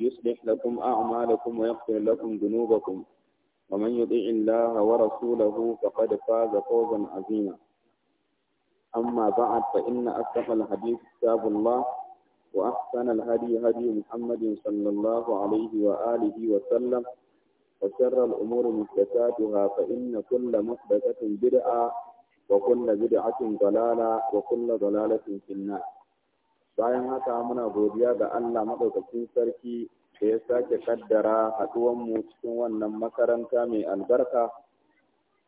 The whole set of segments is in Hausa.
يصلح لكم أعمالكم ويغفر لكم ذنوبكم ومن يطع الله ورسوله فقد فاز فوزا عظيما أما بعد فإن أصدق الحديث كتاب الله وأحسن الهدي هدي محمد صلى الله عليه وآله وسلم وشر الأمور محدثاتها فإن كل محدثة بدعة وكل بدعة ضلالة وكل ضلالة في النار bayan haka muna godiya ga Allah maɗaukacin sarki da ya sake kaddara haɗuwanmu cikin wannan makaranta mai albarka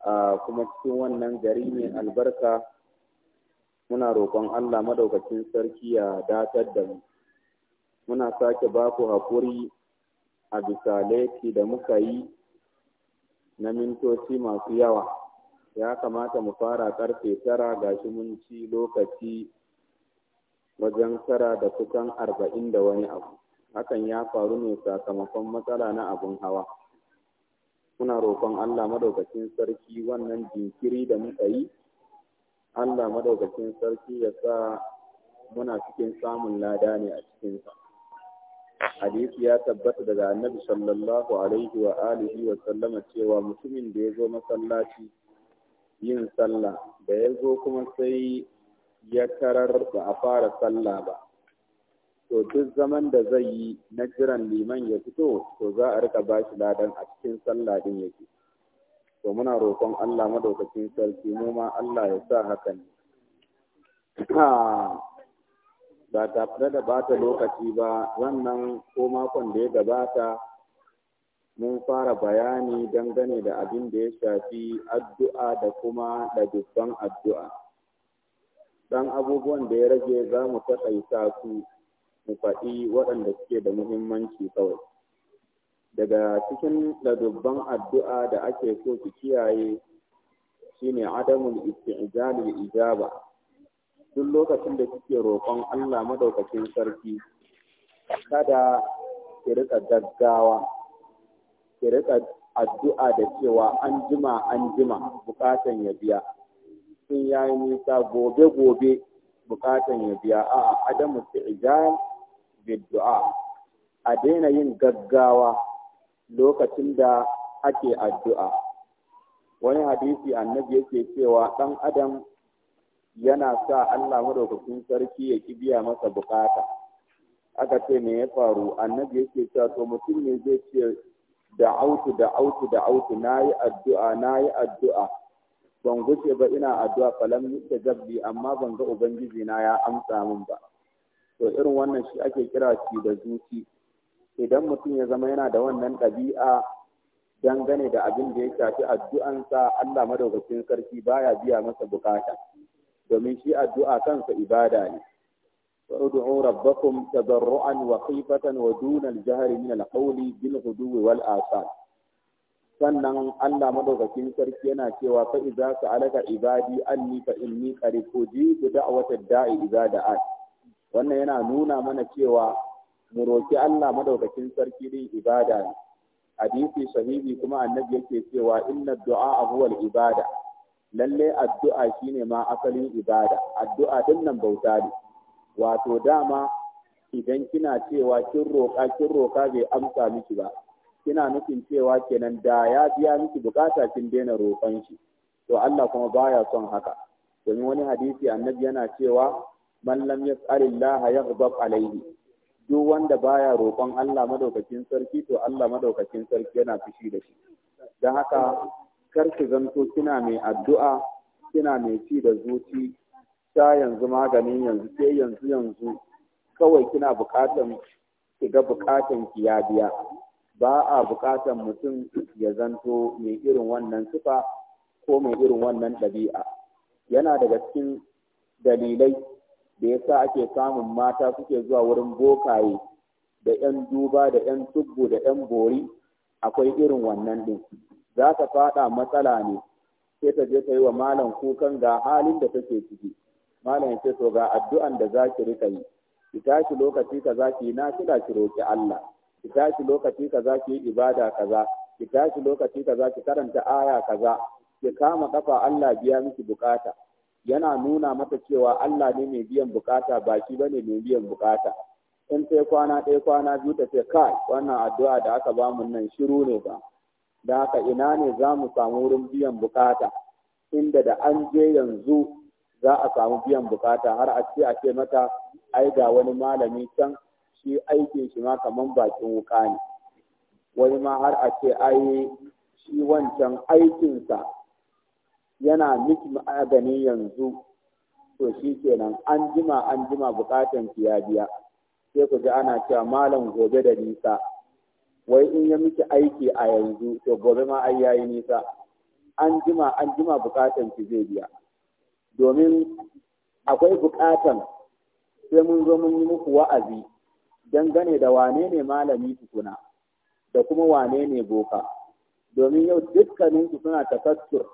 a kuma cikin wannan gari mai albarka muna roƙon Allah maɗaukacin sarki ya datar da mu muna sake ba ku haƙuri a bisa laifi da muka yi na mintoci masu yawa ya kamata mu fara ƙarfe tara shi mun ci lokaci wajen tara da kusan arba'in da wani abu hakan ya faru ne sakamakon matsala na abin hawa muna roƙon allah madaukakin sarki wannan jinkiri da muka yi allah madaukakin sarki ya sa muna cikin samun lada ne a cikinsa hadisi ya tabbata daga annabi sallallahu alaihi wa alihi wa sallama cewa mutumin da ya zo masallaci yin sallah da ya zo kuma sai ya tarar ba a fara sallah ba to duk zaman da zai yi na jiran liman ya fito to za a rika ba shi ladan a cikin sallah din yake to muna roƙon Allah madaukakin sarki mu ma Allah ya sa haka ne ba tare da bata lokaci ba wannan ko makon da ya gabata mun fara bayani dangane da abin da ya shafi addu'a da kuma da dubban addu'a dan abubuwan da ya rage za mu taƙaita su mu faɗi waɗanda suke da muhimmanci kawai daga cikin ladubban addu'a da ake so ki kiyaye shine adamul isti'jalil ijaba duk lokacin da kike roƙon Allah madaukakin sarki kada ki rika gaggawa ki rika addu'a da cewa an jima an jima bukatan ya biya in ya yi nisa gobe-gobe bukatan ya biya a adamu fi'ijal biddu'a a daina yin gaggawa lokacin da ake addu'a wani hadisi annabi yake cewa ɗan adam yana sa Allah madaukakin sarki ya ki biya masa bukata aka ce me ya faru annabi yake cewa to mutum ne zai ce da autu da autu da autu nayi addu'a nayi addu'a ban guce ba ina addu'a falam da jabbi amma ban ga ubangiji na ya amsa min ba to irin wannan shi ake kira shi da zuci idan mutum ya zama yana da wannan ɗabi'a dangane da abin da ya shafi addu'ansa Allah madaukakin sarki baya biya masa bukata domin shi addu'a kansa ibada ne ud'u rabbakum tadarruan wa khifatan wa duna al-jahri min al-qawli bil wal asal sannan Allah madaukakin sarki yana cewa fa idza sa'alaka ibadi anni fa inni qarib ujibu da'watad da'i iza da'a wannan yana nuna mana cewa mu roki Allah madaukakin sarki din ibada ne hadisi sahihi kuma annabi yake cewa inna du'a huwa ibada lalle addu'a shine ma asalin ibada addu'a din nan bauta ne wato dama idan kina cewa kin roka kin roka bai amsa miki ba kina nufin cewa kenan da ya biya miki bukata kin daina roƙon shi to Allah kuma baya son haka domin wani hadisi annabi yana cewa man lam yas'alillah yaghdab alayhi duk wanda baya roƙon Allah madaukakin sarki to Allah madaukakin sarki yana fushi da shi dan haka kar ki zanto kina mai addu'a kina mai ci da zuci ta yanzu maganin yanzu sai yanzu yanzu kawai kina buƙatan ki ga ki ya biya ba a buƙatar mutum ya zanto mai irin wannan sifa ko mai irin wannan ɗabi'a yana daga cikin dalilai da yasa ake samun mata suke zuwa wurin bokaye da 'yan duba da 'yan tubbu da 'yan bori akwai irin wannan ɗin za ka faɗa matsala ne sai ta je ta yi wa malam kukan ga halin da take ciki malam ya ce to ga addu'an da za ki rika yi ki tashi lokaci ka za ki na kila ki roki Allah ki tashi lokaci kaza ki yi ibada kaza ki tashi lokaci kaza ki karanta aya kaza ki kama kafa Allah biya miki bukata yana nuna mata cewa Allah ne mai biyan bukata ba shi bane mai biyan bukata in sai kwana ɗaya kwana biyu ta ce kai wannan addu'a da aka ba mu nan shiru ne ba da haka ina ne za mu samu wurin biyan bukata inda da an je yanzu za a samu biyan bukata har a ce a ce mata ai ga wani malami can shi aikin shi ma kaman bakin wuka ne wani ma har a ce ai shi wancan aikinsa yana miki magani yanzu to shi kenan an jima an jima bukatan ya biya sai ku ji ana cewa malam gobe da nisa wai in ya miki aiki a yanzu to gobe ma ai yayi nisa an jima an jima bukatan ki zai biya domin akwai bukatan sai mun zo mun yi muku wa'azi dangane da wane ne malami tukuna da kuma wane ne boka domin yau dukkaninsu suna tafastur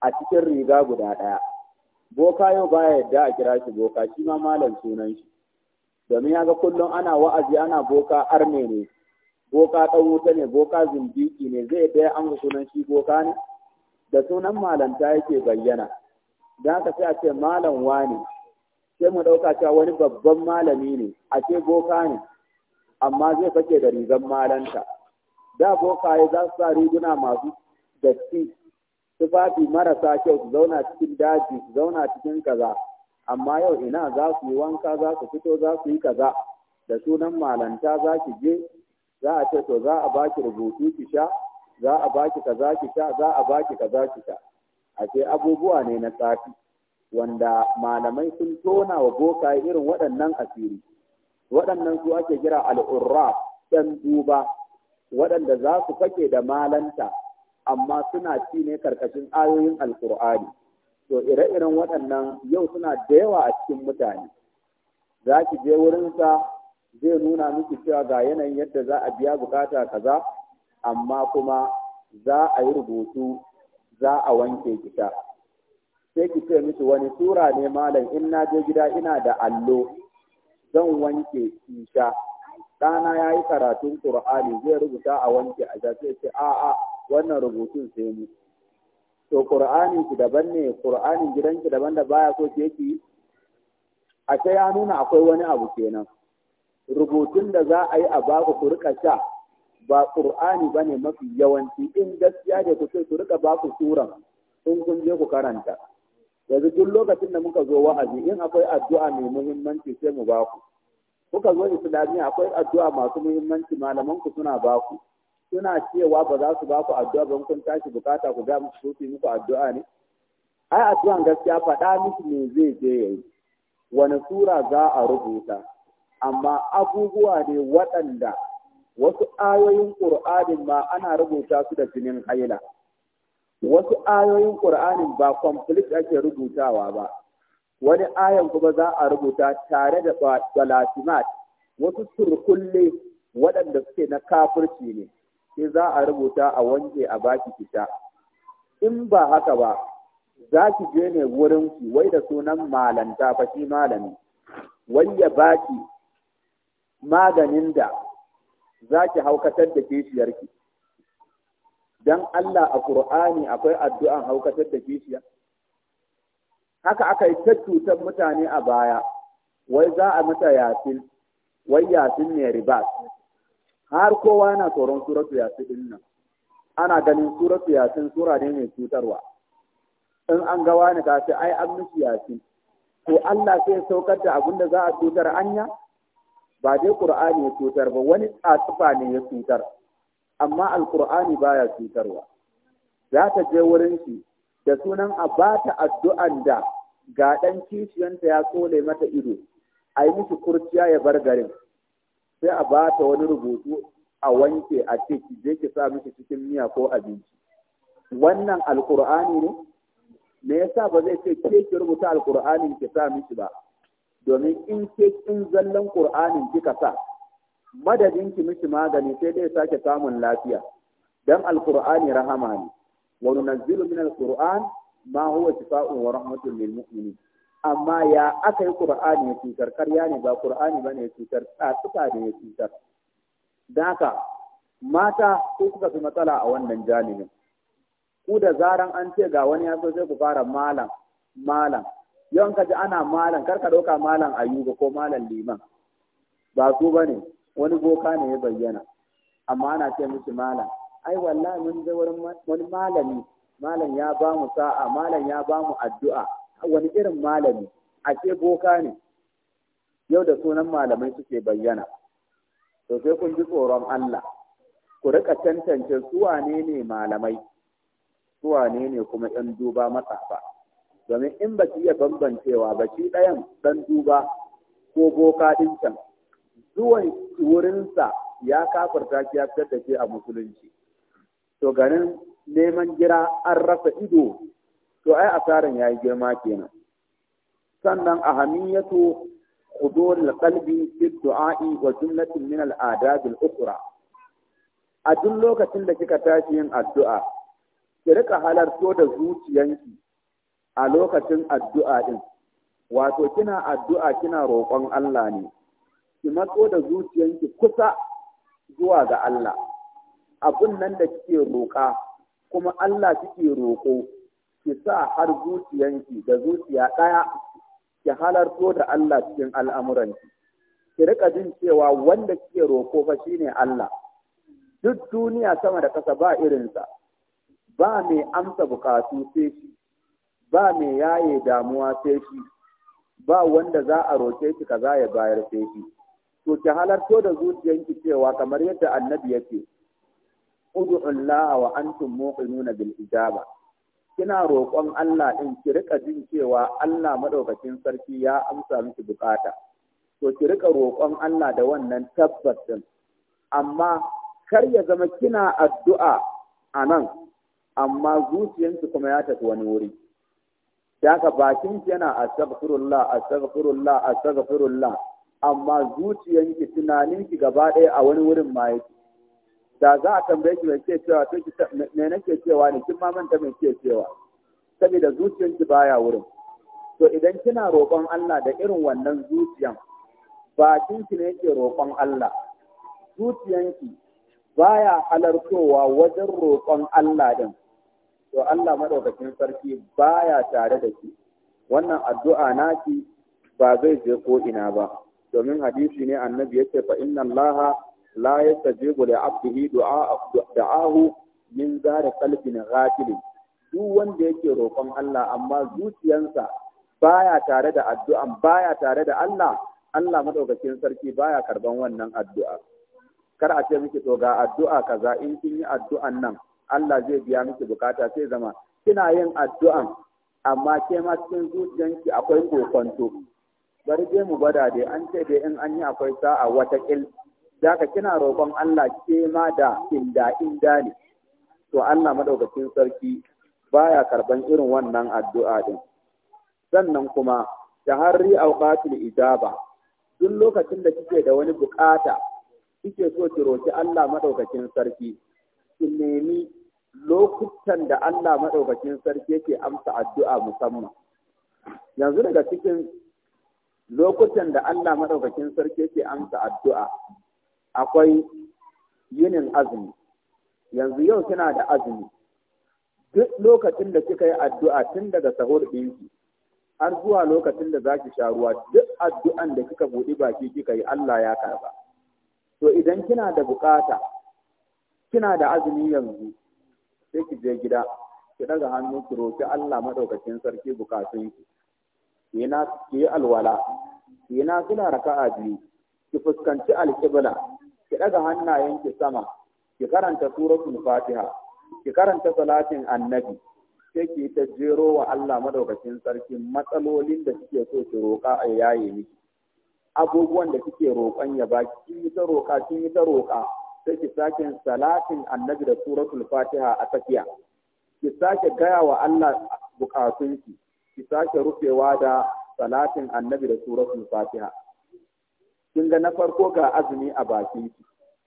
a cikin riga guda ɗaya boka yau baya yadda a kira shi boka shi ma malam sunan shi domin ya ga kullum ana wa'azi ana boka arne ne boka ɗan wuta ne boka zindiki ne zai yadda ya sunan shi boka ne da sunan malanta yake bayyana don haka sai a ce malam ne. sai mu ɗauka cewa wani babban malami ne a ce boka ne amma zai fake da rigan malanta da boka bokaye za su sa riguna masu datti tufafi marasa kyau su zauna cikin daji su zauna cikin kaza amma yau ina za su yi wanka za su fito za su yi kaza da sunan malanta za ki je za a ce to za a baki rubutu ki sha za a baki kaza ki sha za a baki kaza ki sha a ce abubuwa ne na tsafi wanda malamai sun tona wa boka irin waɗannan asiri waɗannan su ake kira al'urra ɗan duba waɗanda za su fake da malanta amma suna ci ne karkashin ayoyin alkur'ani to ire-iren waɗannan yau suna da yawa a cikin mutane za ki je wurinsa zai nuna miki cewa ga yanayin yadda za a biya bukata kaza amma kuma za a yi rubutu za a wanke kita sai ki ce mishi wani tura ne malam in na je gida ina da allo zan wanke isha ɗana ya yi karatun ƙur'ani zai rubuta a wanke a ja sai ce a'a wannan rubutun sai mu to ƙur'anin ki daban ne gidan gidanki daban da baya so ke ki a ta ya nuna akwai wani abu kenan rubutun da za a yi a baku ku rika sha ba ƙur'ani ba ne mafi yawanci in gaskiya ne ku ce ku rika baku suran tun kun je ku karanta yanzu duk lokacin da muka zo wa'azi in akwai addu'a mai muhimmanci sai mu baku kuka zo islamiyya akwai addu'a masu muhimmanci malaman ku suna baku suna cewa ba za su baku addu'a ba kun tashi bukata ku ga musu su muku addu'a ne ai addu'an gaskiya faɗa miki me zai je yayi wani sura za a rubuta amma abubuwa ne waɗanda wasu ayoyin ƙur'anin ma ana rubuta su da jinin haila wasu ayoyin Qur'ani ba complete ake rubutawa ba wani ayan kuma za a rubuta tare da balatimat wasu turkulle waɗanda suke na kafirci ne sai za a rubuta a wanke a baki kita. in ba haka ba za ki je ne wurin ki wai da sunan malanta fa shi malami wai ya baki maganin da za ki haukatar da kishiyarki dan Allah a Qur'ani akwai addu'an haukatar da kishiya haka aka yi ta cutar mutane a baya wai za a mata yasin wai yasin ne riba har kowa yana tsoron suratu yasin din nan ana ganin suratu yasin sura ne mai cutarwa in an ga wani ka ce ai an mishi yasin to Allah sai ya saukar da abin da za a cutar anya ba dai Qur'ani ya cutar ba wani tsatsufa ne ya cutar amma alkur'ani baya cutarwa za ta je wurin shi da sunan a ba ta addu'an da ga ɗan kishiyanta ya tsole mata ido a yi mishi kurciya ya bar garin sai a ba ta wani rubutu a wanke a ce ki je ki sa mishi cikin miya ko abinci wannan alkur'ani ne me yasa ba zai ce ke ki rubuta alkur'anin ki sa mishi ba domin in ke in zallan qur'anin kika sa madadin ki miki magani sai dai sake samun lafiya dan alqur'ani rahama ne wa nunzilu min alqur'an ma huwa shifaa'un wa rahmatun lil mu'minin amma ya aka yi qur'ani ya cutar karya ne ba qur'ani bane ya cutar tsatsuka ne ya cutar daka mata ko kuka fi matsala a wannan jami'in? ku da zaran an ce ga wani ya so sai ku fara malam malam yawan kaji ana malam kar ka ɗauka malam ayuba ko malam liman ba su ba ne wani boka ne ya bayyana amma ana ce miki malam ai wallahi mun je wurin wani malami malam ya ba mu sa'a malam ya ba mu addu'a wani irin malami a ce boka ne yau da sunan malamai suke bayyana to sai kun ji tsoron Allah ku rika tantance su wane ne malamai su wane ne kuma ɗan duba matsafa domin in ba ki iya bambancewa ba shi ɗayan ɗan duba ko boka ɗin can zuwan wurinsa ya kafarta ki ya fitar da ke a musulunci to ganin neman gira an rasa ido to ai asarin ya yi girma kenan sannan a hamiyatu hudur qalbi fi du'a'i wa jumlatin min al'ada ukura. ukura. a duk lokacin da kika tashi yin addu'a ki rika halarto da zuciyanki a lokacin addu'a din wato kina addu'a kina roƙon Allah ne ki matso da zuciyanki kusa zuwa ga Allah abun nan da kike roƙa kuma Allah kike roƙo ki sa har zuciyanki da zuciya ɗaya ki halarto da Allah cikin al'amuranki ki rika jin cewa wanda kike roƙo fa shine Allah duk duniya sama da ƙasa ba irinsa ba mai amsa bukatu sai shi ba mai yaye damuwa sai shi ba wanda za a roƙe shi kaza ya bayar sai shi to ki halarto da zuciyanki cewa kamar yadda annabi ya ce ud'ullaha wa antum muqinuna bil ijaba kina roƙon Allah din ki rika jin cewa Allah madaukakin sarki ya amsa miki bukata to ki rika roƙon Allah da wannan tabbas din amma kar ya zama kina addu'a a nan. amma zuciyanki kuma ya tafi wani wuri da haka bakin yana astaghfirullah astaghfirullah astaghfirullah amma zuciyanki tunaninki gaba ɗaya a wani wurin ma yake da za a tambaye ki mai ke cewa to ki me nake cewa ne kin ma manta mai ke cewa saboda zuciyanki baya wurin to idan kina roƙon Allah da irin wannan zuciyan ki ne yake roƙon Allah zuciyanki baya halartowa wajen roƙon Allah din to Allah madaukakin sarki baya tare da ki wannan addu'a naki ba zai je ko ina ba domin hadisi ne annabi yake fa inna allaha la yastajibu li abdihi du'ahu min zari qalbin ghafil duk wanda yake roƙon Allah amma zuciyansa baya tare da addu'an baya tare da Allah Allah madaukakin sarki baya karban wannan addu'a kar a ce miki to ga addu'a kaza in kin yi addu'an nan Allah zai biya miki bukata sai zama kina yin addu'an amma ke ma cikin zuciyanki akwai kokonto bari je mu gwada dai an ce dai in an yi akwai sa'a wata da ka kina roƙon Allah ke ma da inda inda ne to Allah madaukakin sarki baya karban irin wannan addu'a din sannan kuma ta harri awqatul ijaba duk lokacin da kike da wani bukata kike so ki roki Allah madaukakin sarki ki nemi lokutan da Allah madaukakin sarki yake amsa addu'a musamman yanzu daga cikin lokutan da Allah madaukakin sarki ke amsa addu'a akwai yinin azumi yanzu yau kina da azumi duk lokacin da kika yi addu'a tun daga sahur ɗinki har zuwa lokacin da zaki sha ruwa duk addu'an da kika buɗi baki kika yi Allah ya karba to idan kina da bukata kina da azumi yanzu sai ki je gida ki daga hannu ki roki Allah madaukakin sarki bukatunki ki ki ke alwala yana suna raka raka'a biyu ki fuskanci alkibla ki daga ki sama ki karanta suratul fatiha ki karanta salatin annabi sai ki ta jero wa Allah madaukakin sarki matsalolin da kike so ki roƙa a yaye miki abubuwan da kike roƙon ya baki kin yi ta roƙa kin yi ta roƙa sai ki sake salatin annabi da suratul fatiha a tsakiya ki sake gaya wa Allah bukatunki ki sake rufewa da salatin annabi da suratul fatiha kin ga na farko ga azumi a bakin ki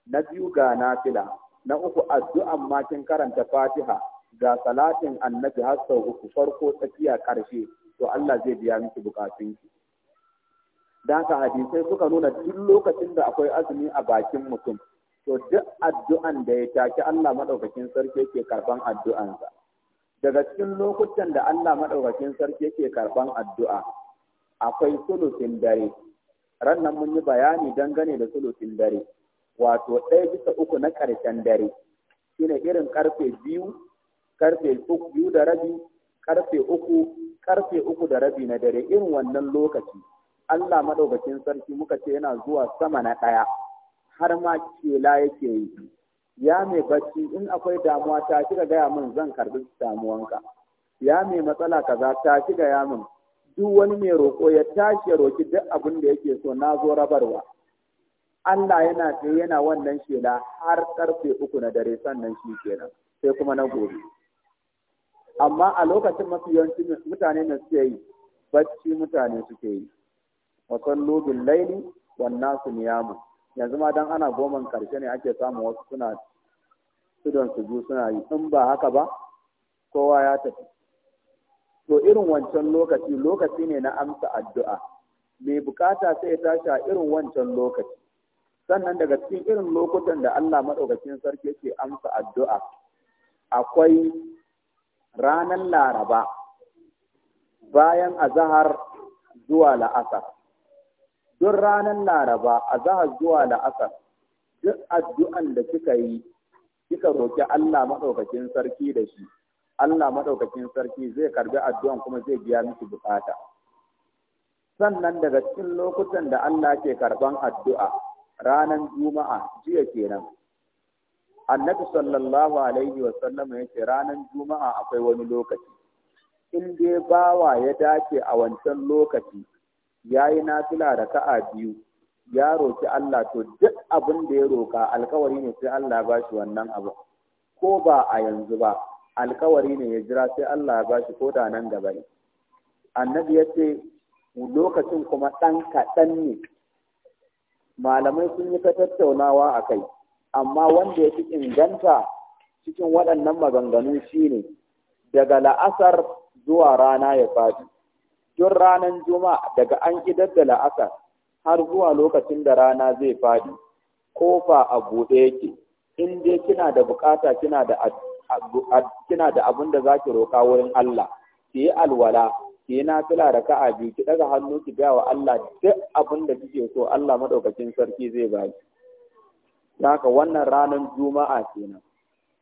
na biyu ga nafila na uku addu'an ma kin karanta fatiha ga salatin annabi har sau uku farko tsakiya ƙarshe to Allah zai biya miki bukatunki dan ka hadisai suka nuna duk lokacin da akwai azumi a bakin mutum to duk addu'an da ya taki Allah madaukakin sarki yake karɓan addu'ansa daga cikin lokutan da Allah maɗaukakin sarki yake karɓan addu'a akwai sulutin dare rannan mun yi bayani dangane da sulutin dare wato ɗaya bisa uku na ƙarshen dare shine irin karfe biyu karfe biyu da rabi karfe uku karfe uku da rabi na dare irin wannan lokaci Allah maɗaukakin sarki muka ce yana zuwa sama na ɗaya har ma kela yake yi ya mai bacci in akwai damuwa ta ki ga gaya min zan karbi damuwanka ya mai matsala kaza ta ki gaya min duk wani mai roƙo ya tashi ya roki duk abin da yake so na zo rabarwa Allah yana ta yana wannan shela har karfe uku na dare sannan shi kenan sai kuma na gobe amma a lokacin mafi yawanci mutane ne suke yi bacci mutane suke yi wa sallu bil laili wan nasu niyamun yanzu ma dan ana goman karshe ne ake samun wasu suna tudon su biyu suna yi in ba haka ba kowa ya tafi to irin wancan lokaci lokaci ne na amsa addu'a mai bukata sai ya tashi a irin wancan lokaci sannan daga cikin irin lokutan da Allah maɗaukacin sarki yake amsa addu'a akwai ranar laraba bayan azahar zuwa la'asar duk ranar laraba a zahar zuwa la'asar duk addu'an da kika yi kika roƙi Allah maɗaukakin sarki da shi Allah maɗaukakin sarki zai karbi addu'an kuma zai biya miki bukata sannan daga cikin lokutan da Allah ke karban addu'a ranar juma'a jiya kenan annabi sallallahu alaihi wasallam ya ce ranar juma'a akwai wani lokaci in dai bawa ya dace a wancan lokaci ya yi nafila da ka'a biyu ya roki Allah to duk abin da ya roka alkawari ne sai Allah ba shi wannan abu ko ba a yanzu ba alkawari ne ya jira sai Allah ba shi ko da nan gaba ne annabi ya ce lokacin kuma ɗan kaɗan ne malamai sun yi ta tattaunawa a kai amma wanda ya fi inganta cikin waɗannan maganganu shine daga la'asar zuwa rana ya faɗi duk ranar juma'a daga an idar da la'akar, har zuwa lokacin da rana zai faɗi kofa a buɗe yake in dai kina da bukata kina da kina da abin da zaki roka wurin Allah ki yi alwala ki yi nafila da ka biyu ki ɗaga hannu ki ga wa Allah duk abin da kike so Allah madaukakin sarki zai ba ki haka wannan ranar juma'a kenan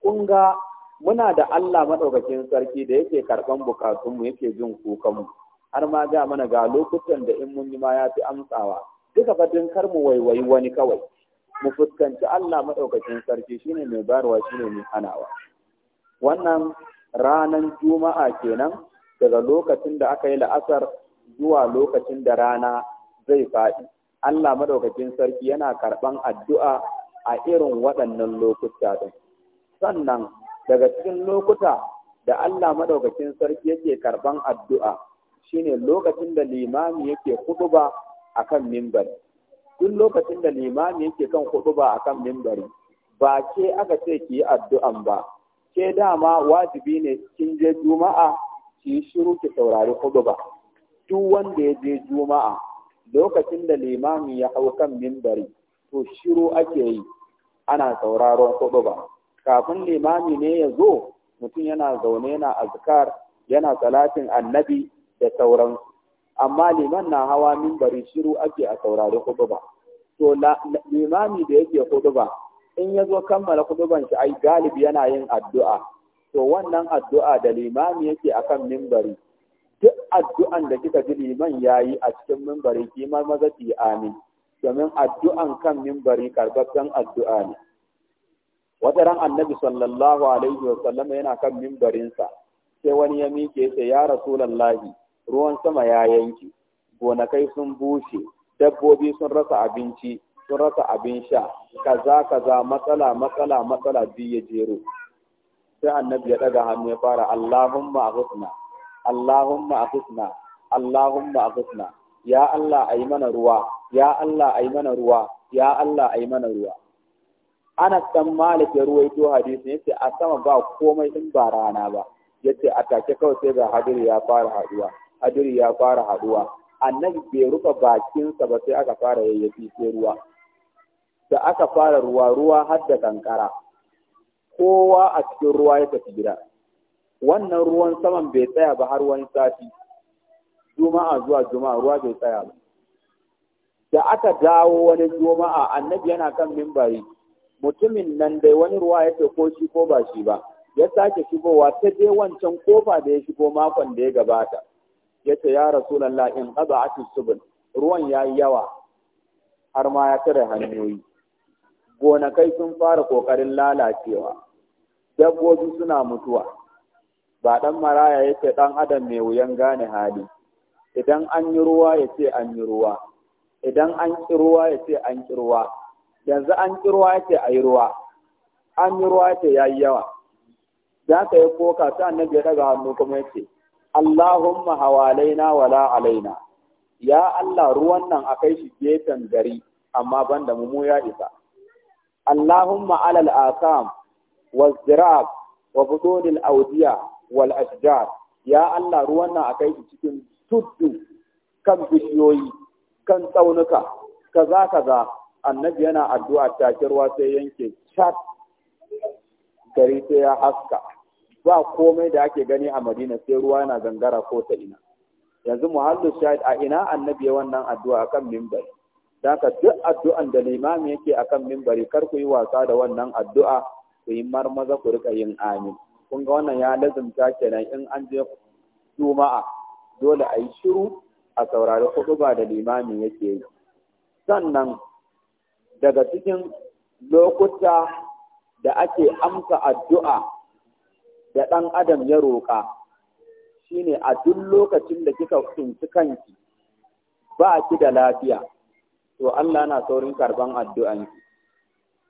kun ga muna da Allah madaukakin sarki da yake karban bukatunmu yake jin kukanmu mu har ma ga mana ga lokutan da in mun yi ma ya fi amsawa duka fadin kar mu waiwayi wani kawai mu fuskanci Allah madaukakin sarki shine mai bayarwa shine mai hanawa wannan ranan juma'a kenan daga lokacin da aka yi la'asar zuwa lokacin da rana zai faɗi Allah madaukakin sarki yana karɓan addu'a a irin waɗannan lokuta din sannan daga cikin lokuta da Allah madaukakin sarki yake karɓan addu'a shine lokacin da limami yake huɗuba kan mimbari duk lokacin da limami yake kan huɗuba kan mimbari ba ke aka ce ki yi addu'an ba ke dama wajibi ne kin je juma'a ki yi shiru ki saurari huɗuba duk wanda ya je juma'a lokacin da limami ya hau kan mimbari to shiru ake yi ana sauraron huɗuba kafin limami ne ya zo mutum yana zaune yana azkar yana salatin annabi da sauransu amma liman na hawa mimbari shiru ake a saurari huduba to limami da yake huduba in ya zo kammala huduban shi ai galibi yana yin addu'a to wannan addu'a da limami yake akan mimbari duk addu'an da kika ji liman yayi a cikin mimbari kimar maza ki amin domin addu'an kan mimbari karɓaɓɓen addu'a ne wata ran annabi sallallahu alaihi wa sallama yana kan mimbarinsa sai wani ya miƙe sai ya rasulallahi ruwan sama ya yanke gonakai sun bushe dabbobi sun rasa abinci sun rasa abin sha kaza kaza matsala matsala matsala biyu ya jero sai annabi ya daga hannu ya fara Allahumma aghithna Allahumma aghithna Allahumma aghithna ya Allah ayi mana ruwa ya Allah ayi mana ruwa ya Allah ayi mana ruwa ana san Malik ya ruwaito hadisi yace a sama ba komai in ba rana ba yace a take kawai sai ga hadiri ya fara haduwa hadiri ya fara haduwa annabi bai rufe bakinsa ba sai aka fara yayyafi sai ruwa da aka fara ruwa ruwa har da kankara kowa a cikin ruwa ya tafi gida wannan ruwan saman bai tsaya ba har wani sati juma'a zuwa juma'a ruwa bai tsaya ba da aka dawo wani juma'a annabi yana kan mimbari mutumin nan dai wani ruwa ya ce ko shi ko ba shi ba ya sake shigowa ta dai wancan kofa da ya shigo makon da ya gabata Ya ce ya rasulullah in a subul ruwan ya yi yawa har ma ya tare hanyoyi gonakai sun fara ƙoƙarin lalacewa dabbobi suna mutuwa ba ɗan maraya ce ɗan adam mai wuyan gane hali idan an yi ruwa ya ce an yi ruwa idan an ƙi ruwa ya ce an ƙi ruwa yanzu an ƙi ruwa ya ce a yi ruwa an yi ruwa ya ce ya yi yawa za ka yi koka sa annabi ya ɗaga hannu kuma ya ce. Allahumma hawalaina wala alaina ya Allah ruwan nan akai shi gefen gari amma banda mu mu ya isa Allahumma alal asam wal zirab wa budunil audiya, wal ashjar ya Allah ruwan nan akai shi cikin tuddu kan bishiyoyi kan tsaunuka kaza kaza annabi yana addu'a take ruwa sai yanke chat gari sai ya haska ba komai da ake gani a Madina sai ruwa yana gangara ko ta ina yanzu muhallu shahid a ina annabi ya wannan addu'a akan mimbari? dan ka duk addu'an da limami yake akan mimbari? kar ku yi wasa da wannan addu'a ku yi marmaza ku rika yin amin kun ga wannan ya lazumta kenan in an je juma'a dole a yi shiru a saurari ba da limami yake yi sannan daga cikin lokuta da ake amsa addu'a da ɗan adam ya roƙa shi ne a duk lokacin da kika tsinci kanki ba ki da lafiya to Allah na saurin karban addu'anki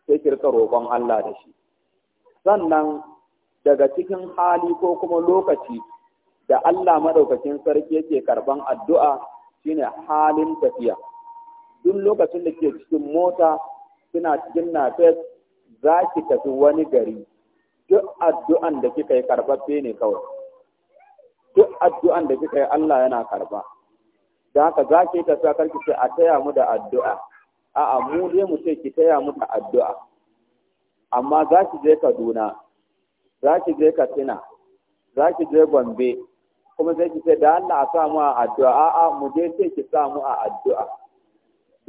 sai ki roƙon Allah da shi sannan daga cikin hali ko kuma lokaci da Allah maɗaukacin sarki yake karban addu'a shi ne halin tafiya duk lokacin da ke cikin mota suna cikin nafes za ki tafi wani gari duk addu'an da kika yi karɓaɓɓe ne kawai duk addu'an da kika yi Allah yana karɓa da haka za ki yi ta sa karki ce a taya mu da addu'a a'a mu dai mu ce ki taya mu da addu'a amma za ki je Kaduna za ki je Katsina za ki je Gombe kuma sai ki ce da Allah a sa mu a addu'a a'a mu je sai ki sa mu a addu'a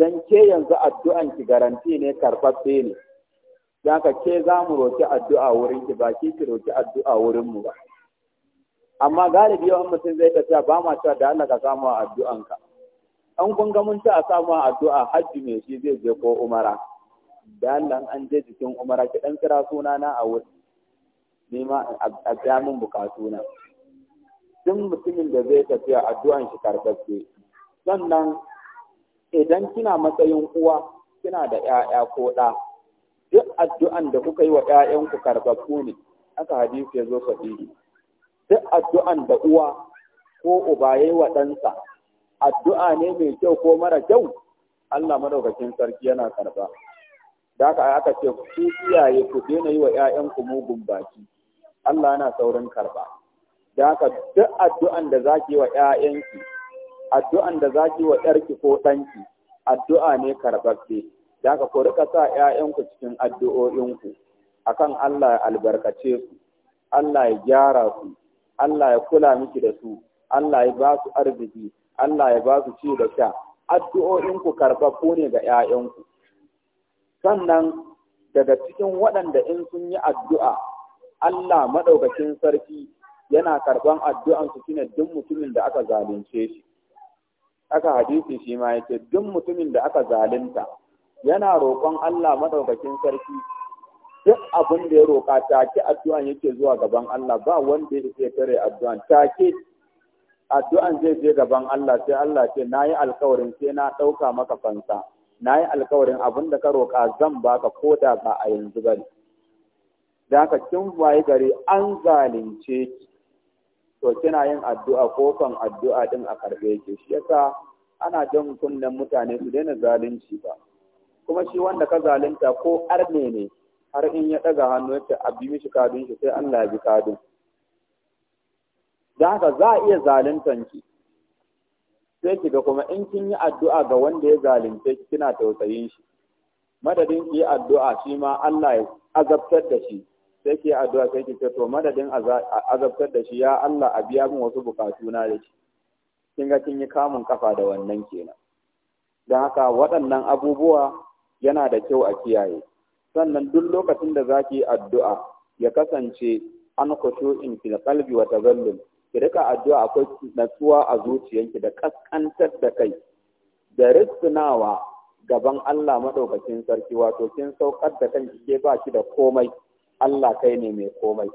Don ke yanzu addu'an ki garanti ne karɓaɓɓe ne don haka ke za mu roƙi addu'a wurin ki ba ki ki roƙi addu'a wurin mu ba amma galibi yawan mutum zai ka ba ma cewa da Allah ka samu a addu'anka an kun ga mun ci a samu a addu'a hajji mai shi zai je ko umara da Allah an je jikin umara ki ɗan kira suna na a wuri. ni a jami'in buƙatu na duk mutumin da zai tafiya addu'an shi karɓarce. sannan idan kina matsayin uwa kina da 'ya'ya ko ɗa duk addu'an da kuka yi wa ‘ya'yanku karbaku ne, aka hadisi ya zo sahihi. Duk addu'an da uwa ko uba ya yi wa ɗansa, addu'a ne mai kyau ko mara kyau, Allah madaukakin sarki yana karba. Da yi aka ce, ku iyaye ku daina yi wa ‘ya'yanku mugun baki, Allah yana saurin karba. Da aka duk addu'an da za ki yi wa ‘ya'yanki, addu'an da za ki yi wa ‘yarki ko ɗanki, addu'a ne karɓaɓɓe. da ka kori rika sa ‘ya'yanku cikin addu'o'inku A kan Allah ya albarkace su, Allah ya gyara su, Allah ya kula miki da su, Allah ya ba su arziki, Allah ya ba su ci da sha, addu'o'inku karfafu ne ga ‘ya'yanku. Sannan daga cikin waɗanda in sun yi addu'a, Allah maɗaukacin sarki yana karɓan addu'ansu shine duk mutumin da aka zalunce shi. Aka hadisi shi ma yake duk mutumin da aka zalunta, yana roƙon Allah maɗaukakin sarki duk abin da ya roƙa take addu'an yake zuwa gaban Allah ba wanda ya ke tare addu'an take addu'an zai je gaban Allah sai Allah ce nayi alƙawarin sai na ɗauka maka fansa nayi alƙawarin abin da ka roƙa zan baka ko da ba a yanzu bane ne. haka waye gari an zalunce ki to kina yin addu'a ko kan addu'a din a karbe ki shi yasa ana jan kunnen mutane su daina zalunci ba kuma shi wanda ka zalunta ko arne ne har in ya ɗaga hannu ya ce a bi mishi kadun shi sai Allah ya bi kadun da haka za a iya zaluntan ki sai kiga kuma in kin yi addu'a ga wanda ya zalunce ki kina tausayin shi madadin ki yi addu'a shi ma Allah ya azabtar da shi sai ki yi addu'a sai ki ce to madadin azabtar da shi ya Allah a biya min wasu bukatu na da shi kin kin yi kamun kafa da wannan kenan don haka waɗannan abubuwa yana da kyau a kiyaye sannan duk lokacin da zaki addu'a ya kasance an ki fil qalbi wa tazallul ki rika addu'a akwai natsuwa a zuciyanki da kaskantar da kai da riskunawa gaban Allah madaukakin sarki wato kin saukar da kanki ke ba ki da komai Allah kai ne mai komai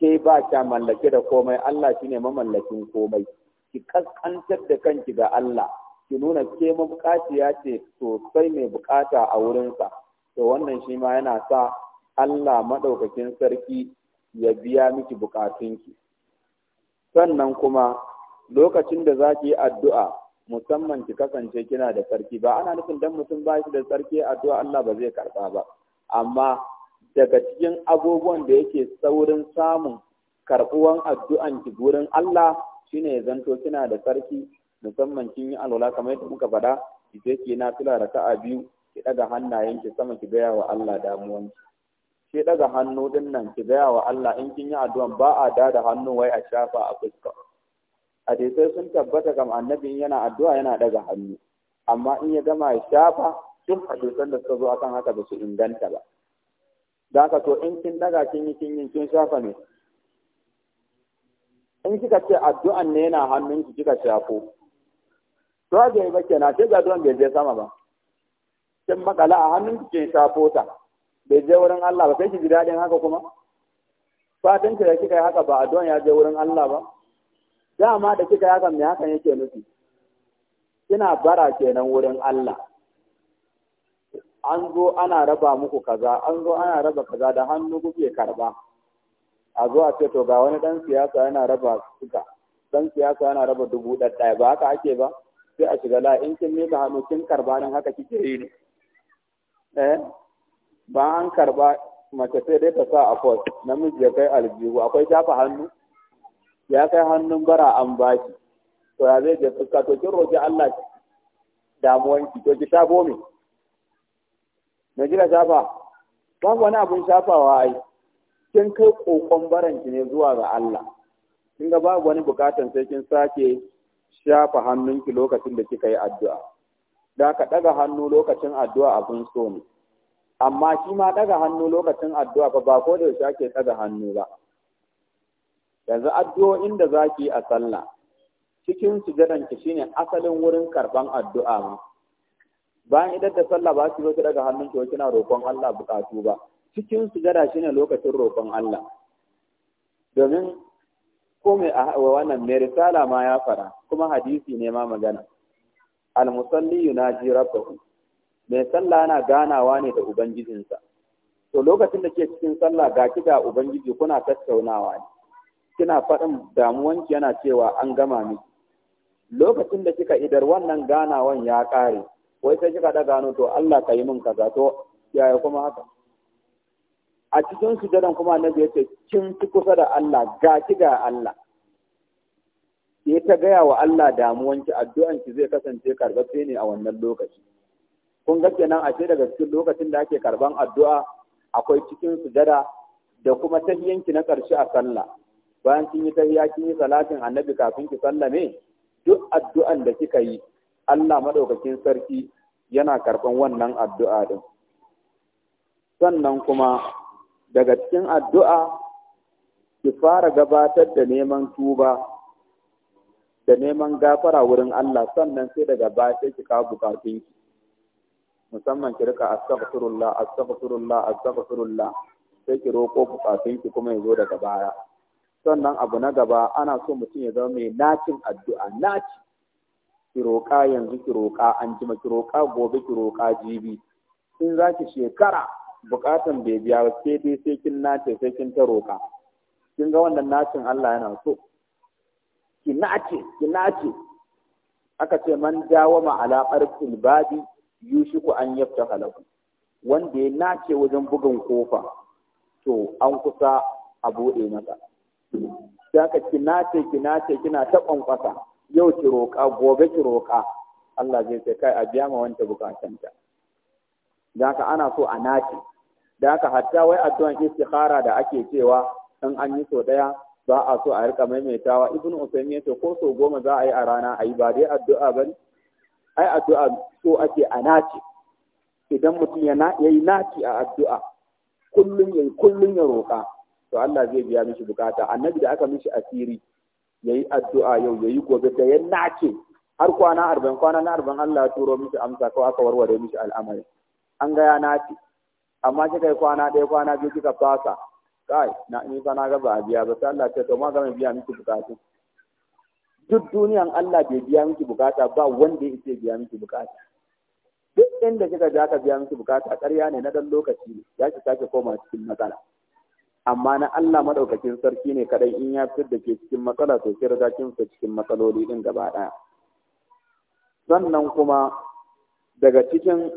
ke ba kya mallake da komai Allah shine mamallakin komai ki kaskantar da kanki ga Allah ki nuna ke mabukaciya ce sosai mai bukata a wurinsa to wannan shi ma yana sa Allah maɗaukakin sarki ya biya miki bukatunki sannan kuma lokacin da za ki yi addu'a musamman ki kasance kina da sarki ba ana nufin dan mutum ba shi da sarki addu'a Allah ba zai karɓa ba amma daga cikin abubuwan da yake saurin samun karɓuwan addu'an ki gurin Allah shine ya zanto kina da sarki musamman kin yi alwala kamar yadda muka faɗa ki je ki na tula raka'a biyu ki daga hannayen ki sama ki gaya wa Allah damuwan ki daga hannu din nan ki gaya wa Allah in kin yi addu'an ba a da da hannu wai a shafa a fuska a dai sai sun tabbata kam annabi yana addu'a yana daga hannu amma in ya gama ya shafa duk hadisan da suka zo akan haka ba su inganta ba da haka to in kin daga kin yi kin yi kin shafa ne in kika ce addu'an ne yana hannun ki kika shafo to ga yi bakke na sai ga ruwan bai je sama ba kin makala a hannun ke ta fota bai je wurin Allah ba sai ki ji dadin haka kuma fatan ki da kika yi haka ba a don ya je wurin Allah ba dama da kika yi haka me hakan yake nufi kina bara kenan wurin Allah an zo ana raba muku kaza an zo ana raba kaza da hannu kuke karba a zo a ce to ga wani dan siyasa yana raba suka dan siyasa yana raba dubu ɗaya ba haka ake ba sai a shiga la in kin miƙa hannu kin karba nan haka kike yi ne eh ba an karba mace sai dai ta sa a kwas namiji ya kai aljihu akwai shafa hannu ya kai hannun bara an bashi to ya zai je fuska to kin roki Allah ki to ki shafo me me kika shafa babu wani abun shafawa ai kin kai kokon baranki ne zuwa ga Allah kin ga babu wani bukatan sai kin sake shafa hannunki lokacin da kika yi addu'a da ka ɗaga hannu lokacin addu'a abin so ne amma shi ma ɗaga hannu lokacin addu'a ba ko da yaushe ake ɗaga hannu ba yanzu addu'o'in da za ki yi a sallah cikin sujadanki shine asalin wurin karɓan addu'a ma bayan idan da sallah ba ki zo ki daga hannun ki kina roƙon Allah bukatu ba cikin sujada shine lokacin roƙon Allah domin ko mai wannan mai risala ma ya fara kuma hadisi ne ma magana almusalli yunaji rabbahu mai sallah yana ganawa ne da ubangijinsa to lokacin da ke cikin sallah ga ki ga ubangiji kuna tattaunawa ne kina faɗin damuwanki yana cewa an gama miki lokacin da kika idar wannan ganawan ya ƙare wai sai kika ɗaga to Allah ka yi min kaza to yaya kuma haka a cikin sujadan kuma annabi ya ce kin fi kusa da Allah ga ki ga Allah ya ta gaya wa Allah damuwanki addu'anki zai kasance karbace ne a wannan lokaci kun ga kenan a ce daga cikin lokacin da ake karban addu'a akwai cikin sujada da kuma yanki na ƙarshe a sallah bayan kin yi tahiya kin yi salatin annabi kafin ki sallame duk addu'an da kika yi Allah madaukakin sarki yana karban wannan addu'a din sannan kuma daga cikin addu'a ki fara gabatar da neman tuba da neman gafara wurin Allah sannan sai daga baya ki kawo bukatunki musamman ki rika astaghfirullah astaghfirullah astaghfirullah sai ki roko ki kuma yazo daga baya sannan abu na gaba ana so mutum ya zama mai nacin addu'a naci ki roƙa yanzu ki roƙa an ki roƙa gobe ki roƙa jibi in zaki shekara bukatan bai biya ba sai dai sai kin nace sai kin ta roka kin ga wannan nacin Allah yana so ki nace ki nace aka ce man dawo ma barkil babi yushiku an yafta halaku wanda ya nace wajen bugun kofa to an kusa a bude masa sai aka ki nace ki nace kina ta kwankwasa yau ki roka gobe ki roka Allah zai sai kai a biya ma wanda bukatanta da haka ana so a nace da haka hatta wai addu'an istikhara da ake cewa in an yi so daya ba a so a rika maimaitawa ibn usaymi yace ko so goma za a yi a rana ayi ba dai addu'a bane ai addu'a so ake a nace idan mutum ya yi naci a addu'a kullum ya kullun ya roƙa to Allah zai biya mishi bukata annabi da aka mishi asiri yayi addu'a yau yayi gobe da ya nace har kwana arba'in kwana na arba'in Allah ya turo mishi amsa ko aka warware mishi al'amari an gaya na naci amma kika yi kwana ɗaya kwana biyu kika fasa kai na ni fa na ga ba a biya ba sai Allah ya to ma ga mai biya miki bukata duk duniyan Allah bai biya miki bukata ba wanda ya ce biya miki bukata duk inda kika ja ka biya miki bukata ƙarya ne na dan lokaci ne ya ki sake koma cikin matsala amma na Allah madaukakin sarki ne kadai in ya fitar da ke cikin matsala to ki riga kin fita cikin matsaloli din gaba daya sannan kuma daga cikin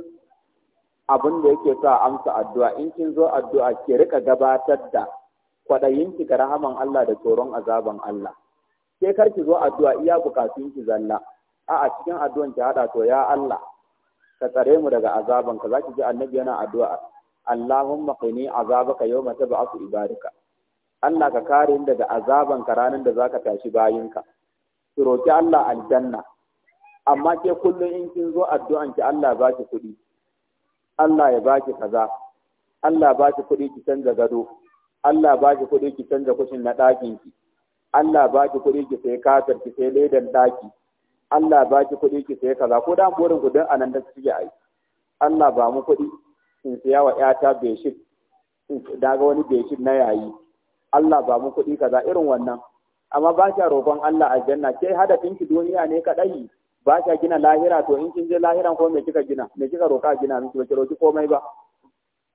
abin da yake sa amsa addu'a in kin zo addu'a ki rika gabatar da kwaɗayin ki ga rahaman Allah da tsoron azaban Allah Ke kar ki zo addu'a iya bukatun ki zalla a a cikin addu'an ki hada to ya Allah ka tsare mu daga azaban ka zaki ji annabi yana addu'a Allahumma qini azabaka yawma tab'atu ibadaka Allah ka kare ni daga azaban ka ranar da zaka tashi bayinka ki roki Allah aljanna amma ke kullum in kin zo addu'an ki Allah ba ki kuɗi Allah ya baki kaza Allah ki kuɗi ki canza gado Allah baki kuɗi ki canza kushin na ɗakin ki Allah baki kuɗi ki sai katar ki sai ledan ɗaki Allah baki kuɗi ki sai kaza ko da burin ku don nan da su suke ai Allah ba mu kuɗi in siya wa ƴata beshit daga wani beshit na yayi Allah ba mu kuɗi kaza irin wannan amma ba kya roƙon Allah janna, ke hada ɗinki duniya ne kaɗai ba kya gina lahira to in kin je lahiran ko me kika gina me kika roka gina miki ba ki roki komai ba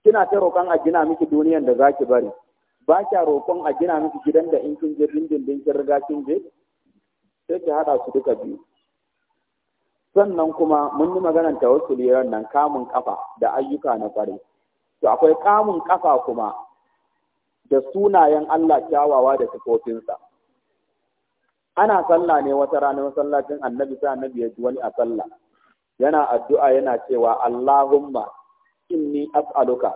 kina ta roƙon a gina miki duniyan da zaki bari ba kya roƙon a gina miki gidan da in kin je din kin riga kin je sai ki hada su duka biyu sannan kuma mun yi maganar tawassuli ran nan kamun kafa da ayyuka na ƙwarai to akwai kamun kafa kuma da sunayen Allah kyawawa da sifofinsa ana sallah ne wata rana masallacin annabi sai annabi ya ji wani a sallah yana addu'a yana cewa Allahumma inni as'aluka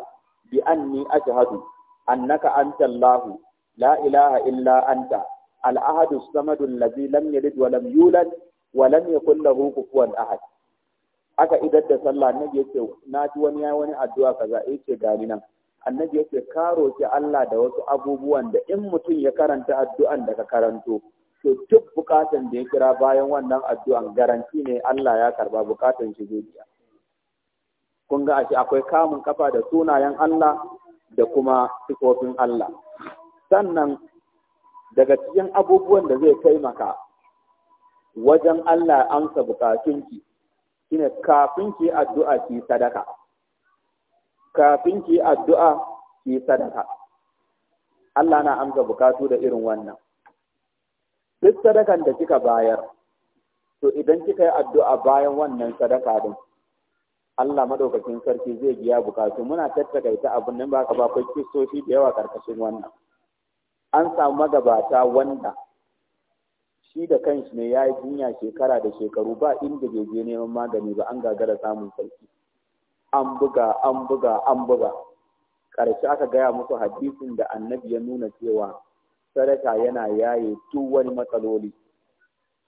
bi anni ashhadu annaka anta Allah la ilaha illa anta al-ahad as-samad alladhi lam yalid wa lam yulad wa lam yakul lahu kufuwan ahad aka idan da sallah annabi yace na ji wani yayi wani addu'a kaza yace gani nan annabi yace karo ki Allah da wasu abubuwan da in mutum ya karanta addu'an da ka karanto to duk bukatan da ya kira bayan wannan addu'an garanti ne Allah ya karba bukatan shi zuciya kun ga ashe akwai kamun kafa da sunayen Allah da kuma sifofin Allah sannan daga cikin abubuwan da zai taimaka wajen Allah amsa bukatunki shine kafin ki addu'a ki sadaka kafin ki addu'a ki sadaka Allah na amsa bukatu da irin wannan duk sadakan da kika bayar to idan kika yi addu'a bayan wannan sadaka din Allah madaukakin sarki zai biya bukatu muna tattakaita abin nan ba ka ba da yawa karkashin wannan an samu magabata wanda shi da kanshi ne ya yi jinya shekara da shekaru ba inda bai je neman magani ba an gagara samun sauki an buga an buga an buga ƙarshe aka gaya musu hadisin da annabi ya nuna cewa sadaka yana yaye duk wani matsaloli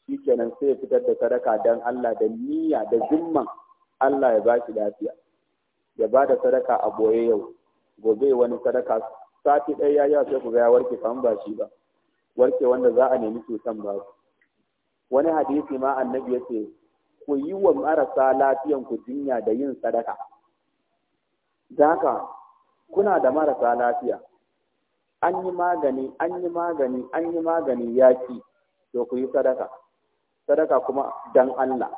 shi kenan sai ya fitar da sadaka dan Allah da niyya da zimman Allah ya ba shi lafiya ya ba da sadaka a boye yau gobe wani sadaka sati ɗaya ya yawa sai ku ga ya warke kan ba shi ba warke wanda za a nemi cutan ba wani hadisi ma annabi ce, ku yi wa marasa lafiyan ku jinya da yin sadaka da haka kuna da marasa lafiya an yi magani an yi magani an yi magani ya ki to ku yi sadaka sadaka kuma dan Allah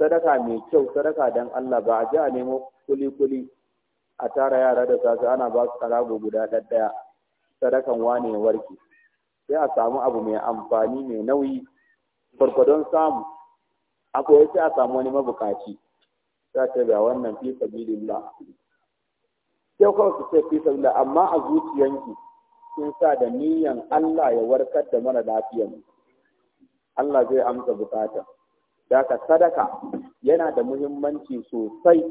sadaka mai kyau sadaka dan Allah ba a ji a nemo kulikuli. a tara yara da sasa ana ba su karago guda ɗaɗɗaya sadakan wane warke sai a samu abu mai amfani mai nauyi farkwadon samu Akwai koyi a samu wani mabukaci za ta ga wannan fi sabilillah sai kawai su ce fi sabilillah amma a zuciyanki sun sa da niyan Allah ya warkar da mara lafiyan Allah zai amsa bukata daga sadaka yana da muhimmanci sosai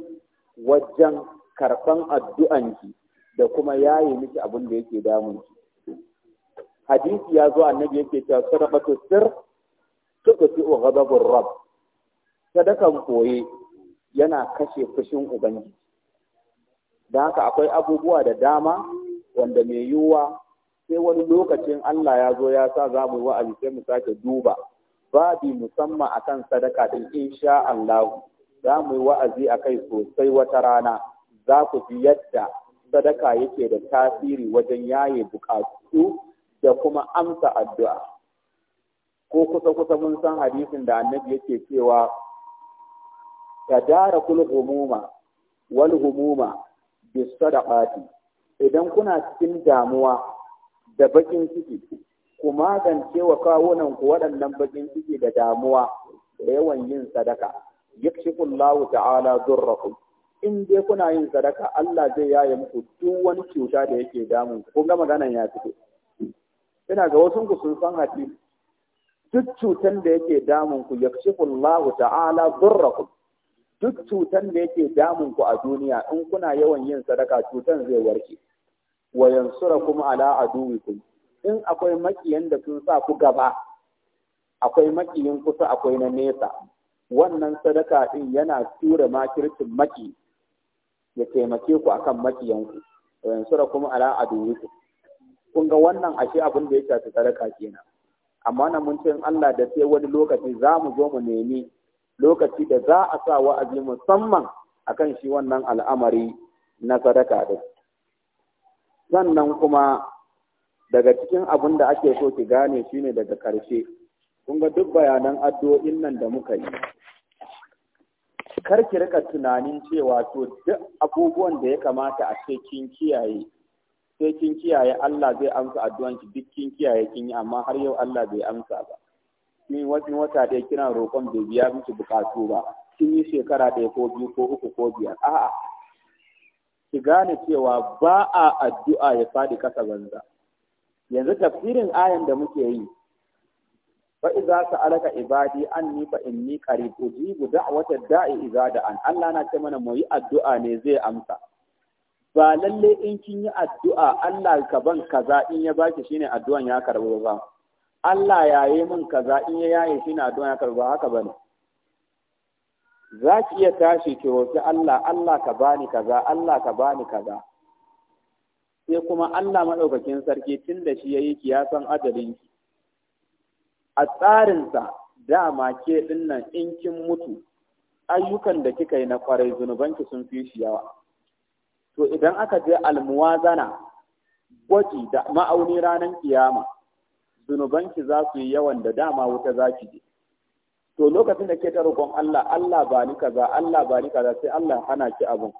wajen karɓan addu'anki da kuma yaye miki abin da yake damunki hadisi ya zo annabi yake cewa sadaqatu sir tuqti ghadabur rabb sadakan koye yana kashe fushin ubangiji da haka akwai abubuwa da dama wanda mai yiwuwa sai wani lokacin Allah ya zo ya sa za mu wa'azi sai mu sake duba babi musamman akan sadaka din insha Allah za mu yi wa'azi a kai sosai wata rana za ku ji yadda sadaka yake da tasiri wajen yaye bukatu da kuma amsa addu'a ko kusa kusa mun san hadisin da annabi yake cewa tadara kul humuma wal humuma bis sadaqati idan kuna cikin damuwa da bakin ciki ku magance wa kawunan ku waɗannan bakin ciki da damuwa da yawan yin sadaka yakshifullahu ta'ala durrakum in dai kuna yin sadaka Allah zai yaye muku duk wani cuta da yake damun ku ga maganan ya fito ina ga wasu ku sun san hadisi duk cutan da yake damun ku yakshifullahu ta'ala durrakum duk cutan da yake damun ku a duniya in kuna yawan yin sadaka cutan zai warke wa kuma ala aduwikum in akwai makiyan da sun sa ku gaba akwai makiyin kusa akwai na nesa wannan sadaka din yana tura makircin maki ya taimake ku akan makiyan ku. wa kuma ala aduwikum kun ga wannan ashe abin da ya shafi sadaka kenan amma na mun ce Allah da sai wani lokaci za mu zo mu nemi lokaci da za a sa wa'azi musamman akan shi wannan al'amari na sadaka din sannan kuma daga cikin abin da ake so ki gane shi ne daga ƙarshe kun ga duk bayanan addu'o'in nan da muka yi kar ki rika tunanin cewa to duk abubuwan da ya kamata a ce kiyaye sai kin kiyaye Allah zai amsa addu'an ki duk kin kiyaye kin yi amma har yau Allah bai amsa ba kin wani wata ɗaya kina roƙon bai biya miki bukatu ba kin yi shekara ɗaya ko biyu ko uku ko biyar a'a ki gane cewa ba a addu'a ya faɗi ƙasa banza yanzu tafsirin ayan da muke yi fa idza sa'alaka ibadi anni fa inni qarib ujibu da'wata da'i idza an Allah na ce mana mu yi addu'a ne zai amsa ba lalle in kin yi addu'a Allah ka ban kaza in ya baki shine addu'an ya karbo ba Allah yaye min kaza in ya yaye shine addu'an ya karbo haka bane za ki iya tashi ki roƙi Allah Allah ka bani kaza Allah ka bani kaza sai kuma Allah maɗaukakin sarki tun da shi ya yi ki ajalinki a tsarinsa dama ke ɗinnan in kin mutu ayyukan da kika yi na kwarai zunubanki sun fi shi yawa to idan aka je almuwazana gwaji da ma'auni ranar kiyama zunubanki za su yi yawan da dama wuta za ki je to lokacin da ke ta roƙon Allah Allah ba ni kaza Allah ba ni kaza sai Allah hana ki abun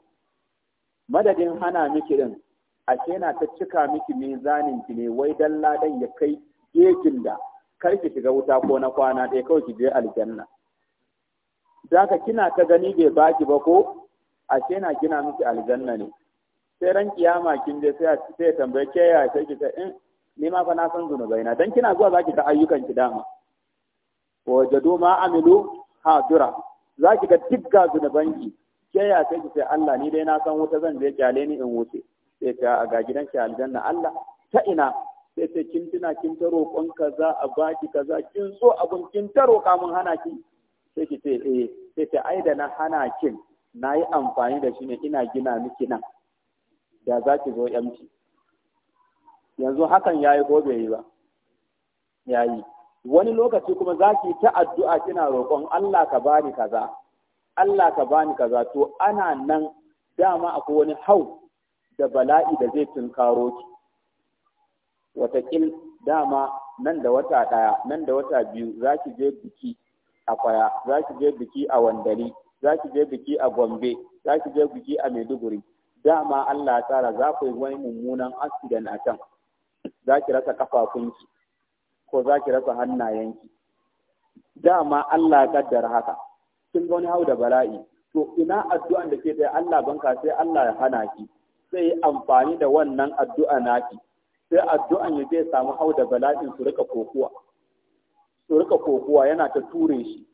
madadin hana miki din ashe na ta cika miki mizanin ki ne wai dan ladan ya kai gejin da kar ki shiga wuta ko na kwana ɗaya kawai ki je aljanna zaka kina ta gani bai baki ba ko ashe na kina miki aljanna ne sai ran kiyama kin je sai sai tambaye ke ya sai ki ta in eh, ni ma fa na san zunubai na dan kina zuwa zaki ta ayyukan ki dama wajadu ma amilu hadura za ki ga duk ga banki ke ya kai ki sai Allah ni dai na san wuta zan je kyale ni in wuce sai ta ga gidan ki aljanna Allah ta ina sai ta kin tuna kin ta roƙon kaza a baki kaza kin so abun kin ta roƙa mun hana ki sai ki ce eh sai ta ai da na hana kin nayi amfani da shi ne ina gina miki nan da za ki zo yamci yanzu hakan yayi ko bai yi ba yayi wani lokaci kuma za ki ta addu'a kina roƙon Allah ka bani kaza Allah ka bani kaza to ana nan dama akwai wani hau da bala'i da zai tunkaro ki watakil dama nan da wata ɗaya nan da wata biyu za ki je biki a kwaya za ki je biki a wandali za ki je biki a gombe za ki je biki a maiduguri dama Allah ya tsara za ku yi wani mummunan accident a can za ki rasa kafafunki ko za ki rasa hannayenki dama Allah kaddar haka kin ga wani hau da bala'i to ina addu'an da ke da Allah banka sai Allah ya hana ki sai yi amfani da wannan addu'a naki sai addu'an ya zai samu hau da bala'in su rika kokuwa su rika kokuwa yana ta ture shi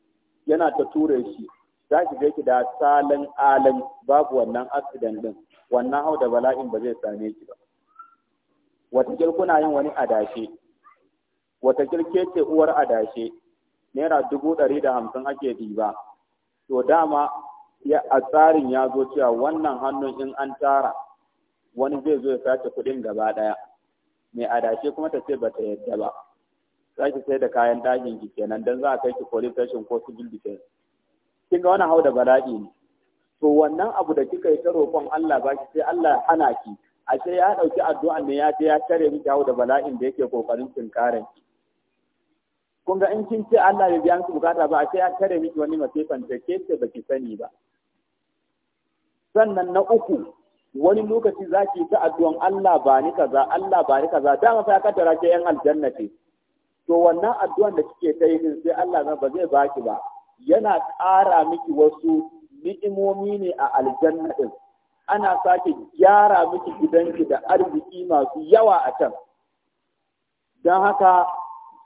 yana ta ture shi za ki je ki da salin alin babu wannan accident din wannan hau da bala'in ba zai same ki ba wata kuna yin wani adashe wata kirke ce uwar adashe naira dubu ɗari da hamsin ake diba to dama a tsarin ya zo cewa wannan hannun in an tara wani zai zo ya sace kuɗin gaba ɗaya mai adashe kuma ta ce ba ta yadda ba za ki sai da kayan ɗakin ki kenan don za a kai ki police station ko civil defense kin ga wani hau da bala'i ne to wannan abu da kika yi ta roƙon Allah ba ki sai Allah hana ki ashe ya ɗauki addu'a ne ya je ya tare miki hau da bala'in da yake kokarin tunkaran ki kun ga in kin ce Allah ya biya miki bukata ba a sai a kare miki wani masifan da ke ce baki sani ba sannan na uku wani lokaci za ki ta addu'an Allah ba ni kaza Allah ba ni kaza dama fa ya tara ke yan aljanna to wannan addu'an da kike ta yi sai Allah nan ba zai baki ba yana ƙara miki wasu ni'imomi ne a aljanna din ana sake gyara miki gidanki da arziki masu yawa a can don haka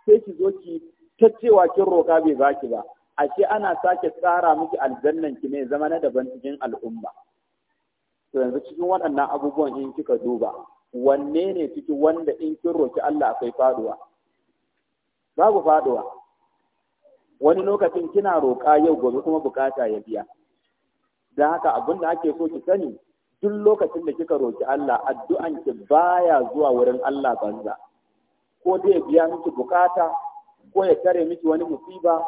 sai ki zo ki ta cewa kin roƙa bai baki ba ashe ana sake tsara miki aljannan ki ne zama na daban cikin al'umma to yanzu cikin waɗannan abubuwan in kika duba wanne ne cikin wanda in kin roki Allah akwai faduwa babu faduwa wani lokacin kina roƙa yau gobe kuma bukata ya biya dan haka abin da ake so ki sani duk lokacin da kika roki Allah addu'an ki baya zuwa wurin Allah banza ko zai biya miki bukata ko ya tare miki wani musiba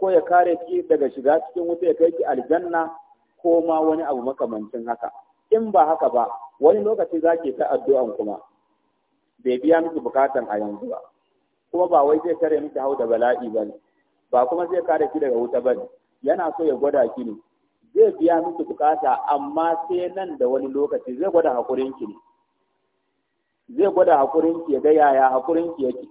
ko ya kare ki daga shiga cikin wuta ya kai ki aljanna ko ma wani abu makamancin haka in ba haka ba wani lokaci za ki ta addu'an kuma bai biya miki bukatan a yanzu ba kuma ba wai zai tare miki hau da bala'i ba ba kuma zai kare ki daga wuta ba yana so ya gwada ki ne zai biya miki bukata amma sai nan da wani lokaci zai gwada hakurin ki ne zai gwada hakurin ki ya ga yaya hakurin ki yake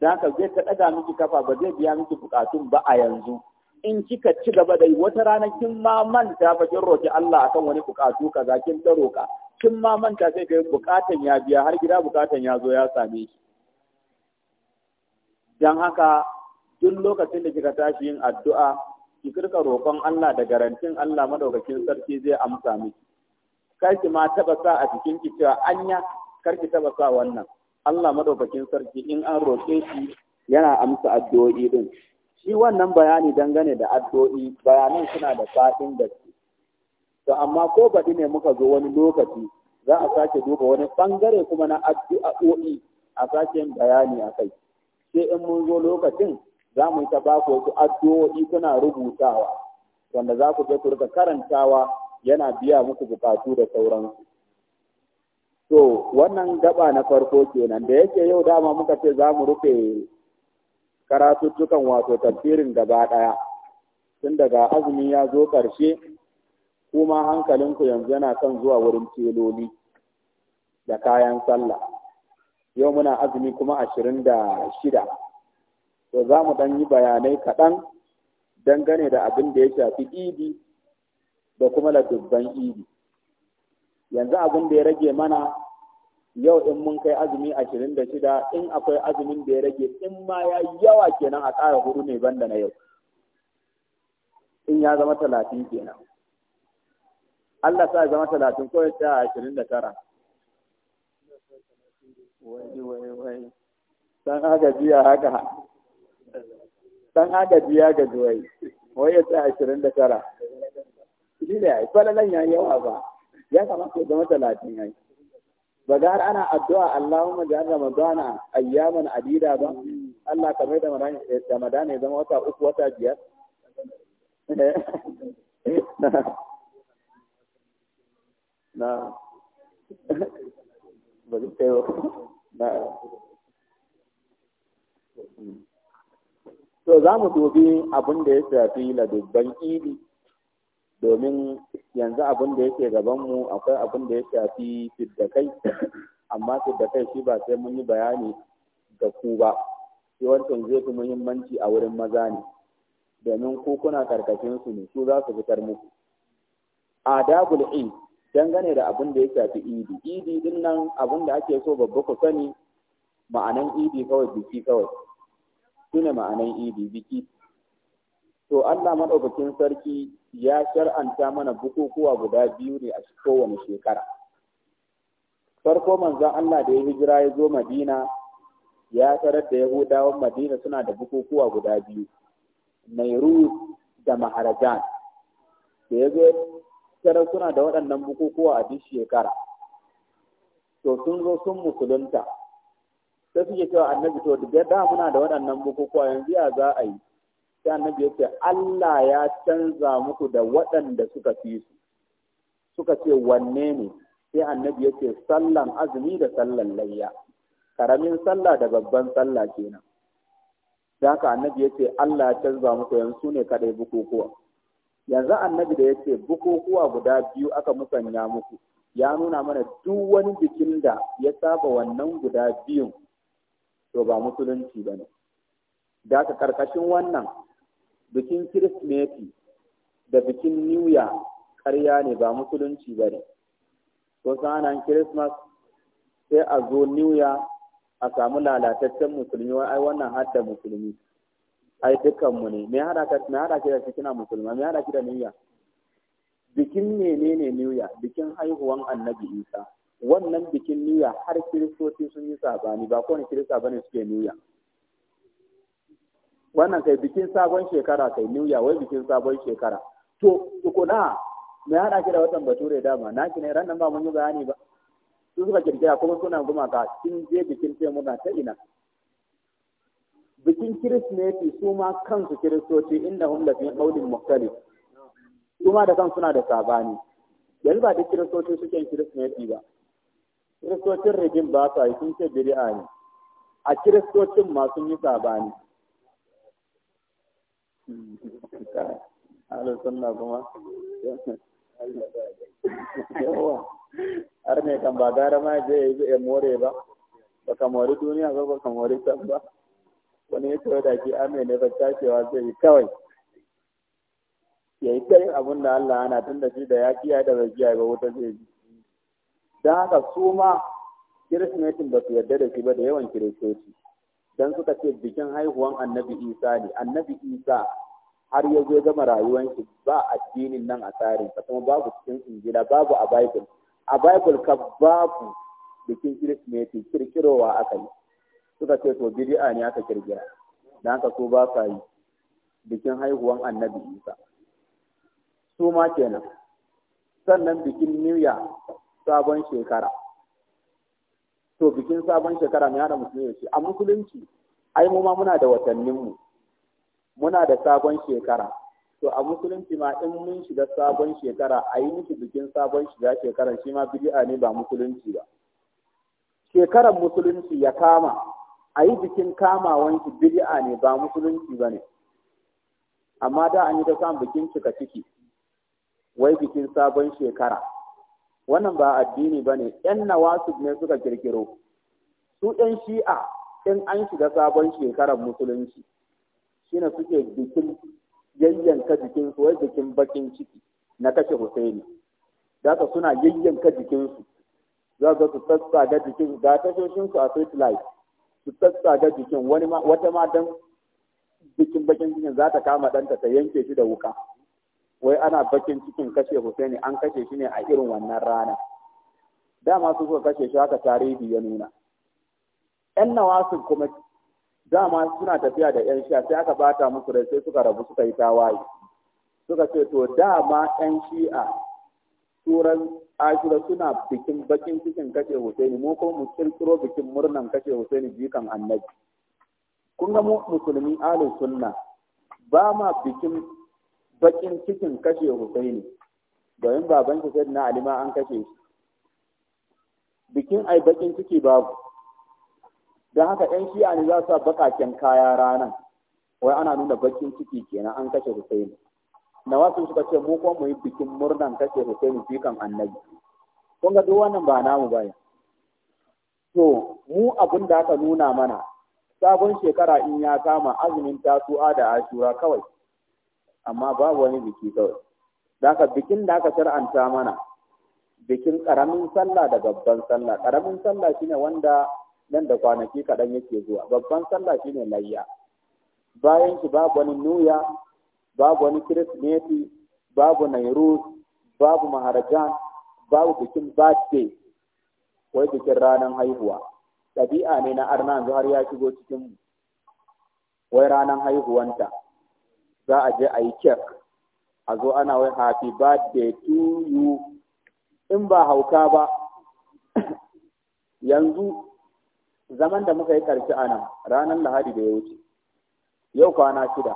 dan ka zai ta daga miki kafa ba zai biya miki bukatun ba a yanzu in kika ci gaba da wata rana kin ma manta ba kin roki Allah akan wani bukatu kaza kin ta roka kin ma manta sai kai bukatan ya biya har gida bukatan ya zo ya same shi. dan haka duk lokacin da kika tashi yin addu'a ki kirka roƙon Allah da garantin Allah madaukakin sarki zai amsa miki kai ki ma taba sa a cikin ki cewa anya karki taba sa wannan Allah madaukakin sarki in an roƙe shi yana amsa addu'o'i din shi wannan bayani dangane da addu'o'i bayanan suna da faɗin gaske to amma ko baɗi ne muka zo wani lokaci za a sake duba wani bangare kuma na addu'o'i a sake yin bayani a kai sai in mun zo lokacin za mu yi ta ku addu'o'i kuna rubutawa wanda za ku je ku rika karantawa yana biya muku buƙatu da sauransu To, wannan gaba na farko kenan da yake yau dama muka ce za mu rufe karatuttukan wato tafsirin gaba ɗaya, tun daga azumi ya zo ƙarshe, kuma hankalinku yanzu yana kan zuwa wurin teloli da kayan sallah. Yau muna azumi kuma ashirin da shida. To, za mu ɗan yi bayanai kaɗan dangane da abin da ya shafi idi da kuma ladubban idi. yanzu abin da ya rage mana yau in mun kai azumi ashirin da shida in akwai azumin da ya rage in ma ya yawa kenan a ƙara hudu ne banda na yau in ya zama talatin kenan Allah sa ya zama talatin ko ya ce ashirin da tara wai wai wai dan agaji ya haka dan ga ya wai wai ya ce ashirin da tara shi ne falalan ya yawa ba ya kamata ya zama talatin yayi ba ga ana addu'a Allahumma ja'al ramadana ayyaman adida ba Allah ka mai da ramadana ya zama wata uku wata biyar na ba zai kai na to za mu dubi abin da ya shafi ladubban idi domin yanzu abin da yake gabanmu akwai abin da ya shafi fiddakai amma fiddakai shi ba sai mun yi bayani ga ku ba shi wancan zai fi muhimmanci a wurin maza ne domin ku kuna karkashin su ne su za su fitar muku adabul eid dangane da abin da ya shafi idi idi din nan abin da ake so babba ku sani ma'anan idi kawai biki kawai Su ne ma'anan idi biki to Allah maɗaukacin sarki ya shar'anta mana bukukuwa guda biyu ne a kowane shekara farko manzon Allah da ya hijira ya zo Madina ya tarar da Yahudawan Madina suna da bukukuwa guda biyu Nairuz da Maharajan da ya zo tarar suna da waɗannan bukukuwa a duk shekara to sun zo sun musulunta sai suke cewa annabi to da muna da waɗannan bukukuwa yanzu ya za a yi sai annabi ya ce Allah ya canza muku da waɗanda suka fi su suka ce wanne ne sai annabi ya ce sallan azumi da sallan layya karamin sallah da babban sallah kenan da haka annabi ya ce Allah ya canza muku yanzu ne kadai bukukuwa yanzu annabi da ya ce bukukuwa guda biyu aka musanya muku ya nuna mana duk wani bikin da ya saba wannan guda biyun to ba musulunci ba ne da aka karkashin wannan bikin Kirsimeti da bikin New Year ƙarya ne ba musulunci ba ne. Ko sanan Christmas sai a zo New Year a samu lalataccen musulmi wai ai wannan hadda musulmi. Ai dukkanmu ne. Me hada ka me hada ki da kina musulma? Me hada ki da New Year? Bikin menene New Year? Bikin haihuwan Annabi Isa. Wannan bikin New Year har Kiristoci sun yi sabani ba kowane Kirista bane suke New Year. wannan kai bikin sabon shekara kai new year wai bikin sabon shekara to tukuna me hada ki da watan bature dama naki ne ran nan ba mun yi bayani ba su suka kirkira kuma suna gumaka kin je bikin sai muna ta ina bikin kirismeti su ma kansu kiristoci inda hum lafi qaulin mukhtalif su ma da kan suna da sabani yanzu ba duk kiristoci suke kirismeti ba kiristocin rigin ba su yi sun ce bid'a ne a kiristocin ma sun yi sabani ahalin sunna kuma har kan ba gara ma je ya more ba ba ka mori duniya ba ba ka mori can ba wani ya da ke ame ne ba tashewa zai yi kawai ya yi ta yin abin da Allah ana tun da shi da ya kiyaye da bai kiyaye ba wuta zai ji don haka su ma kirismetin ba su yarda da shi ba da yawan kiristoci dan suka ce bikin haihuwan annabi isa ne annabi isa har ya zo gama rayuwar shi ba addinin nan a tsarin sa kuma babu cikin injila babu a bible a bible ka babu bikin kirsimeti kirkirowa aka yi suka ce to bid'a ne aka kirkira dan haka su ba sa yi bikin haihuwan annabi isa su ma kenan sannan bikin new year sabon shekara to bikin sabon shekara mai hana musulmi yaushe a musulunci ai mu ma muna da watannin mu muna da sabon shekara to a musulunci ma in mun shiga sabon shekara a yi miki bikin sabon shiga shekara, shi ma bid'a ne ba musulunci ba shekarar musulunci ya kama a yi bikin kamawan shi bid'a ne ba musulunci ba ne amma da an yi ta samun bikin cika ciki wai bikin sabon shekara wannan ba addini ba ne ‘yan nawasub ne suka kirkiro su ‘yan shi'a in an shiga sabon shekarar musulunci shi ne suke bikin yayyanka jikinsu wai bikin bakin ciki na kashe Za daga suna yayyanka jikinsu za ga su sassaga jikin ga tashoshinsu a street light su sassaga jikin wani wata ma don bikin bakin cikin za ta kama ɗanta ta yanke shi da wuka wai ana bakin cikin kashe Husaini an kashe shi ne a irin wannan rana dama su suka kashe shi haka tarihi ya nuna yan nawasin kuma dama suna tafiya da yan shi'a sai aka bata musu rai sai suka rabu suka yi tawaye suka ce to dama yan shi'a turan ashura suna bikin bakin cikin kashe Husaini mu kuma mu kirkiro bikin murnan kashe Husaini jikan annabi kun ga mu musulmi alu sunna ba ma bikin bakin cikin kashe Hussaini, domin baban shi sai na alima an kashe shi bikin ai bakin ciki babu don haka ɗan shi ne za su sa bakaken kaya ranan wai ana nuna bakin ciki kenan an kashe na wasu suka ce mu kuma mu yi bikin murnan kashe Hussaini cikin annabi kun ga duk wannan ba namu bane to mu abin da aka nuna mana sabon shekara in ya kama azumin tasu'a da ashura kawai amma babu wani biki kawai bikin da aka shar'anta mana bikin karamin sallah da babban sallah karamin sallah shine wanda nan da kwanaki kaɗan yake zuwa babban sallah shine layya bayan shi babu wani nuya babu wani kirismeti babu nairus babu maharajan babu bikin birthday wai bikin ranan haihuwa ɗabi'a ne na arna yanzu har ya shigo cikin wai ranar haihuwanta za a je a yi kek a zo ana wai happy birthday to you in ba hauka ba yanzu zaman da muka yi karshe a nan ranar lahadi da ya wuce yau kwana shida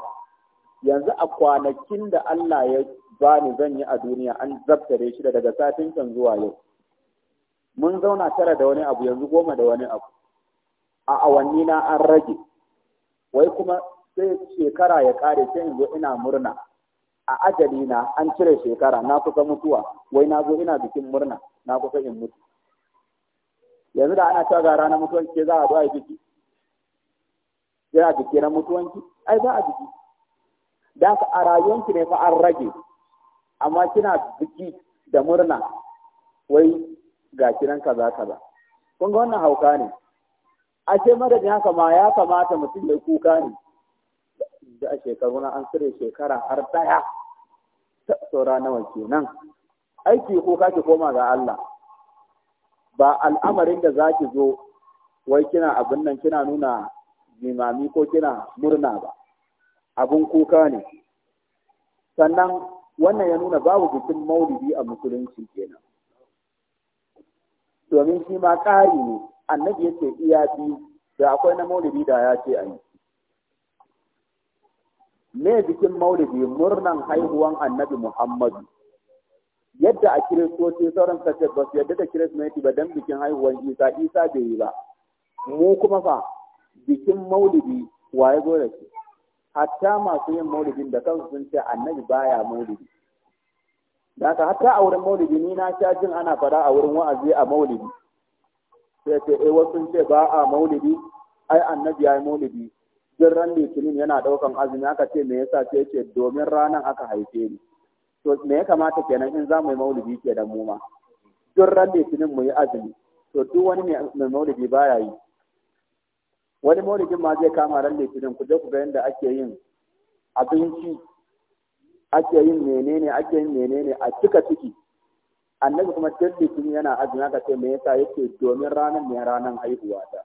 yanzu a kwanakin da Allah ya bani zan yi a duniya an zabtare shida daga satin can zuwa yau mun zauna tara da wani abu yanzu goma da wani abu a awanni na an rage wai kuma sai shekara ya kare sai in zo ina murna a ajali na an cire shekara na kusa mutuwa wai na zo ina bikin murna na kusa in mutu yanzu da ana cewa ga ranar ke za a zuwa biki sai a biki na mutuwanci? ai za a biki da ka a rayuwanki ne fa an rage amma kina biki da murna wai ga kiran kaza kaza kun ga wannan hauka ne Ashe madadin haka ma ya kamata mutum ya kuka ne da a shekaru na an cire shekara har daya ta saura nawa kenan aiki ko kake koma ga Allah ba al'amarin da zaki zo wai kina abin nan kina nuna jimami ko kina murna ba abin kuka ne sannan wannan ya nuna babu bikin maulidi a musulunci kenan domin shi ma ƙari ne annabi yake iya da akwai na maulidi da ya ce a yi Ne bikin maulidi murnan haihuwan annabi Muhammadu. Yadda a kiristoci sauran kace ba su yadda da kirismeti ba don bikin haihuwan Isa, Isa bai yi ba. Mu kuma fa bikin maulidi waye zo da shi. Hatta masu yin maulidin da kansu sun ce annabi baya maulidi. Da haka hatta a wurin maulidi ni na sha jin ana fara a wurin wa'azi a maulidi. Sai ce eh wasu sun ce ba a maulidi ai annabi ya yi maulidi duk ran litinin yana ɗaukan azumi aka ce me yasa ce ce domin ranan aka haife ni to me ya kamata kenan in za mu yi maulidi ke da mu ma duk ran litinin mu yi azumi to duk wani mai maulidi baya yi wani maulidin ma zai kama ran litinin ku je ku ga yadda ake yin abinci ake yin menene ake yin menene a cika ciki annabi kuma duk litinin yana azumi aka ce me yasa yake domin ranan ne ranan haihuwa ta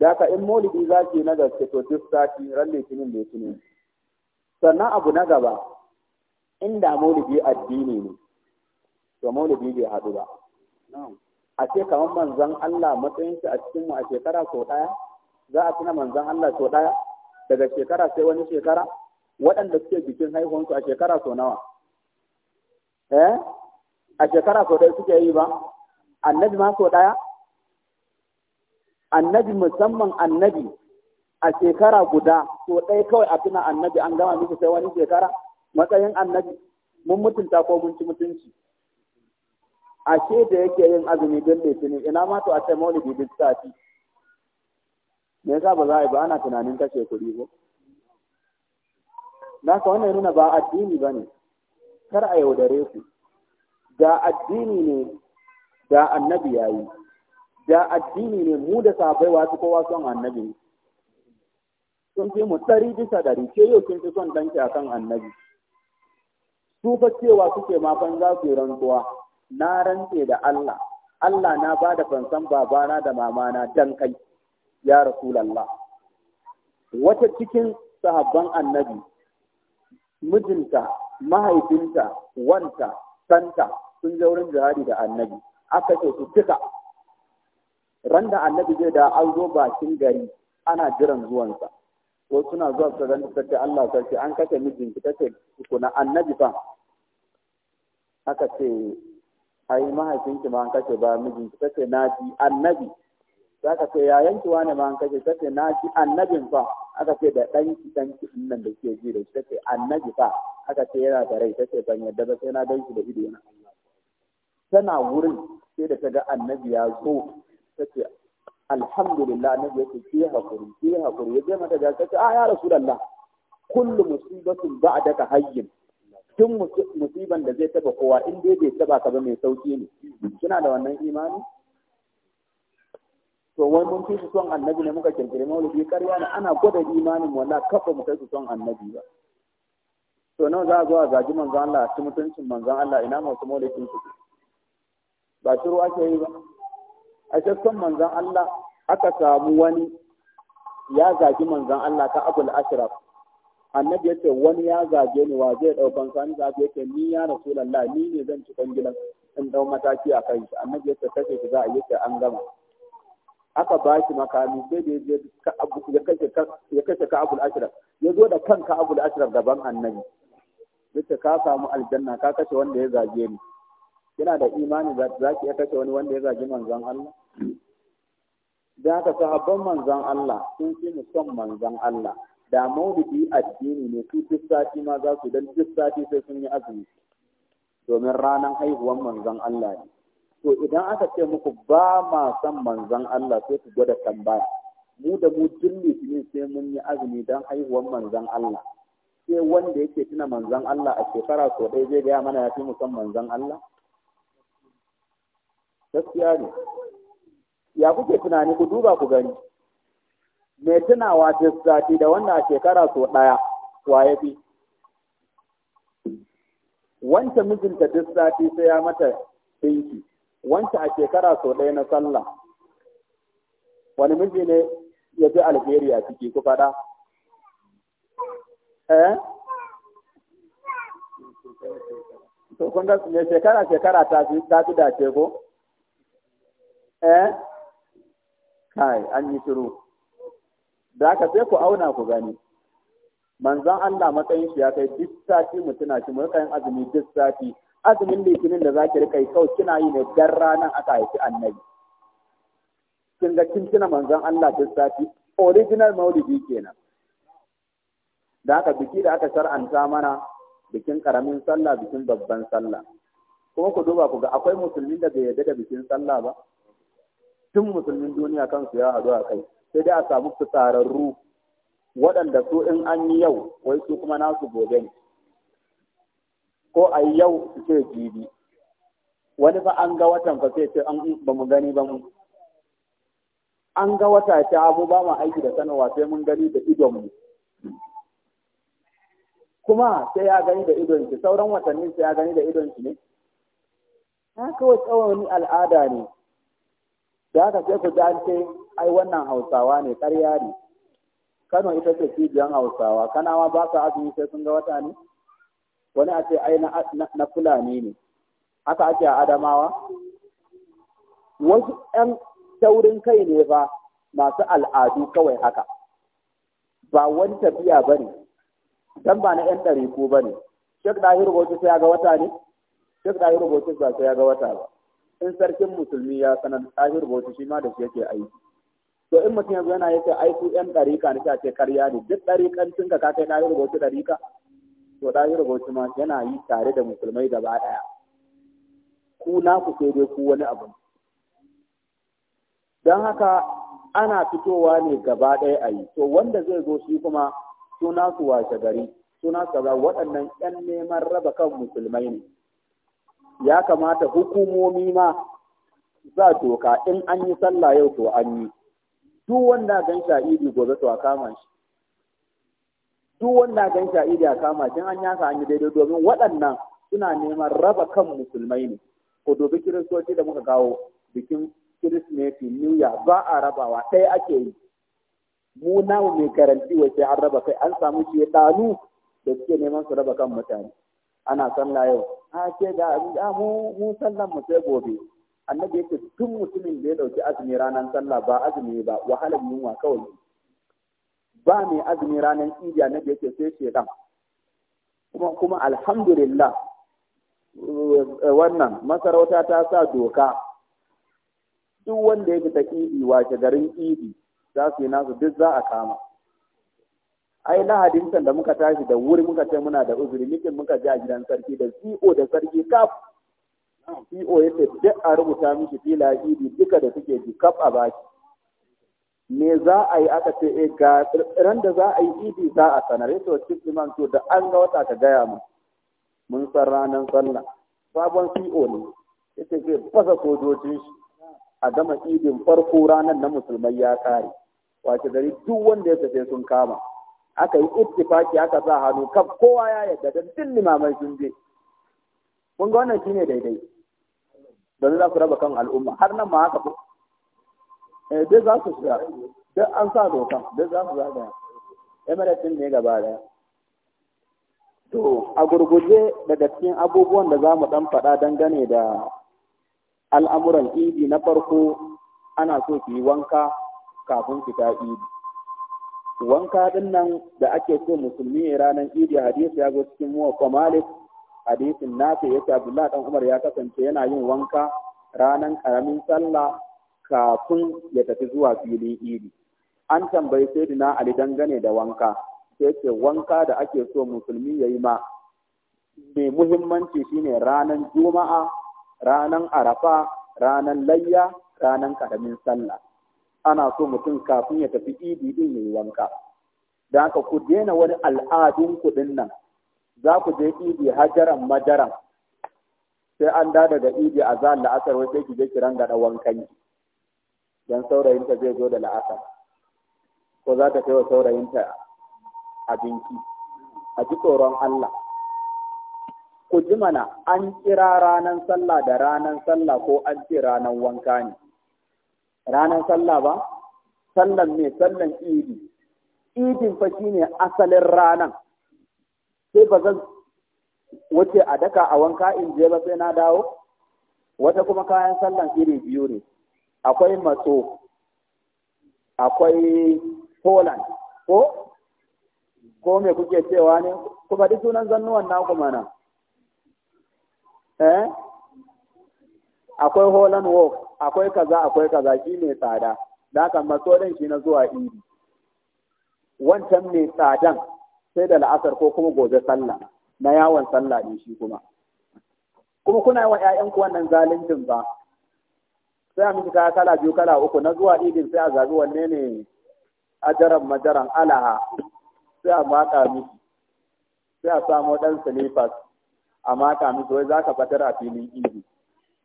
da ka in maulidi za ki na gaske to duk sati ran litinin litinin sannan abu na gaba inda maulidi addini ne to maulidi bai haɗu ba a ce kamar manzon Allah matsayin shi a cikin mu a shekara sau ɗaya za a tuna manzon Allah sau ɗaya daga shekara sai wani shekara waɗanda suke bikin su a shekara sau nawa eh a shekara sau ɗaya suke yi ba annabi ma sau ɗaya annabi musamman annabi a shekara guda Ko ɗaya kawai a tuna annabi an gama miki sai wani shekara matsayin annabi mun mutunta ko mun ci mutunci ashe da yake yin azumi don litinin ina ma to a ce maulidi duk sati me yasa ba za a yi ba ana tunanin kashe kuɗi ko na ka wannan nuna ba addini ba ne kar a yaudare ku da addini ne da annabi ya yi da addini ne mu da safai wasu kowa son annabi sun fi mu ɗari bisa ɗari ke yau kin fi son danki akan annabi su fa cewa suke ma fan za su yi rantsuwa na rantse da Allah Allah na ba da fansan babana da mamana dan kai ya rasulallah wata cikin sahabban annabi mijinta mahaifinta wanta santa sun je wurin jihadi da annabi aka ce su cika. ran da annabi zai da an zo bakin gari ana jiran zuwansa ko suna zuwa su ran da ta Allah ce an kashe mijin ki ku na annabi fa aka ce ai mahaifinki ma an kashe ba mijin ki tace na ji annabi ka ce yayan ki wane ma an kashe tace na ji annabin fa aka ce da danki danki din nan da ke ji da shi tace annabi fa aka ce yana da rai tace ban yadda ba sai na ganki da ido na tana wurin sai da ta ga annabi ya zo tace alhamdulillah ya ce ki hakuri ki hakuri Ya je mata ga tace a ah, ya rasulullah kullu musibatin ba'daka hayyin duk musiban da zai taba kowa in dai bai taba ka ba mai sauki ne kina da wannan imani to wai mun fi su son annabi ne muka kirkire maulidi ƙarya ne ana gwada imanin wala kafa mu kai su son annabi ba to nawa za a zo a zagi manzon Allah a ci mutuncin manzon Allah ina masu maulidin su ba shiru ake yi ba a son manzan Allah aka samu wani ya zagi manzan Allah ta abul ashraf annabi ya ce wani ya zage ni wa zai ɗaukan sani zafi ya ce ni ya rasulullah ni ne zan ci gidan in dau mataki a kai annabi ya ce kashe ki za a yi an gama aka ba shi makami sai da ya kashe ka abul ashraf ya zo da kanka ka abul ashraf gaban annabi ya ce ka samu aljanna ka kashe wanda ya zage ni kina da imani za ki iya kashe wani wanda ya zagi manzon Allah da haka sahabban manzon Allah sun fi mu son manzon Allah da maulidi addini ne su duk sati ma za su dan duk sati sai sun yi azumi domin ranar haihuwar manzon Allah ne to idan aka ce muku ba ma son manzon Allah sai ku gwada tambaya mu da mu duk litinin sai mun yi azumi don haihuwar manzon Allah sai wanda yake tuna manzon Allah a shekara so ɗaya zai gaya mana ya fi mu son manzon Allah gaskiya ne ya kuke tunani ku duba ku gani mai tunawa duk sati da wanda a shekara so ɗaya wa ya fi wanta mijinta duk sati sai ya mata dinki wanta a shekara so ɗaya na sallah wani miji ne ya fi Algeria ciki ku faɗa eh to kun ga shekara shekara ta fi dace ko eh kai an yi shiru da aka sai ku auna ku gani manzon Allah matsayin shi ya kai duk sati mu shi mu rika yin azumi duk sati azumin litinin da zaki rika yi kawai kina yi ne dan ranar aka haifi annabi kin ga kin kina manzon Allah duk sati original maulidi kenan da aka biki da aka shar'anta mana bikin karamin sallah bikin babban sallah kuma ku duba ku ga akwai musulmin da bai yarda da bikin sallah ba tun musulmin duniya kansu ya haɗu a kai sai dai a samu su tsararru. waɗanda su in an yi yau wai su kuma nasu gobe ne ko a yi yau su ce jibi wani fa an ga watan fa sai ce an ba mu gani ba mu an ga wata ta abu ba mu aiki da sanarwa sai mun gani da idon mu kuma sai ya gani da idon shi sauran watanni sai ya gani da idon shi ne haka kawai tsawon al'ada ne da haka sai ku ji an ce ai wannan hausawa ne ƙarya ne kano ita ce cibiyar hausawa kanawa ba sa azumi sai sun ga wata ne wani a ce ai na fulani ne haka ake a adamawa wasu 'yan taurin kai ne ba masu al'adu kawai haka ba wani tafiya ba ne dan ba na 'yan ɗariku ba ne shek ɗahiru bauchi sai ya ga wata ne shek ɗahiru bauchi ba sai ya ga wata ba in sarkin musulmi ya sanar tsahir bauchi shi ma da shi yake aiki to in mutum yanzu yana yake aiki yan ɗarika na ta ce karya ne duk ɗarikancin ka ka kai ɗahir bauchi ɗarika to ɗahir bauchi ma yana yi tare da musulmai gaba ɗaya ku na ku sai dai ku wani abu don haka ana fitowa ne gaba ɗaya a yi to wanda zai zo shi kuma suna su washe gari suna su waɗannan 'yan neman raba kan musulmai ne ya kamata hukumomi ma za doka in an yi sallah yau to an yi duk wanda gan sha'idi gobe to a kama shi duk wanda gan sha'idi a kama shi an yaka an yi daidai domin waɗannan suna neman raba kan musulmai ne ko dobi kiristoci da muka kawo bikin kirismeti new year ba a rabawa ɗaya ake yi mu namu mai karanti wace an raba kai an samu shi ɗanu da suke neman su raba kan mutane ana sallah yau a ce ga da mu mu sallan mu sai gobe annabi yake tun mutumin da ya dauki azumi ranar sallah ba azumi ba wahalar yunwa kawai ba mai azumi ranar idi annabi yake sai shedan kuma kuma alhamdulillah eh, wannan masarauta ta sa doka duk wanda ya fita idi wace garin idi za su yi nasu duk za a kama ai lahadin can da muka tashi da wuri muka ce muna da uzuri mikin muka ji a gidan sarki da CO e da sarki kaf CO e ya duk a rubuta miki fila idi duka da suke ji kaf a baki me za a yi aka ce e ga ran da za a yi idi za a sanar ya chief imam to da an ga wata ka gaya mu mun san ranar sallah sabon CO e ne ya ce fasa sojojin shi a gama idin farko ranar na musulmai ya kare wace gari duk wanda ya tafe sun kama aka yi ittifaki aka sa hannu kaf kowa ya yarda don duk limamai sun je kun ga wannan shine daidai don za su raba kan al'umma har nan ma haka eh duk za su shiga duk an sa doka, duk za su zagaya emirates din ne gaba daya to a gurguje daga cikin abubuwan da za mu dan faɗa dangane da al'amuran idi na farko ana so ki yi wanka kafin fita idi wanka din nan da ake so musulmi ya ranar idi hadisi ya zo cikin muwa malik hadisin nafi ya abdullahi dan umar ya kasance yana yin wanka ranar karamin sallah kafin ya tafi zuwa filin idi an tambayi sayyidina ali dangane da wanka sai ce wanka da ake so musulmi ya yi ma mai muhimmanci shine ranar juma'a ranar arafa ranar layya ranar karamin sallah ana so mutum kafin ya tafi idi din yayi wanka da haka ku daina wani al'adun kuɗin nan za ku je idi hajaran madaran, sai an da daga idi a za la'asar wai sai ki je kiran da wankan dan saurayinta zai zo da la'asar ko za ta kai wa saurayinta abinci a ji tsoron Allah ku ji mana an kira ranan sallah da ranan sallah ko an ce ranar wanka ne ranar sallah ba sallan mai sallan idi idin fa shine asalin ranan sai ba zan wuce a daka a wanka in je ba sai na dawo wata kuma kayan sallan iri biyu ne akwai matso akwai poland ko ko me kuke cewa ne kuma duk sunan zannuwan naku mana eh akwai Holland Walk, akwai kaza, akwai kaza shi mai tsada, da haka maso ɗin shi na zuwa idi. Wancan mai tsadan sai da la'asar ko kuma gobe sallah, na yawon sallah ɗin shi kuma. Kuma kuna wa ‘ya'yanku wannan zaluncin ba, sai a miki kaya kala biyu kala uku na zuwa idin sai a zaɓi wanne ne ajaran majaran alaha sai a maka miki, sai a samo ɗan silifas a maka miki wai za ka fatar a filin idi.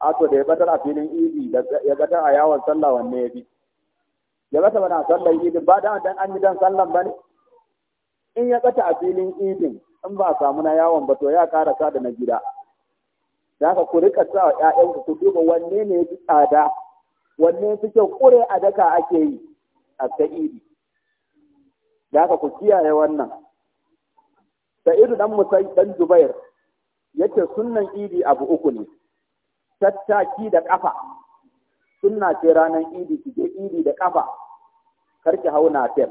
a to da ya batar a filin idi ya batar a yawon sallah wanne ya bi ya bata bana sallar idi ba da dan an yi dan ba ne? in ya batar a filin idin in ba a samu na yawon ba to ya sa da na gida da haka ku rika sa ƴaƴanku ku duba wanne ne ya fi tsada wanne fi kyau kure a daka ake yi a ta idi da ka ku kiyaye wannan sa'idu dan musai dan zubair yace sunnan idi abu uku ne tattaki da ƙafa sunna ce ranar idi ki je idi da ƙafa karki hau nafil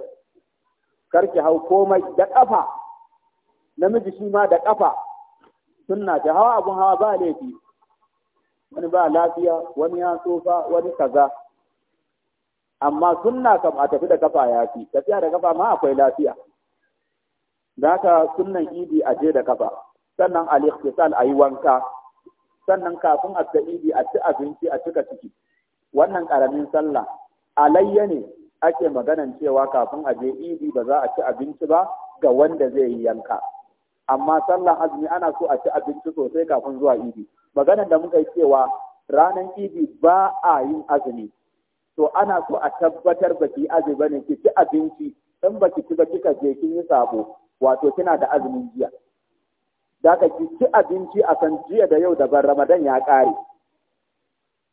karki hau komai da ƙafa namiji shi ma da ƙafa sunna ce hawa abun hawa ba laifi wani ba lafiya wani ya tsofa wani kaza amma sunna kam a tafi da kafa ya fi tafiya da kafa ma akwai lafiya da haka sunnan idi a je da kafa sannan al-ikhtisal ayi wanka sannan kafin a sa'idi a ci abinci a cika ciki wannan karamin sallah alayya ne ake maganan cewa kafin a je idi ba za a ci abinci ba ga wanda zai yi yanka amma sallan azumi ana so a ci abinci sosai kafin zuwa idi maganan da muka yi cewa ranar idi ba a yin azumi to ana so a tabbatar baki azumi ne, ki ci abinci in baki ci ba kika je kin yi sabo wato kina da azumin jiya da aka ki ci abinci a kan jiya da yau daban ramadan ya ƙare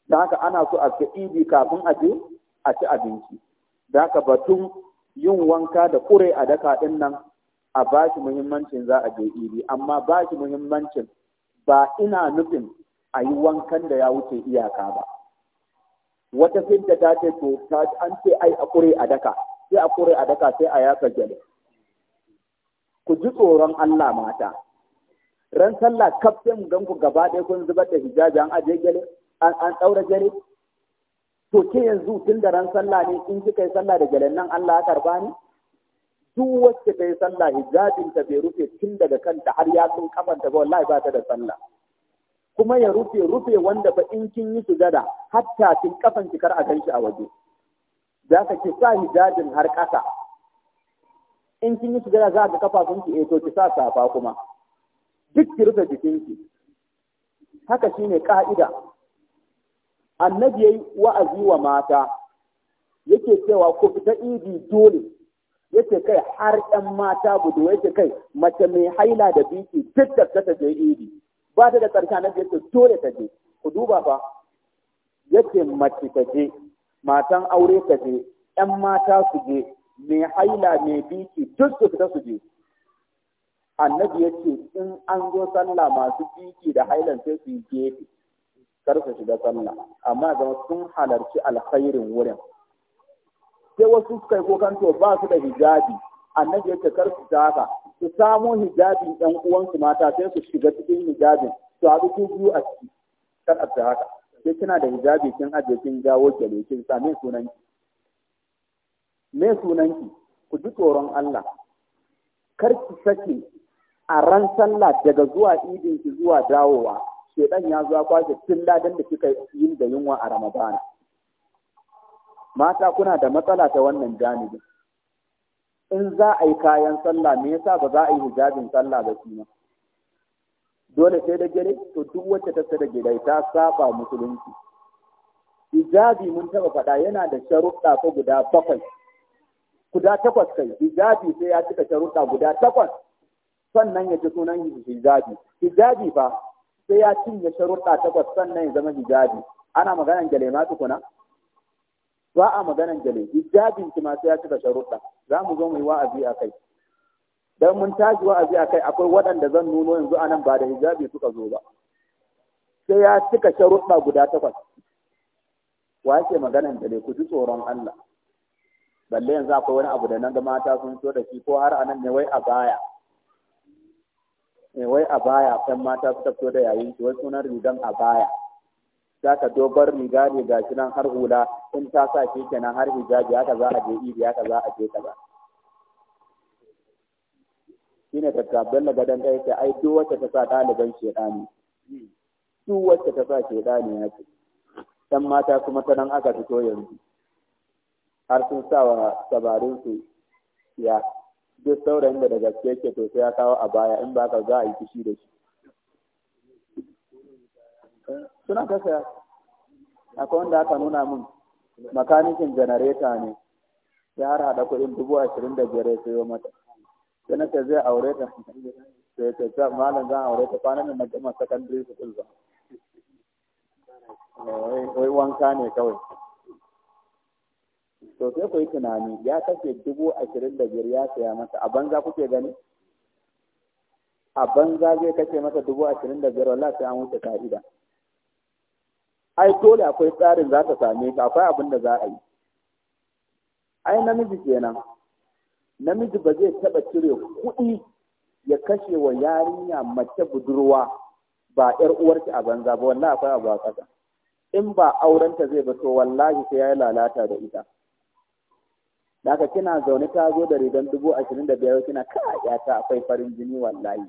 da aka ana so a ci idi kafin a je a ci abinci da aka batun yin wanka da kure a daka ɗin nan a ba shi muhimmancin za a je ibi amma ba shi muhimmancin ba ina nufin a yi wankan da ya wuce iyaka ba wata finta ta ce to an ce ai a kure a daka sai a kure a daka sai a yasa gyale ku ji tsoron Allah mata ran sallah kaf sai mu gan ku gaba ɗaya kun zubar da hijabi an aje gele an ɗaura gele to ke yanzu tun da ran salla ne in kika yi sallah da gelen nan Allah ya karba ni duk wacce ta salla sallah hijabin ta bai rufe tun daga kanta har ya sun kafanta ba wallahi ba ta da salla. kuma ya rufe rufe wanda ba in kin yi sujada hatta kin kafan ki kar a ganki a waje za ka ki sa hijabin har ƙasa in kin yi sujada za ka kafa sun ki eto eh ki sa safa kuma duk ki rufe jikinki haka shine ka'ida annabi yayi wa'azi wa mata yake cewa ku fita idi dole yake kai har ɗan mata budu yake kai mace mai haila da biki duk da ta je idi ba ta da ƙarshe annabi yake dole ta je ku duba fa yake mace ta je matan aure ta je ‘yan mata su je, mai haila mai biki duk su fita su je, annabi ya ce in an zo sallah masu biki da hailan sai su yi gefe kar su shiga sallah amma zama sun halarci alkhairin wurin sai wasu suka yi kokan to ba su da hijabi annabi ya ce kar su taka su samo hijabin ɗan uwansu mata sai su shiga cikin hijabin su haɗu su biyu a ciki kar a ta haka sai kina da hijabi kin ajiye kin jawo gyale kin sa me sunanki me sunanki ku ji tsoron Allah kar ki sake a ran sallah daga zuwa idin ki zuwa dawowa shedan ya zuwa kwashe tun ladan da kika yi da yunwa a ramadana mata kuna da matsala ta wannan janibi in za a yi kayan sallah me yasa ba za a yi hijabin sallah ba shi dole sai da gele to duk wacce ta da ta saba musulunci hijabi mun taba faɗa yana da sharuɗa ko guda bakwai guda takwas kai hijabi sai ya cika sharuɗa guda takwas sannan ya ji sunan hijabi hijabi fa sai ya cinye sharuɗa takwas sannan ya zama hijabi ana maganan gale ma tukuna ba a maganan gale hijabin ki ma ya cika sharuɗa za mu zo mu yi wa'azi a kai dan mun tashi wa'azi a kai akwai waɗanda zan nuno yanzu anan ba da hijabi suka zo ba sai ya cika sharuɗa guda takwas wa yake maganan gale ku ji tsoron Allah balle yanzu akwai wani abu da nan da mata sun so da shi ko har anan ne wai a baya Eh, wai a baya ɗan mata suka fito da yayin shi wai sunan rigan a baya za ka dobar riga ne ga shi nan har hula in ta sa shi kenan har hijabi haka za a je idi haka za a je kaza shine daga da gadon ɗaya ce ai duk wacce ta sa ɗaliban shedani duk wacce ta sa shedani ya ce ɗan mata kuma ta nan aka fito yanzu har sun sa wa sabarin su ya duk saurayin da daga gaske yake to sai ya kawo a baya in ba ka za a yi fushi da shi suna ta saya akwai wanda aka nuna min makanikin janareta ne ya har haɗa kuɗin dubu ashirin da biyar ya sayo mata sai na ce zai aure ta sai ta ce malam zan aure ta kwanan da na gama secondary school ba wai wanka ne kawai to sai ku yi tunani ya kashe dubu ashirin da biyar ya saya masa a banza kuke gani a banza zai kashe masa dubu ashirin da biyar wallahi sai an wuce ka'ida ai dole akwai tsarin za ta same ka akwai abin da za a yi ai namiji kenan namiji ba zai taɓa cire kuɗi ya kashe wa yarinya mace budurwa ba ‘yar uwarki a banza ba wallahi akwai abu a ƙasa in ba aurenta zai ba to wallahi sai ya lalata da ita da aka kina zaune ta zo da rigan dubu ashirin da biyar kina ka yata akwai farin jini wallahi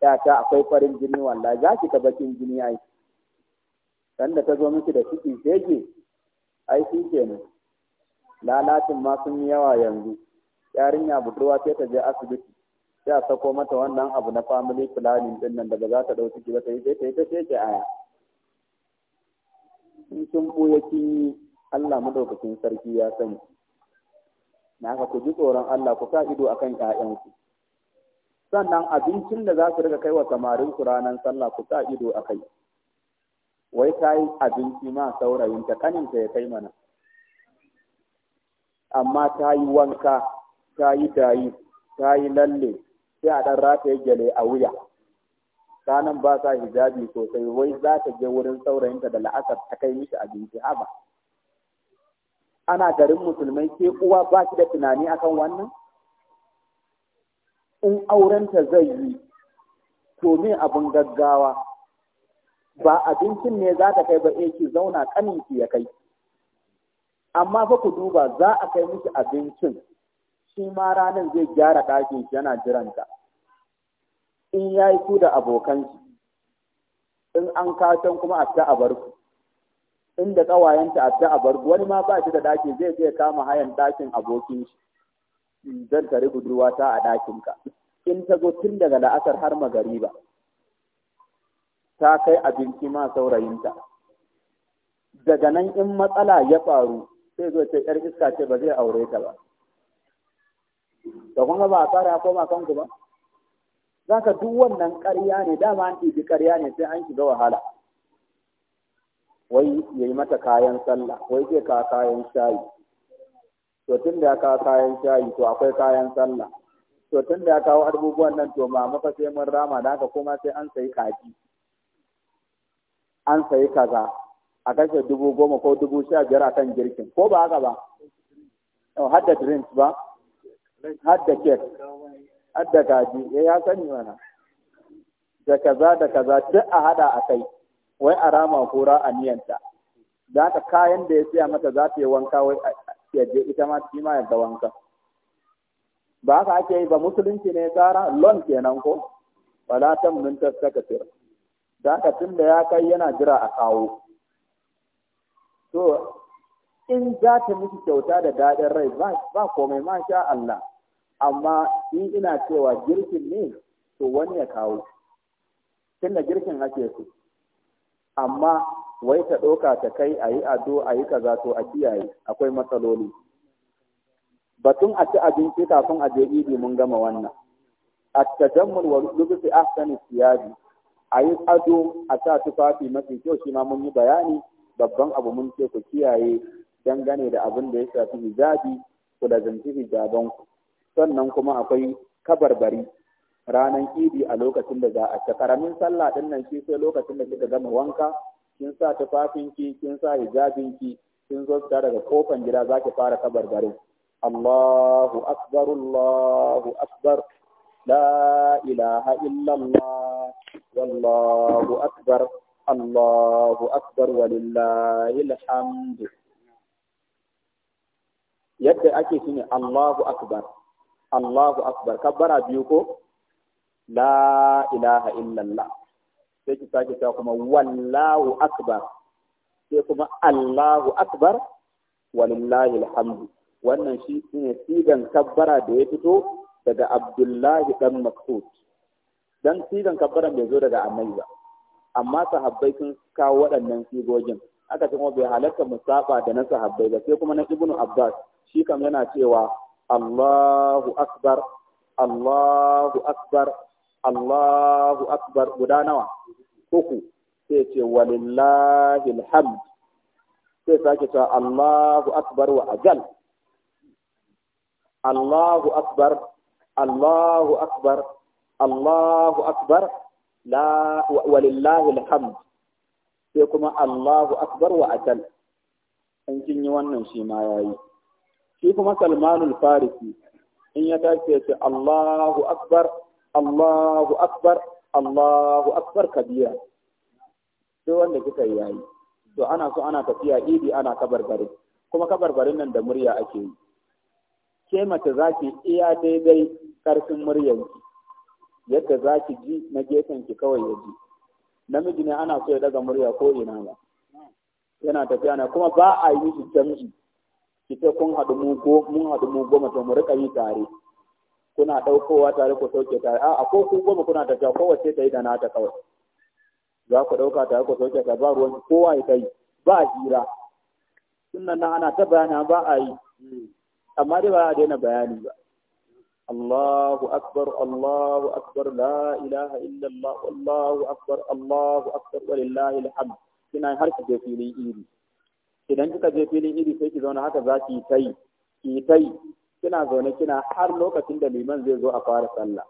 ta akwai farin jini wallahi za ki ta bakin jini ai dan da ta zo miki da ciki shege ai shi kenan Lalatin ma sun yi yawa yanzu yarinya budurwa sai ta je asibiti sai a sako mata wannan abu na family planning din nan da ba za ta dau ciki ba ta yi sai ta yi ta aya in kin buya kin yi Allah madaukakin sarki ya sani na haka ku ji tsoron Allah ku sa ido akan ƴaƴanku sannan abincin da za su riga kai wa samarin ku ranar sallah ku sa ido a kai wai ta yi abinci ma saurayin ta kaninta ya kai mana amma ta yi wanka ta yi dayi ta yi lalle sai a ɗan rataye gyale a wuya sanan ba sa hijabi sosai wai za ta je wurin saurayinta da la'asar ta kai mishi abinci haba ana garin musulmai ke uwa ba shi da tunani akan wannan in aurenta zai yi to me abin gaggawa ba abincin ne za ta kai ba e ki zauna ki ya kai amma fa ku duba za a kai miki abincin shi ma ranar zai gyara ɗakin shi yana jiranta in ya yi su da abokan shi in an katon kuma a ta a bar inda ƙawayenta a ta abar wani ma ba shi da ɗaki zai je kama hayan ɗakin abokin shi zan tare budurwa ta a ɗakinka in ta zo tun daga la'asar har magariba ta kai abinci ma saurayinta daga nan in matsala ya faru sai zo ce yar iska ce ba zai aure ta ba da kuma ba a tsara ko ma kanku ba Za ka duk wannan ƙarya ne dama an ɗibi ƙarya ne sai an shiga wahala wai ya yi mata kayan sallah wai ke ka kayan shayi to tun da ka kayan shayi to akwai kayan sallah to tun da ya kawo abubuwan nan to ma maka sai mun rama da haka kuma sai an sayi kaji an sayi kaza a kashe dubu goma ko dubu sha biyar a kan girkin ko ba haka ba oh, har da drinks ba har da kek har da kaji eh, ya sani mana da kaza da kaza duk a hada a kai wai a rama ko niyanta za ka kayan da ya siya mata za ta yi wanka wai je ita ma shi ma yadda wanka ba haka ake yi ba musulunci ne tsara lon kenan ko wala ta mun ta saka za ka tun da ya kai yana jira a kawo to in za ta miki kyauta da daɗin rai ba komai ma sha Allah amma in ina cewa girkin ne to wani ya kawo tun da girkin ake so amma wai ta ɗauka ta kai a yi ado a yi kaza to a kiyaye akwai matsaloli batun a ci abinci kafin a je idi mun gama wannan a tajammul wa lubisi ahsani siyabi a yi ado a sa tufafi mafi kyau shi ma mun yi bayani babban abu mun ce ku kiyaye dangane da abin da ya shafi hijabi ku da zanci hijabanku sannan kuma akwai kabarbari ranan idi a lokacin da za a ta karamin sallah din nan shi sai lokacin da kika gama wanka kin sa tufafinki kin sa hijabinki kin zo fita daga kofan gida zaki fara kabar garin Allahu akbar Allahu akbar la ilaha illa Allah wallahu akbar Allahu akbar walillahil hamd yadda ake shine Allahu akbar Allahu akbar kabbara biyu ko la ilaha illallah sai ki sake cewa kuma wallahu akbar sai kuma allahu akbar walillahi alhamdu wannan shi ne sigan kabbara da ya fito daga abdullahi dan maksud dan sigan kabbara bai zo daga annabi ba amma sahabbai sun kawo waɗannan sigogin aka ce kuma bai halatta musaba da na sahabbai ba sai kuma na ibnu abbas shi kam yana cewa allahu akbar allahu akbar Allahu akbar guda nawa uku sai ce walillahi alhamd sai sake cewa Allahu akbar wa ajal Allahu akbar Allahu akbar Allahu akbar la walillahi alhamd sai kuma Allahu akbar wa ajal an kin yi wannan shi ma yayi shi kuma Salmanul Farisi in ya ta ya ce Allahu akbar Allahu akbar Allahu akbar kabira sai wanda kika yi yayi to ana so ana tafiya idi ana kabarbare kuma kabarbarin nan da murya ake yi ke mace za ki iya daidai karfin muryanki yadda za ki ji na gefen ki kawai ya ji namiji ne ana so ya daga murya ko ina ba yana tafiya na kuma ba a yi shi canji, ki ce kun haɗu mu go, mun haɗu mu goma to mu riƙa yi tare kuna ɗaukowa tare ku sauke tare a ko ku goma kuna tafiya kowace ta yi da nata kawai za ku ɗauka tare ku sauke tare ba ruwan kowa ya kai ba hira sunan nan ana ta bayani ba a yi amma dai ba a daina bayani ba Allahu akbar Allahu akbar la ilaha illallah Allahu akbar Allahu akbar walillahi alhamd kina har ki je filin iri idan kika je filin iri sai ki zauna haka za ki yi tai ki tai kina zaune kina har lokacin da liman zai zo a fara sallah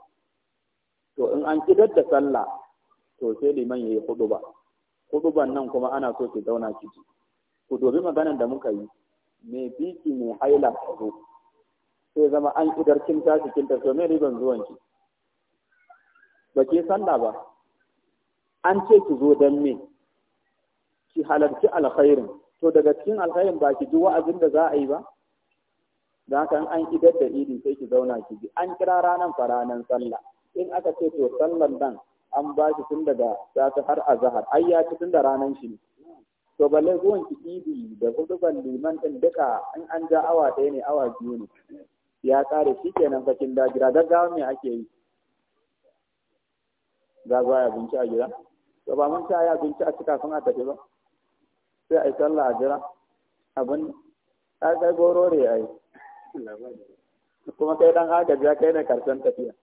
to in an kidar da sallah to sai liman yayi huduba huduban nan kuma ana so ki zauna ki ku dobi maganar da muka yi me biki me haila ko sai zama an kidar kin tashi kin tafi me riban zuwan ki ba ke sallah ba an ce ki zo dan me ki halarci alkhairin to daga cikin alkhairin ba ki ji wa'azin da za a yi ba don haka an idar da idi sai ki zauna ki ji an kira ranar fa ranar sallah in aka ce to sallan nan an ba shi tun daga safi har azhar ai ya ci tun da ranar shi ne to balle zuwan ki idi da huduban liman din duka in an ja awa ɗaya ne awa biyu ne ya kare shi kenan fakin da gida gaggawa me ake yi za zuwa ya binci a gida to ba mun ta ya binci a cika sun a tafi ba sai a yi sallah a jira abin ta kai goro ya ai kuma kai dan agaji ya kai ne karshen tafiya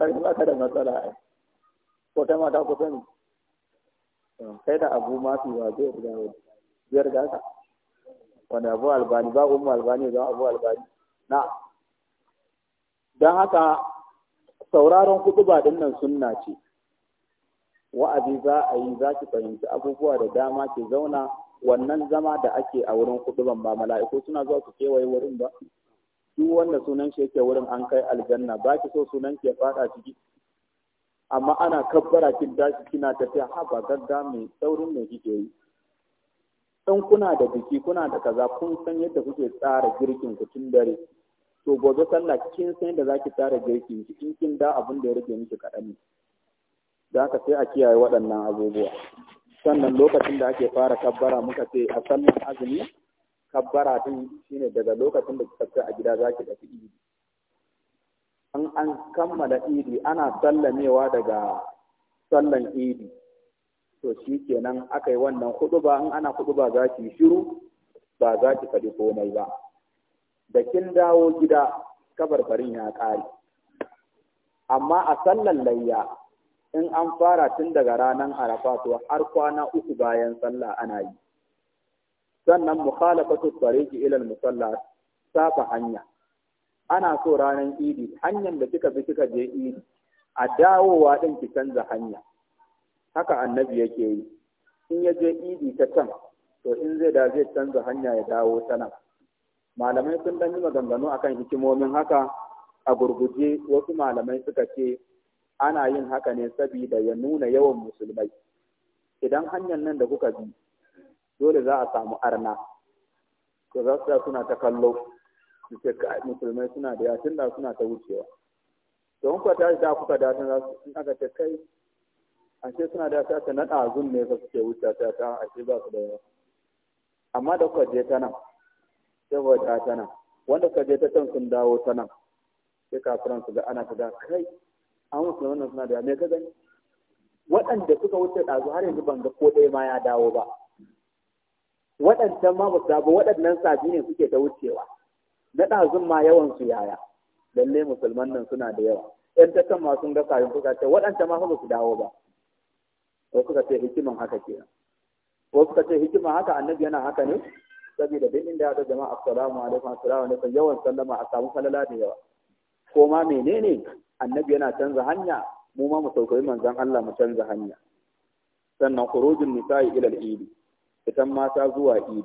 kai ba ka da matsala ai ko ta mata ku sani kai da abu mafi wa zai riga biyar da haka wanda abu albani ba umu albani don abu albani na don haka sauraron kutuba din nan sunna ce wa'azi za a yi za ki fahimci abubuwa da dama ki zauna wannan zama da ake a wurin ban ba mala'iku suna zuwa su kewaye wurin ba duk wanda sunan shi yake wurin an kai aljanna ba ki so sunan ki ya fada ciki amma ana kabbara kin dashi kina tafiya haba gagga mai saurin mai kike yi in kuna da biki kuna da kaza kun san yadda kuke tsara girkin ku tun dare to gobe sallah kin san yadda zaki tsara girkin ki in kin da abin da ya rage miki kaɗan ne da haka sai a kiyaye waɗannan abubuwa sannan lokacin da ake fara kabbara muka ce a sannan azumi kabbara din shine daga lokacin da kika a gida zaki tafi idi an an kammala idi ana sallamewa daga sallan idi to shi kenan aka yi wannan huduba in ana huduba za ki shiru ba za ki faɗi komai ba da kin dawo gida kabarbarin ya ƙare amma a sallan layya in an fara tun daga ranar arafa to har kwana uku bayan sallah ana yi sannan mukhalafatu tariqi ila musalla safa hanya ana so ranar idi hanyar da kika bi kika je idi a dawowa din ki canza hanya haka annabi yake yi in ya je idi ta can to in zai da zai canza hanya ya dawo ta malamai sun dan yi maganganu akan hikimomin haka a gurguje wasu malamai suka ce ana yin haka ne saboda ya nuna yawan musulmai idan hanyar nan da kuka bi dole za a samu arna ko za su suna ta kallo su ce musulmai suna da yatin da suna ta wucewa don kuwa ta da kuka da za su in aka ce kai ashe suna da ta ta nada azun ne ba suke wuce ta ta ah, ashe ba su da yawa amma da kuka je ta nan saboda ta nan wanda kuka je ta can sun dawo ta nan sai kafiran su ga ana ta da kai an wuce wannan suna da me ka gani waɗanda suka wuce ɗazu har yanzu ban ga ko ɗaya ma ya dawo ba waɗancan ma ba su ba waɗannan sabi ne suke ta wucewa na ɗazun ma yawan su yaya lalle musulman nan suna da yawa ƴan tattan ma sun ga kafin suka ce waɗancan ma ba su dawo ba ko suka ce hikiman haka ke? ko suka ce hikiman haka annabi yana haka ne saboda duk inda ya ga jama'a assalamu alaikum assalamu alaikum yawan sallama a samu falala da yawa ko ma menene annabi yana canza hanya mu ma mu saukari manzon Allah mu canza hanya sannan khurujun nisa'i ila al-idi fitan mata zuwa idi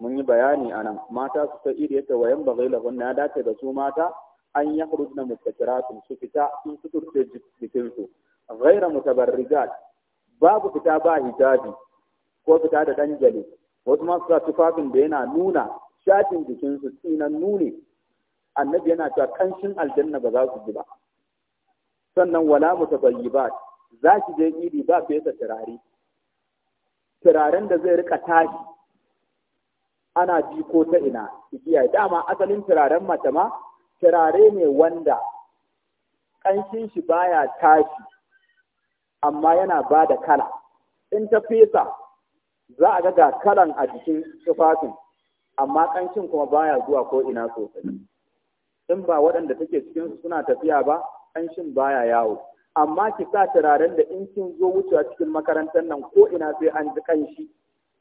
mun yi bayani anan mata su ta idi yata wayan bagaila gunna ya dace da su mata an ya khurujna mustatiratun su fita sun suturce jikin su ghaira mutabarrijat babu fita ba hijabi ko fita da danjali wasu masu sa tufafin da yana nuna shafin jikinsu tsinan nuni annabi yana cewa kanshin aljanna ba za su ji ba sannan wala ba. za ki je idi ba fesa turare turaren da zai rika tashi ana ji ko ta ina igiya dama asalin turaren mace ma turare ne wanda kanshin shi baya tashi amma yana ba da kala in ta fesa za a ga ga kalan a jikin tufafin amma kanshin kuma baya zuwa ko ina sosai in ba waɗanda take cikin suna tafiya ba ƙanshin baya yawo amma ki sa turaren da in kin zo wucewa cikin makarantar nan ko ina sai an ji ƙanshi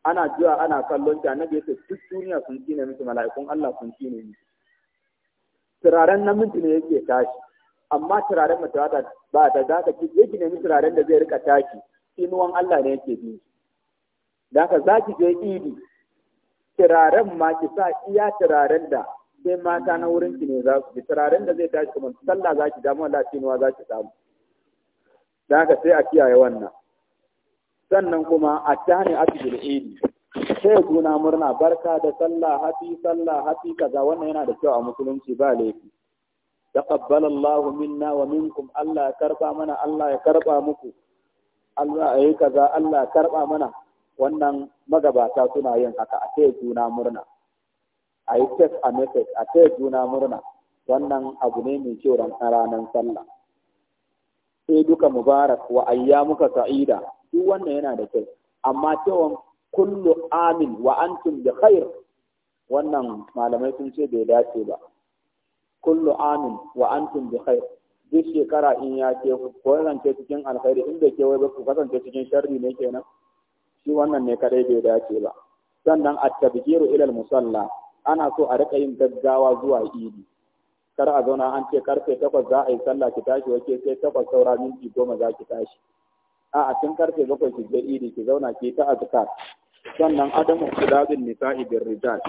ana jiwa ana kallon ta annabi yace duk duniya sun tsine miki mala'ikun Allah sun tsine miki turaren namiji ne yake tashi amma turaren mace ba ta za ka je ki nemi turaren da zai rika taki inuwan Allah ne yake bi da ka za ki je idi turaren ma ki sa iya turaren da sai mata na wurin ki ne za su ji turaren da zai tashi kuma sallah za ki damu Allah cinuwa za ki samu da haka sai a kiyaye wannan sannan kuma a tani asibir idi sai juna murna barka da sallah hafi sallah hafi kaza wannan yana da kyau a musulunci ba laifi taqabbal Allah minna wa minkum Allah ya karba mana Allah ya karba muku Allah ya kaza Allah ya karba mana wannan magabata suna yin haka a sai juna murna a yi tes a message a taya juna murna wannan abu ne mai kyau ran ranar sallah sai duka mubarak wa ayyamuka sa'ida duk wannan yana da kyau amma cewa kullu amin wa antum bi khair wannan malamai sun ce bai dace ba kullu amin wa antum bi khair duk shekara in ya ce ku kasance cikin alkhairi in bai wai ba ku kasance cikin sharri ne kenan shi wannan ne kadai bai dace ba sannan at-tabjiru ila al-musalla ana so a rika yin gaggawa zuwa idi kar a zauna an ce karfe takwas za a yi sallah ki tashi wake sai takwas saura minti goma za ki tashi a a tun karfe bakwai ki je idi ki zauna ki ta azkar sannan adamu kulabin nisa'i bin rijal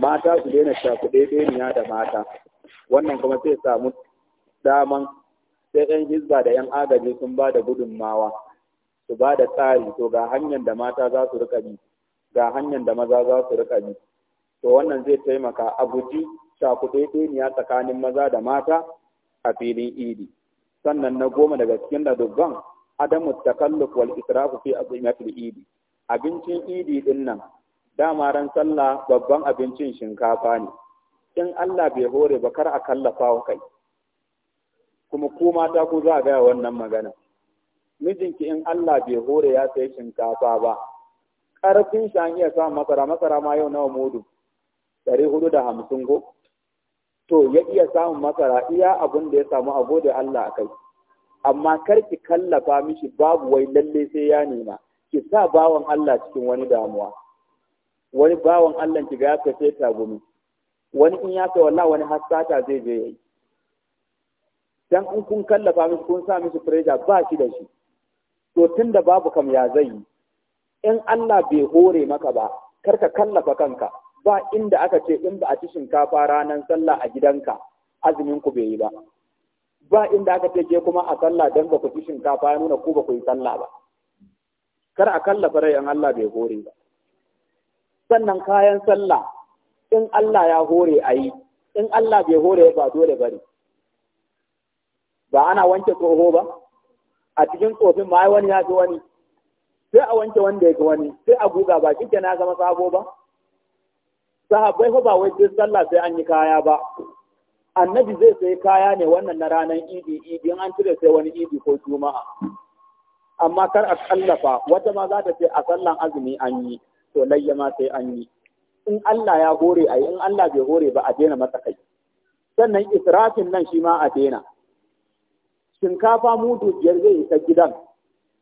mata su daina shafi ɗeniya da mata wannan kuma sai samu daman sai yan hizba da yan agaji sun ba da gudunmawa su ba da tsari to ga hanyar da mata za su riƙa bi ga hanyar da maza za su riƙa bi to wannan zai taimaka a guji cakuɗeɗeniya tsakanin maza da mata a filin idi sannan na goma daga cikin dubban adamu takalluf wal israfu fi azimatil idi abincin idi din nan dama ran sallah babban abincin shinkafa ne in Allah bai hore ba kar a kallafa wa kai kuma ku mata ku za a gaya wannan magana mijinki in Allah bai hore ya sayi shinkafa ba ƙarfin shi iya sa masara masara ma yau nawa mudu ɗari hudu da hamsin ko to ya iya samun masara iya abin da ya samu a gode Allah a kai amma karki ki kallafa mishi babu wai lalle sai ya nema ki sa bawan Allah cikin wani damuwa wani bawan Allah ki ga ya sai ta gumi wani in ya kai wani hasata zai je yi. dan in kun kallafa mishi kun sa mishi pressure ba shi da shi to da babu kam ya zai in Allah bai hore maka ba kar ka kallafa kanka ba inda aka ce in ba a ci shinkafa ranar sallah a gidanka azumin ku bai yi ba ba inda aka ce ke kuma a sallah dan ba ku ci shinkafa ya nuna ku ba ku yi sallah ba kar a kalla rai in Allah bai hore ba sannan kayan sallah in Allah ya hore a yi in Allah bai hore ba dole bari ba ana wanke tsoho ba a cikin tsofin ma wani ya fi wani sai a wanke wanda ya fi wani sai a guga ba kike na zama sabo ba sahabbai ba wai sai sallah sai an yi kaya ba annabi zai sai kaya ne wannan na ranar idi idi an cire sai wani idi ko juma'a amma kar a kallafa wata ma za ta ce a sallan azumi an yi to layya sai an yi in Allah ya hore a in Allah bai hore ba a daina masa kai sannan israfin nan shi ma a daina shinkafa mutu biyar zai yi ta gidan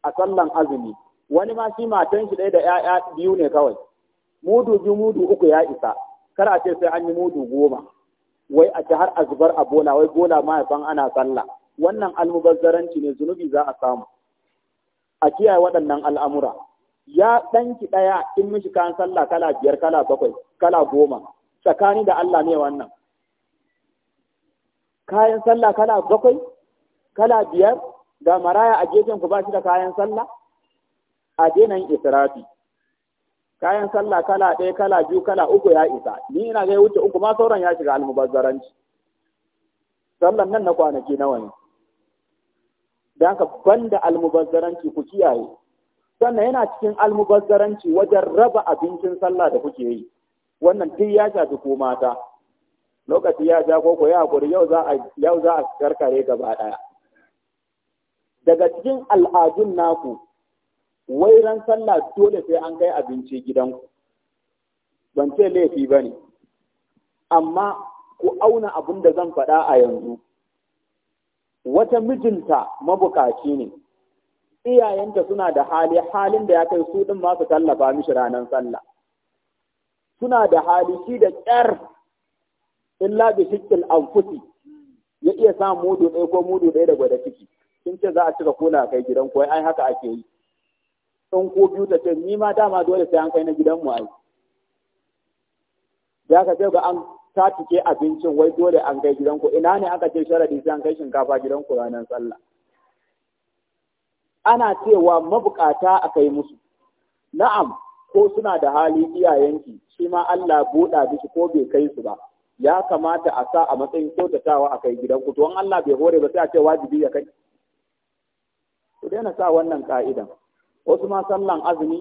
a sallan azumi wani ma shi matan shi ɗaya da 'ya'ya biyu ne kawai mudu biyu mudu uku ya isa kar a ce sai an yi mudu goma wai a ci har a zubar a bola wai bola mahaifan ana sallah wannan almubazzaranci ne zunubi za a samu a kiyaye waɗannan al'amura ya ɗanki ɗaya in mishi kayan sallah kala biyar kala bakwai kala goma tsakani da Allah ne wannan kayan sallah kala bakwai kala biyar ga maraya a gefen ku ba shi da kayan sallah a denan israfi kayan sallah kala ɗaya kala biyu kala uku ya isa ni ina ga wuce uku ma sauran ya shiga almubazzaranci sallan nan na kwanaki nawa ne don ka banda almubazzaranci ku kiyaye sannan yana cikin almubazzaranci wajen raba abincin sallah da kuke yi wannan duk ya shafi ko mata lokaci ya ja koko ya hakuri yau za a yau za a karkare gaba ɗaya. daga cikin al'adun naku wai ran sallah dole sai an kai abinci gidanku ban ce laifi ba ne amma ku auna abin da zan faɗa a yanzu wata mijinta mabukaci ne iyayenta suna da hali halin da ya kai su ɗin masu tallafa mishi ranar sallah suna da hali shi da ƙyar illa bi shikkil anfusi ya iya sa mudu ɗaya ko mudu ɗaya da gwada ciki kin ce za a cika kula kai gidan ko ai haka ake yi sun ko biyu ta ce ni ma dama dole sai an kai na gidanmu ai ya ka sai ga an tatike abincin wai dole an kai gidanku ina ne aka ce sharadi sai an kai shinkafa gidanku ranar sallah ana cewa mabukata a kai musu na'am ko suna da hali iyayenki shi ma Allah buɗa biki ko bai kai su ba ya kamata a sa a matsayin kyautatawa a kai gidanku to Allah bai hore ba sai a ce wajibi ya kai ku daina sa wannan ka'idan wasu ma sallan azumi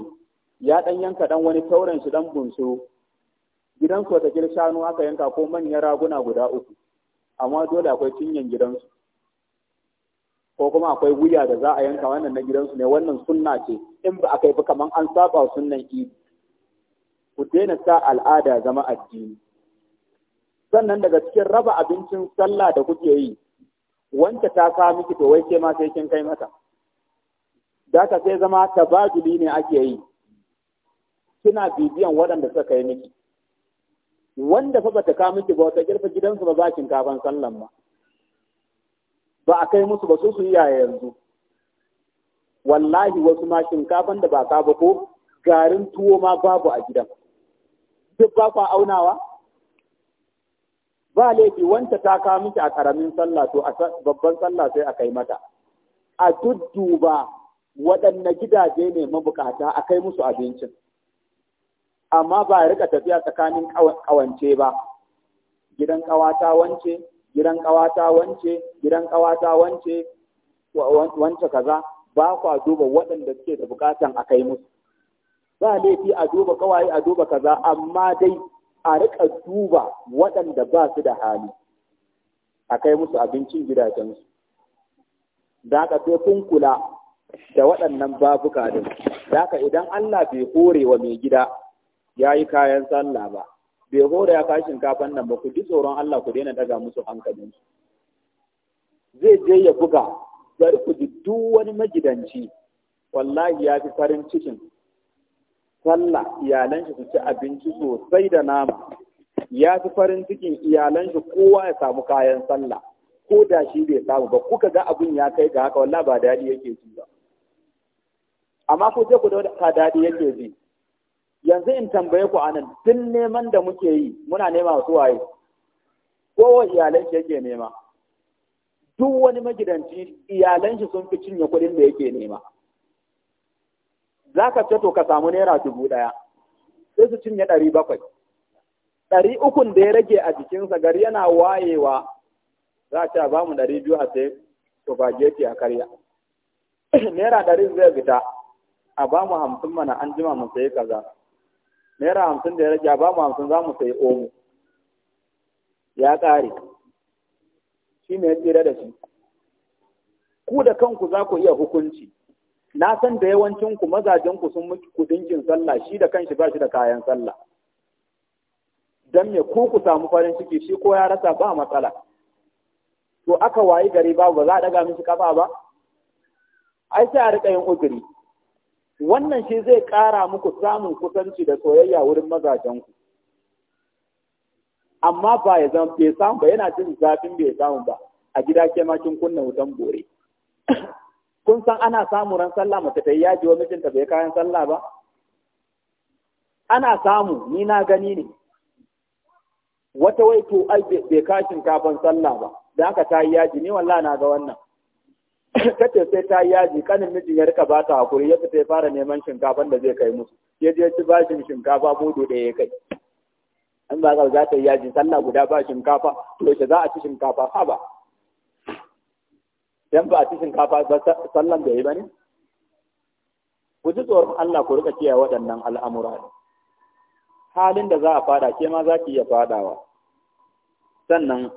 ya ɗan yanka ɗan wani tauren shi ɗan bunsu gidansu wata shanu aka yanka ko manyan raguna guda uku amma dole akwai cinyan gidansu ko kuma akwai wuya da za a yanka wannan na gidansu ne wannan sunna ce in ba aka yi ba kaman an saba sunnan idi ku daina sa al'ada zama addini sannan daga cikin raba abincin sallah da kuke yi wanda ta sa miki to wai ke ma sai kin kai mata da ka sai zama tabaduli ne ake yi Suna bibiyan waɗanda suka yi miki wanda fa bata kawo miki ba wata girfa gidansu ba ba shinkafan sallan ba ba a kai musu ba su su yaya yanzu wallahi wasu ma shinkafan da ba ka ba ko garin tuwo ma babu a gidan duk ba kwa aunawa ba laifi wanta ta kawo miki a karamin sallah to a babban sallah sai a kai mata a dudduba waɗanne gidaje ne mabukata a kai musu abincin amma ba a rika tafiya tsakanin ƙawance ba gidan ƙawata wance gidan ƙawata wance gidan ƙawata wance wance kaza ba kwa duba waɗanda suke da bukatan a kai musu ba laifi a duba kawai a duba kaza amma dai a rika duba waɗanda ba su da hali a kai musu abincin gidajensu da aka sai kun kula da waɗannan babuka din haka idan Allah bai hore wa mai gida ya yi kayan sallah ba bai hore ya kashi kafan nan ba ku ji tsoron Allah ku daina daga musu hankalin zai je ya buga bari ku ji duk wani magidanci wallahi ya fi farin cikin sallah iyalan shi su ci abinci sosai da nama ya fi farin cikin iyalan shi kowa ya samu kayan sallah ko da shi bai samu ba kuka ga abin ya kai ga haka wallahi ba daɗi yake ci ba amma ku je ku ka daɗi yake ji yanzu in tambaye ku anan duk neman da muke yi muna nema su waye kowa iyalan shi yake nema duk wani magidanci iyalan shi sun fi cinye kuɗin da yake nema zaka ka ce to ka samu naira dubu ɗaya sai su cinye ɗari bakwai ɗari ukun da ya rage a jikinsa gari yana wayewa za ta ba mu ɗari biyu a sai spaghetti a karya naira ɗari zai fita a ba mu hamsin mana an jima mu sayi kaza naira hamsin da ya rage a ba mu hamsin za mu sayi omo ya ƙare shi ne ya tsira da shi ku da kanku za ku iya hukunci na san da yawancinku mazajenku sun muku kudinkin sallah shi da kanshi ba shi da kayan sallah don me ku ku samu farin ciki shi ko ya rasa ba matsala to aka wayi gari ba, ba za a daga mishi kafa ba ai sai a rika yin uzuri wannan shi zai ƙara muku samun kusanci da soyayya wurin mazajenku amma ba ya zama bai samu ba yana jin zafin bai samu ba a gida ke makin kunna wutan bore kun san ana samu ran sallah mace ta yi yaji wa mijinta bai kayan sallah ba ana samu ni na gani ne wata wai to ai bai kashin kafin sallah ba da aka ta yaji ni wallahi na ga wannan kace sai ta yaji kanin mijin ya rika bata hakuri ya fita fara neman shinkafan da zai kai musu ya je ci bashin shinkafa bodo da ya kai an ba za ta yaji sallah guda ba shinkafa to shi za a ci shinkafa ha ba ba a ci shinkafa ba sallan da yi ba ne? ku ji tsoron Allah ku rika kiyaye waɗannan al'amura halin da za a fada ke ma za ki iya fadawa sannan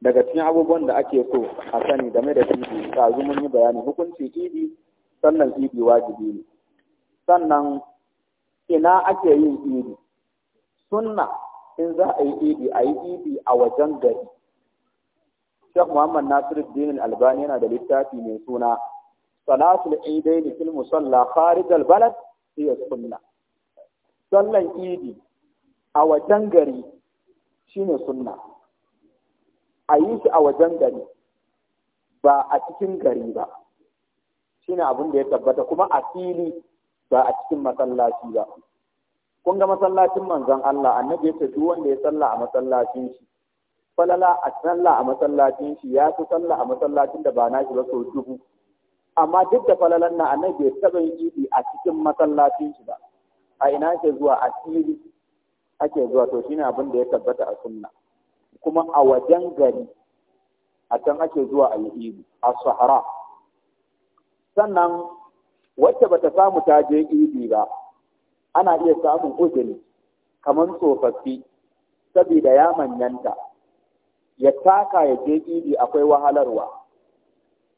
daga cikin abubuwan da ake so a sani game da idi ɗazu mun yi bayani hukunci tibi sannan tibi wajibi ne sannan ina ake yin tibi sunna in za a yi tibi a yi idi a wajen gari Sheikh Muhammad Dini Albani yana da littafi mai suna Salatul Eidain fil musalla kharij al balad hiya sunna Sallan idi a wajen gari shine sunna a yi shi a wajen gari ba a cikin gari ba shi ne abin da ya tabbata kuma a fili ba a cikin masallaci ba kun ga masallacin manzon Allah annabi ya ce duk wanda ya salla a masallacin shi falala a salla a masallacin shi ya fi sallah a masallacin da ba na shi ba sau dubu amma duk da falalan na annabi bai taɓa yi idi a cikin masallacin shi ba a ina ke zuwa a fili ake zuwa to shine abin da ya tabbata a sunna kuma a wajen gari a can ake zuwa a yi a sahara sannan wacce ba ta samu ta je ibi ba ana iya samun uzuri kamar tsofaffi saboda ya manyanta ya taka ya je ibi akwai wahalarwa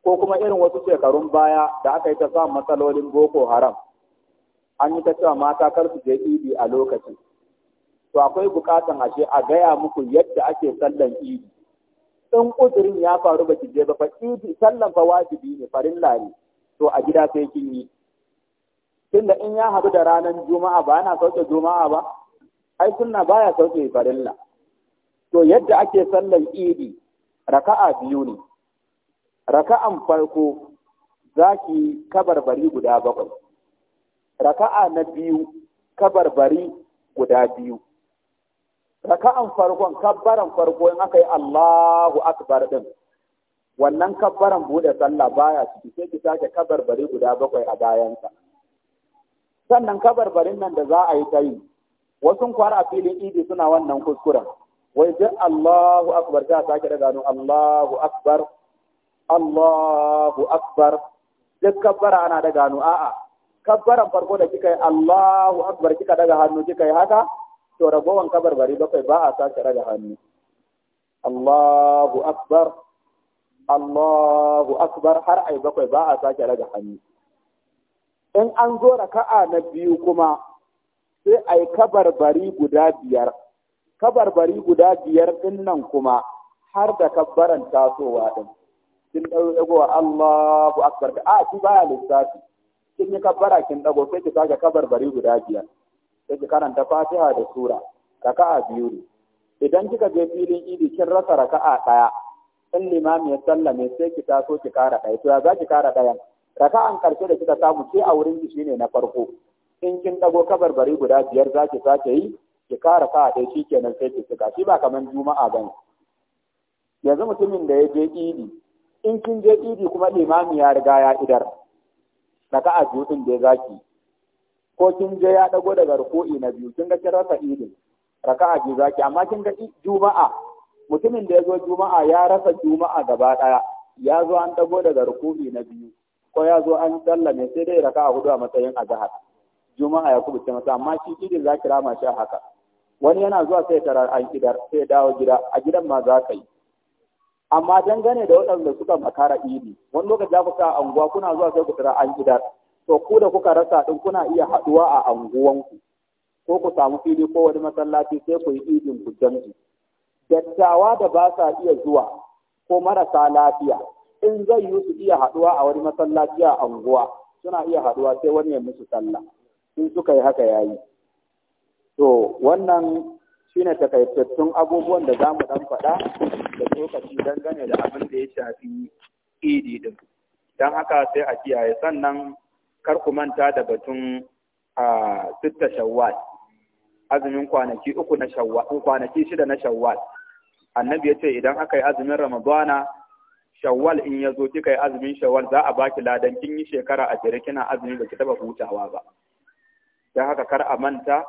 ko kuma irin wasu shekarun baya da aka yi ta samun matsalolin boko haram an yi ta cewa mata kar su je ibi a lokaci. to akwai bukatan ashe a gaya muku yadda ake sallan idi in kudurin ya faru baki je ba fa idi sallan fa wajibi ne farin ne to a gida sai kin yi tunda in ya haɗu da ranar juma'a ba yana sauke juma'a ba ai sunna baya sauke farilla to yadda ake sallan idi raka'a biyu ne raka'an farko za ki kabarbari guda bakwai raka'a na biyu kabarbari guda biyu raka'an farkon kabbaran farko in aka yi Allahu akbar din wannan kabbaran bude sallah baya ciki sai ki sake kabarbari guda bakwai a bayansa sannan kabarbarin nan da za a yi ta wasu kwara a filin idi suna wannan kuskuren wai duk Allahu akbar ta sake daga nan Allahu akbar Allahu akbar duk kabbara ana daga nan a'a kabbaran farko da kika yi Allahu akbar kika daga hannu kika yi haka to ragowan kabarbari bakwai ba a sace raga hannu Allahu akbar Allahu akbar har ai bakwai ba a sace raga hannu in an zo raka'a na biyu kuma sai ai kabarbari guda biyar kabarbari guda biyar din nan kuma har da kabbaran tasowa din kin dago Allahu akbar a ki baya lissafi kin yi kabbara kin dago sai ki sake kabarbari guda biyar sai ki karanta fatiha da sura raka'a biyu ne idan kika je filin idi kin rasa raka'a ɗaya in limami ya sallame sai ki taso ki kara ɗaya to ya za ki kara ɗayan raka'an karshe da kika samu sai a wurin ki ne na farko in kin ɗago kabar-bari guda biyar za ki sake yi ki kara ka ɗaya shi kenan sai ki cika shi ba kamar juma'a ba yanzu mutumin da ya je idi in kin je idi kuma limami ya riga ya idar raka'a biyu din da zaki ko kin je ya dago daga ruku'i na biyu kin ga kin rasa idin raka'a biyu zaki amma kin ga juma'a mutumin da ya zo juma'a ya rasa juma'a gaba daya ya zo an dago daga ruku'i na biyu ko ya zo an ne sai dai raka'a hudu a matsayin azhar juma'a ya kubuce masa amma shi idin zaki rama shi haka wani yana zuwa sai tarar an kidar sai dawo gida a gidan ma za ka yi amma dangane da waɗanda suka makara idi wani lokaci za ku sa anguwa kuna zuwa sai ku tarar an kidar to ku da kuka rasa ɗin kuna iya haɗuwa a anguwanku ko ku samu fili ko wani masallaci sai ku yi idin ku jam'i dattawa da ba sa iya zuwa ko marasa lafiya in zai yi su iya haɗuwa a wani masallaci a anguwa suna iya haɗuwa sai wani ya musu sallah in suka yi haka yayi to wannan shine takaitattun abubuwan da za mu ɗan faɗa da lokaci dangane da abin da ya shafi idi din don haka sai a kiyaye sannan kar ku manta da batun a sitta shawwal azumin kwanaki uku na shawwal kwanaki shida na shawwal annabi ya ce idan aka yi azumin ramadana shawwal in ya zo kika yi azumin shawwal za a baki ladan kin yi shekara a jere kina azumi ki taba hutawa ba don haka kar a manta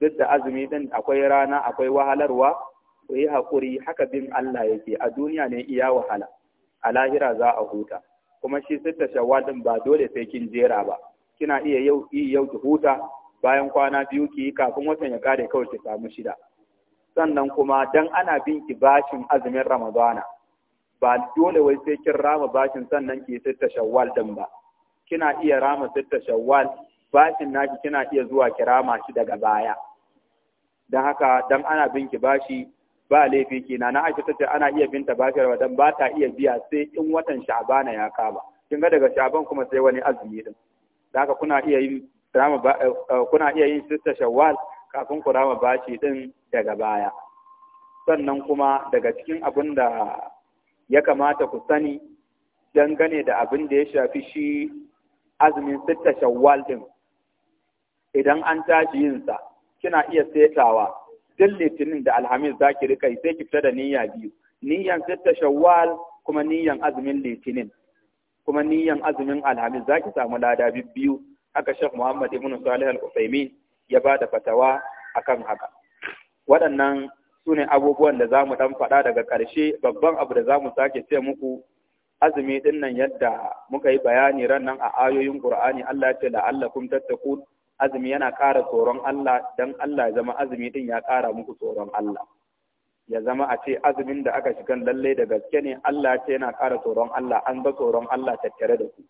duk da azumi din akwai rana akwai wahalarwa ku yi hakuri haka bin Allah yake a duniya ne iya wahala a lahira za a huta kuma shi sitta shawwal din ba dole sai kin jera ba kina iya yau yi yau ki huta bayan kwana biyu ki yi kafin watan ya kare kawai ki samu shida sannan kuma dan ana bin ki bashin azumin ramadana ba dole wai sai kin rama bashin sannan ki sitta shawwal din ba kina iya rama sitta shawwal bashin naki kina iya zuwa ki rama shi daga baya don haka dan ana bin ki bashi ba laifi kina na Aisha tace ana iya binta bashar wa dan ba ta iya biya sai in watan Sha'bana ya kama kin ga daga Sha'ban kuma sai wani azumi din haka kuna iya yin eh, eh, kuna iya yin sitta Shawwal kafin ku rama bashi din daga baya sannan kuma daga cikin abin ya kamata ku sani dangane da abin da ya shafi shi azumin sitta Shawwal din idan an tashi yinsa kina iya setawa duk litinin da alhamis za ki rika sai ki fita da niyya biyu niyyan sitta shawwal kuma niyyan azumin litinin kuma niyyan azumin alhamis za ki samu lada biyu haka shek muhammad ibn salih al-usaimin ya ba da fatawa akan haka waɗannan sune abubuwan da za mu ɗan faɗa daga ƙarshe babban abu da za mu sake ce muku azumi ɗin yadda muka yi bayani ran nan a ayoyin ƙur'ani Allah ya ce la'allakum tattaqun azumi yana ƙara tsoron Allah dan Allah ya zama azumi din ya ƙara muku tsoron Allah ya zama a ce azumin da aka shiga lallai da gaske ne Allah ce yana ƙara tsoron Allah an ga tsoron Allah tattare da ku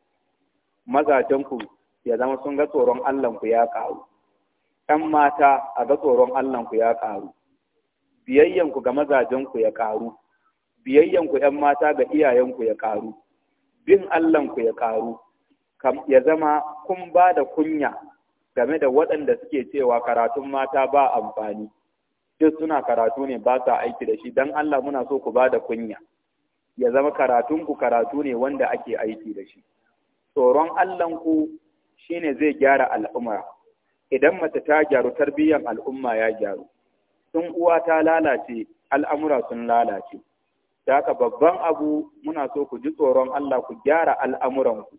mazajen ku ya zama sun ga tsoron Allah ku ya ƙaru ɗan mata a ga tsoron Allah ya ƙaru biyayyanku ga mazajenku ya ƙaru biyayyanku ku ‘yan mata ga iyayenku ya ƙaru bin Allah ya ƙaru ya zama kun ba da kunya game da waɗanda suke cewa karatun mata ba amfani duk suna karatu ne ba sa aiki da shi don Allah muna so ku ba da kunya ya zama karatunku karatu ne wanda ake aiki da shi tsoron Allahnku shi ne zai gyara al'umma idan mace ta gyaru tarbiyyar al'umma ya gyaru sun uwa ta lalace al'amura sun lalace da haka babban abu muna so ku ji tsoron Allah ku gyara al'amuranku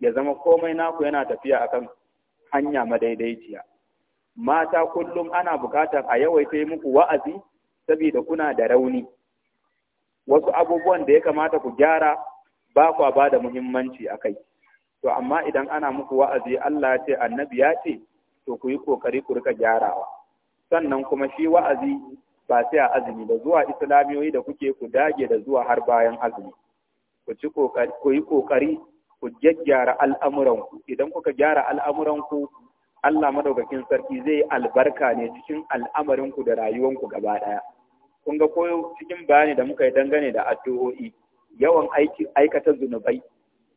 ya zama komai naku yana tafiya akan hanya madaidaiciya mata kullum ana bukatar a yawaita muku wa'azi saboda kuna da rauni wasu abubuwan da ya kamata ku gyara ba ku ba da muhimmanci a kai to amma idan ana muku wa'azi Allah ce annabi ya ce to ku yi kokari ku rika gyarawa sannan kuma shi wa'azi ba sai a azumi da zuwa islamiyoyi da kuke ku dage da zuwa har bayan azumi ku ci yi kokari ku gyaggyara al'amuranku idan kuka gyara al'amuranku Allah madaukakin sarki zai albarka ne cikin al'amarinku da rayuwanku gaba ɗaya kun ga koyo cikin bayani da muka yi dangane da addu'o'i yawan aikata zunubai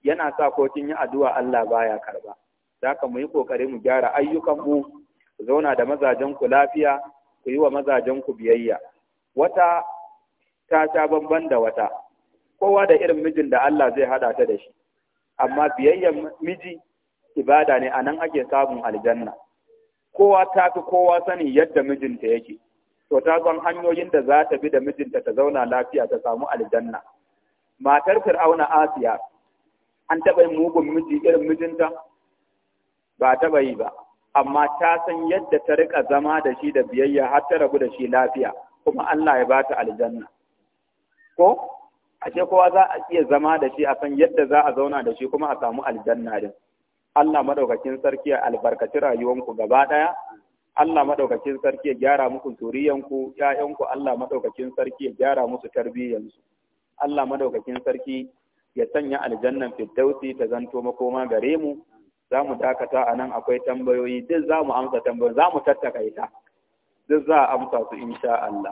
yana sa kokin yi addu'a Allah baya karba ka mu yi kokari mu gyara ayyukan mu zauna da mazajenku lafiya ku yi wa mazajenku biyayya wata ta ta bambam da wata kowa da irin mijin da Allah zai haɗa ta da shi amma biyayyan miji ibada ne a anan ake samun aljanna kowa ta fi kowa sani yadda mijinta yake to ta san hanyoyin da za ta bi da mijinta ta zauna lafiya ta samu aljanna matar fir'auna asiya an taɓa yin mugun miji irin mijinta ba taɓa yi ba amma ta san yadda ta rika zama da shi da biyayya har ta rabu da shi lafiya kuma Allah ya bata aljanna ko ashe kowa za a iya zama da shi a san yadda za a zauna da shi kuma a samu aljanna din Allah madaukakin sarki ya albarkaci rayuwanku gaba daya Allah madaukakin sarki ya gyara muku turiyanku ƴaƴanku Allah madaukakin sarki ya gyara musu tarbiyyansu Allah madaukakin sarki ya sanya aljannan firdausi ta zanto makoma gare mu za mu dakata a nan akwai tambayoyi duk za mu amsa tambayoyi za mu tattaka ita duk za a amsa su insha Allah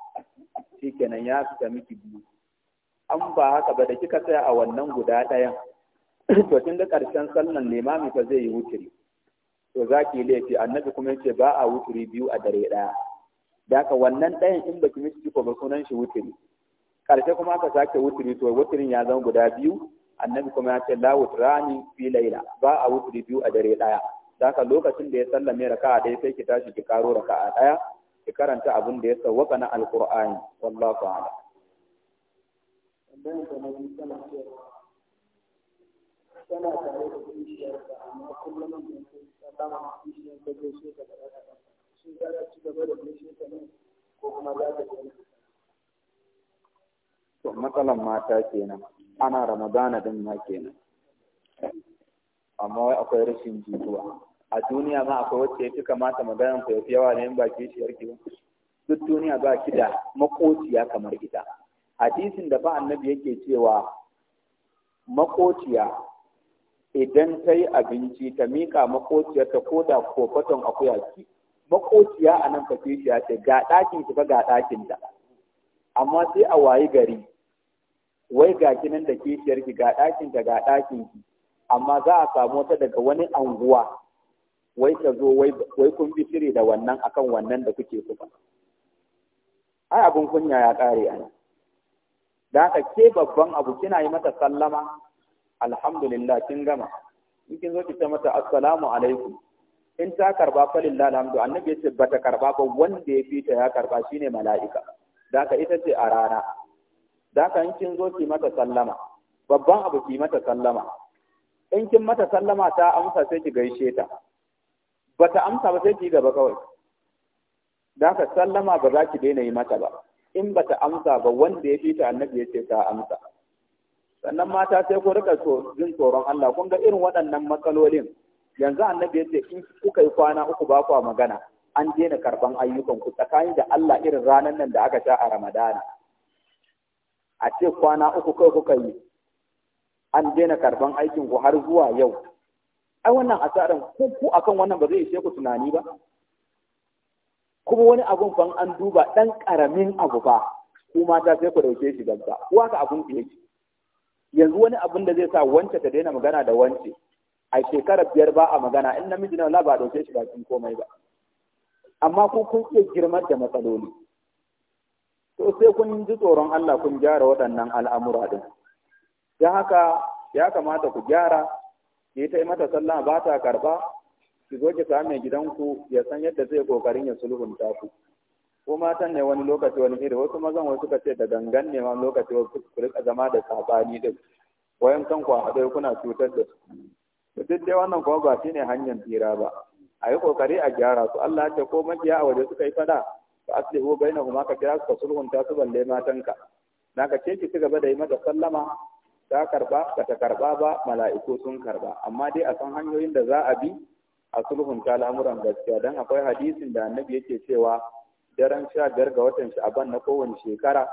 kenan ya fita miki biyu an ba haka ba da kika tsaya a wannan guda ɗayan to tun da ƙarshen sallan limami fa zai yi wuturi to za ki laifi annabi kuma yace ba a wuturi biyu a dare ɗaya da haka wannan ɗayan in ki miki ko ba sunan shi wuturi ƙarshe kuma aka sake wuturi to wuturin ya zama guda biyu annabi kuma ya ce la rani fi laila ba a wuturi biyu a dare ɗaya da haka lokacin da ya sallame raka'a ɗaya sai ki tashi ki karo raka'a ɗaya ki karanta abin da ya sawwaka na alqur'ani wallahu a'lam tambayar da nabi tana cewa tana tare da kishiyarta amma kullum da ta kama kishiyar ta gaishe ta da rasa shi za ta ci gaba da gaishe ta ne ko kuma za ta daina to matsalan mata kenan ana ramadana din ma kenan amma wai akwai rashin jituwa a duniya ma akwai wacce ya fi kamata maganar ku yafi yawa ne in ba ki shiyar ki duk duniya ba ki da makociya kamar ita hadisin da ba annabi yake cewa makociya idan ta abinci ta miƙa makociya ta koda kofaton akuya ki makociya a nan fakishiya ce ga ɗakin ki ga ɗakin ta amma sai a wayi gari wai ga kinan da kishiyar ki ga ɗakin ta ga ɗakin ki amma za a samu wata daga wani anguwa wai ka zo wai kun bi shiri da wannan akan wannan da kuke kuka? ai abin kunya ya ƙare a nan da aka ke babban abu kina yi mata sallama alhamdulillah kin gama in kin zo ki ce mata assalamu alaikum in ta karba falillah alhamdu annabi ya ce bata karba ba wanda ya fita ya karba shine mala'ika da aka ita ce a rana da aka in kin zo ki mata sallama babban abu ki mata sallama in kin mata sallama ta amsa sai ki gaishe ta ba ta amsa ba sai ki gaba kawai da ka sallama ba za ki daina yi mata ba in ba ta amsa ba wanda ya fita annabi ya ce ta amsa sannan mata sai ku rika jin tsoron Allah kun ga irin waɗannan matsalolin yanzu annabi ya ce in kuka yi kwana uku ba ku magana an daina karban ayyukan ku tsakanin da Allah irin ranar nan da aka sha a Ramadana a ce kwana uku kai kuka yi an daina karban aikin ku har zuwa yau ai wannan asarar ko ku akan wannan ba zai ishe ku tunani ba kuma wani abun fa an duba dan karamin abu ba ku mata sai ku dauke shi gaba ko haka abun ku yake yanzu wani abun da zai sa wance ta daina magana da wance a shekarar biyar ba a magana in namiji na ba dauke shi ba bakin komai ba amma ku kun iya girmar da matsaloli to sai kun ji tsoron Allah kun gyara waɗannan al'amura din Ya haka ya kamata ku gyara ki ta yi mata sallah ba ta karba ki zo ki same gidanku ya san yadda zai kokarin ya sulhunta ku ko matan ne wani lokaci wani iri wasu mazan wasu suka ce da gangan ne wani lokaci wasu ku rika zama da sabani din wayan ku a haɗe kuna cutar da su duk dai wannan kuma ba shine hanyar tsira ba a yi kokari a gyara su Allah ce ko majiya a waje suka yi fada fa aslihu bainahuma ka kira su ka sulhunta su balle matanka naka ce ki ci gaba da yi mata sallama ta karba ba ta karba ba mala'iku sun karba amma dai a san hanyoyin da za a bi a sulhunta lamuran gaskiya don akwai hadisin da annabi yake cewa daren sha biyar ga watan sha'aban na kowane shekara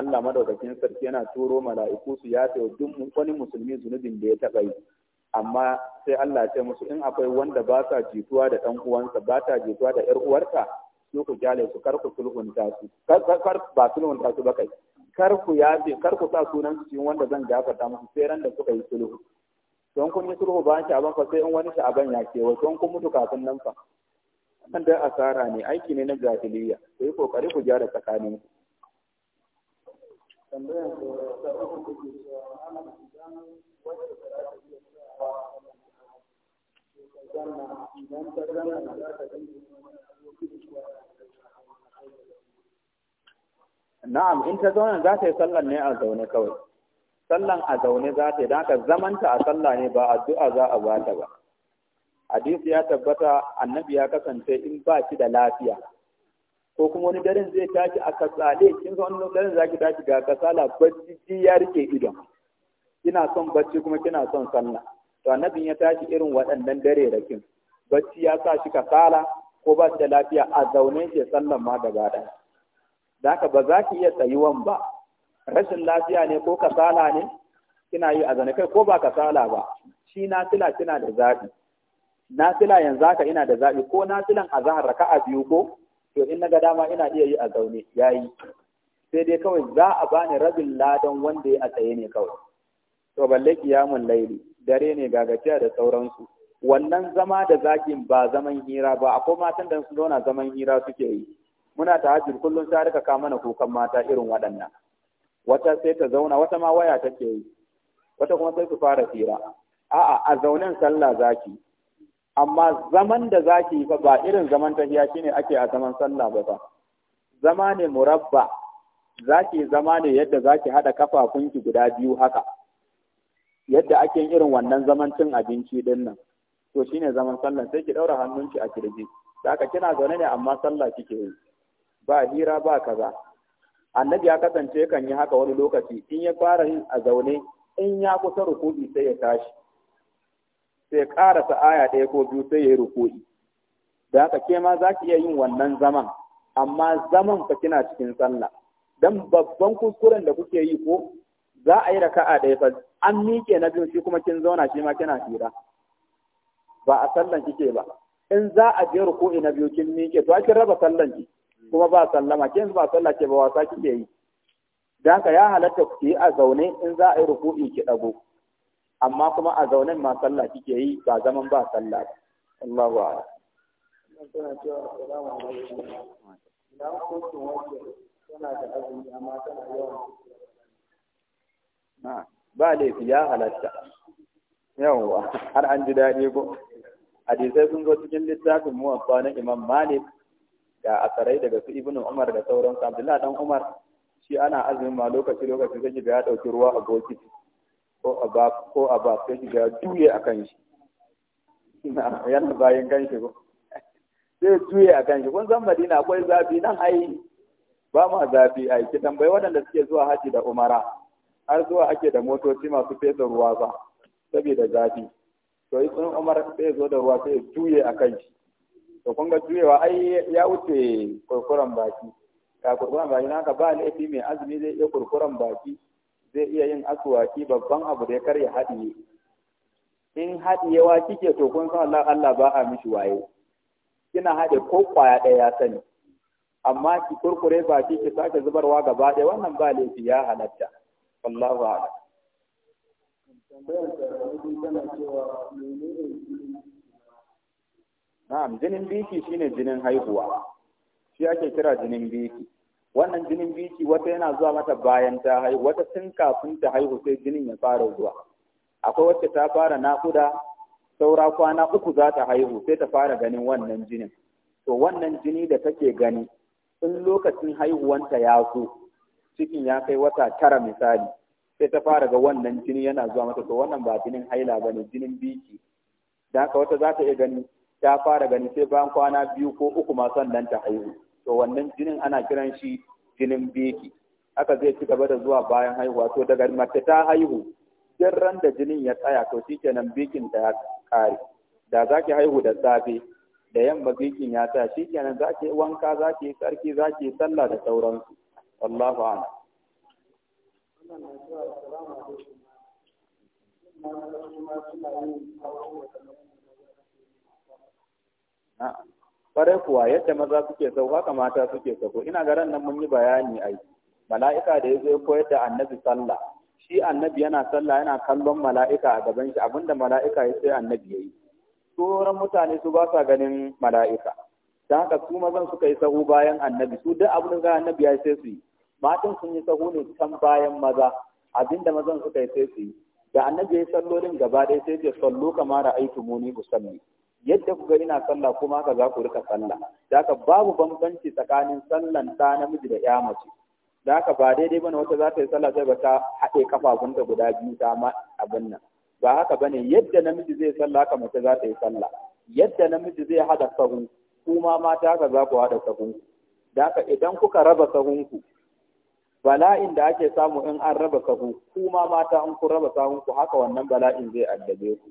Allah madaukakin sarki yana turo mala'iku su ya wa duk wani musulmi zunubin da ya taɓa yi amma sai Allah ce musu in akwai wanda ba sa jituwa da ɗan uwansa ba ta jituwa da ƴar uwarta su ku kyale su kar ku sulhunta su kar ba sulhunta su ba kai kar ku yafe kar ku sa sunan cikin wanda zan gafarta musu sai ran da suka yi sulhu don kun yi sulhu ba sha'aban fa sai in wani shi sha'aban ya kewa don kun mutu kafin nan fa wannan da asara ne aiki ne na jahiliya sai kokari ku gyara tsakanin ku tambayar da ta uku take cewa ana idan wacce ta rasa iya tsayawa idan ta zanna za ta dinga wani abokin da na'am in ta zauna za ta yi sallan ne a zaune kawai sallan a zaune za ta yi don ka zamanta a salla ne ba addu'a za a bata ba hadisi ya tabbata annabi ya kasance in ba shi da lafiya ko kuma wani daren zai tashi a kasale kin san wani daren zaki tashi ga kasala bacci ya rike idon kina son bacci kuma kina son sallah to annabin ya tashi irin waɗannan dare da kin bacci ya sa shi kasala ko ba shi da lafiya a zaune ke sallan ma gaba ɗaya da aka ba za ki iya tsayuwan ba rashin lafiya ne ko kasala ne kina yi a zane kai ko ba kasala ba shi na nafila kina da zaɓi tila yanzu haka ina da zaɓi ko nafilan a zahar raka'a biyu ko to in na ga dama ina iya yi a zaune yayi sai dai kawai za a bani rabin ladan wanda ya a tsaye ne kawai to balle kiyamun laili dare ne gagaciya da sauransu wannan zama da zakin ba zaman hira ba akwai matan da su zauna zaman hira suke yi muna ta hajji kullum sai rika ka mana kukan mata irin waɗannan wata sai ta zauna wata ma waya take yi wata kuma sai su fara fira a'a a zaunin sallah zaki amma zaman da zaki fa ba irin zaman tafiya shine ake a zaman sallah ba fa zama ne murabba zaki zama ne yadda zaki hada kafafunki guda biyu haka yadda ake yin irin wannan zaman cin abinci din nan to shine zaman sallah sai ki daura hannunki a kirji da aka kina zaune ne amma sallah kike yi ba hira ba kaza annabi ya kasance kan yi haka wani lokaci in ya fara yin a zaune in ya kusa ruku'i sai ya tashi sai ya karasa aya ɗaya ko biyu sai ya yi ruku'i da haka ke ma za ki iya yin wannan zaman amma zaman fa kina cikin sallah dan babban kuskuren da kuke yi ko za a yi raka'a ɗaya fa an miƙe na biyu shi kuma kin zauna shi ma kina hira ba a sallan kike ba in za a je ruku'i na biyu kin miƙe to a kin raba sallan ki kuma ba sallama kin ba sallah ke ba wasa kike yi dan ka ya halatta ku yi a zaune in za a yi ruku'i ki dago amma kuma a zaune ma sallah kike yi ba zaman ba sallah ba Allahu a'lam ba laifi ya halatta yawwa har an ji daɗi ko hadisai sun zo cikin littafin muwaffa na imam malik da asarai daga su ibnu umar da sauran su abdullahi dan umar shi ana azumin ma lokaci lokaci zai ga ya dauki ruwa a bokiti ko a ba ko a ba sai ga duye akan shi yana bayan kanshi ko sai duye akan shi kun san Madina akwai zafi nan ai ba ma zafi ai ki tambayi waɗanda suke zuwa haji da umara har zuwa ake da motoci masu fesa ruwa ba saboda zafi to ibn umar sai zo da ruwa sai duye akan shi to kun ga juyewa ai ya wuce kurkuren baki ga kurkuren baki na haka ba laifi mai azumi zai iya kurkuren baki zai iya yin asuwaki babban abu da ya karya haɗiye in haɗiyewa kike to kun san Allah Allah ba a mishi waye kina haɗe ko kwaya ɗaya ya sani amma ki kurkure baki ki sake zubarwa gaba ɗaya wannan ba laifi ya halatta wallahu a'lam tambayar da tana cewa menene Na'am, jinin biki shine jinin haihuwa. Shi ake kira jinin biki. Wannan jinin biki wata yana zuwa mata bayan ta haihu, wata tun kafin ta haihu sai jinin ya fara zuwa. Akwai wacce ta fara naƙuda, saura kwana uku za ta haihu sai ta fara ganin wannan jinin. To wannan jini da take gani, in lokacin haihuwanta ya zo, cikin ya kai wata tara misali, sai ta fara ga wannan jini yana zuwa mata, to wannan ba jinin haila ba ne, jinin biki. Da haka wata za ta iya gani ta fara gani sai bayan kwana biyu ko uku ma sannan ta haihu to wannan jinin ana kiran shi jinin beki haka zai ci gaba da zuwa bayan haihuwa to daga mace ta haihu duk ran da jinin ya tsaya to shikenan bikin ta ya kare da zaki haihu da safe da yamma bikin ya tsaya shikenan zaki wanka zaki sarki zaki sallah da sauransu wallahu a'lam suna yin Farai kuwa yadda maza suke sau haka mata suke sau ina ga ran nan mun yi bayani ai mala'ika da ya zo koyar da annabi sallah shi annabi yana sallah yana kallon mala'ika a gaban shi abinda mala'ika ya sai annabi ya yi. tsoron mutane su ba sa ganin mala'ika don haka su mazan suka yi sahu bayan annabi su duk abin da annabi ya sai su yi matan sun yi sahu ne can bayan maza abinda mazan suka yi sai su yi da annabi ya yi sallolin gaba ɗaya sai ce sallo kamar aiki muni usalli yadda ku ga ina sallah kuma haka za ku rika sallah da haka babu bambanci tsakanin sallan ta namiji da ya mace da haka ba daidai bane wata za ta yi sallah sai ba ta haɗe kafafunta guda biyu ta ma abin nan ba haka bane yadda namiji zai sallah haka mace za ta yi sallah yadda namiji zai haɗa sahu kuma mata haka za ku haɗa sahunku da haka idan kuka raba sahunku bala'in da ake samu in an raba sahu kuma mata in ku raba sahunku haka wannan bala'in zai addabe ku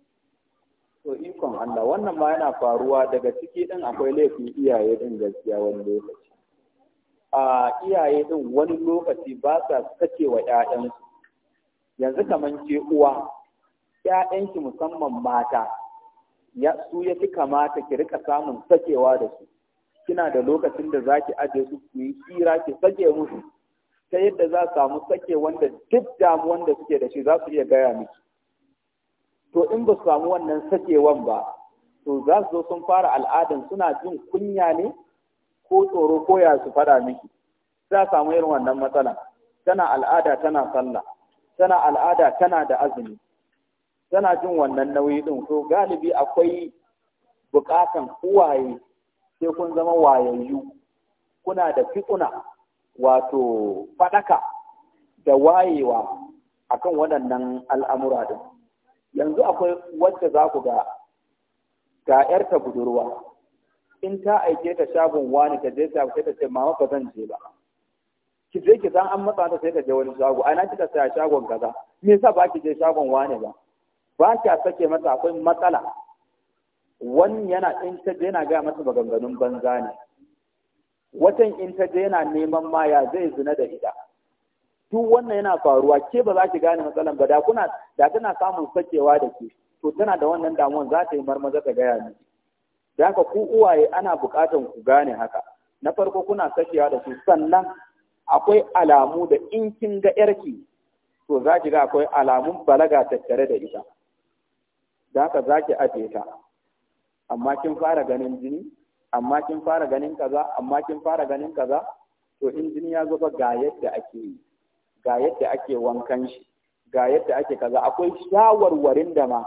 To ikon Allah wannan ma yana faruwa daga ciki din akwai laifin iyaye din gaskiya wani lokaci. A iyaye ɗin wani lokaci ba sa sake wa Yanzu kamar ke uwa, ‘ya'yanki musamman mata, ya su ya fi kamata ki rika samun sakewa da su. Kina da lokacin da za ki aje su ku yi tsira ki sake musu. Ta yadda za samu sake wanda duk damuwan da suke da shi za su iya gaya miki. to in ba su samu wannan sakewan ba to za su zo sun fara al'adan suna jin kunya ne ko tsoro ko ya su fada miki za samu irin wannan matsala tana al'ada tana sallah tana al'ada tana da azumi tana jin wannan nauyi din to galibi akwai bukatan uwaye sai kun zama wayayyu kuna da fiƙuna wato fadaka da wayewa akan waɗannan al'amura din yanzu akwai wacce za ku ga ga ‘yarta budurwa in ta aike ta shagon wani ta je ta ta ce mama ba zan je ba ki je ki san an matsa ta sai ta je wani shago ana kika saya shagon kaza me yasa ba ki je shagon wani ba ba ki sake mata akwai matsala wani yana in ta je yana gaya masa maganganun banza ne watan in ta je yana neman maya zai zina da ita duk wannan yana faruwa ke ba za ki gane matsalan ba da kuna da tana samun sakewa da ke to tana da wannan damuwan za ta yi marmaza ta gaya miki da haka ku uwaye ana buƙatan ku gane haka na farko kuna sakewa da su sannan akwai alamu da in kin ga yarki to za ki ga akwai alamun balaga tattare da ita da haka za ki ajiye ta amma kin fara ganin jini amma kin fara ganin kaza amma kin fara ganin kaza to in jini ya zo ga yadda ake yi ga yadda ake wankan shi ga yadda ake kaza akwai shawarwarin da ma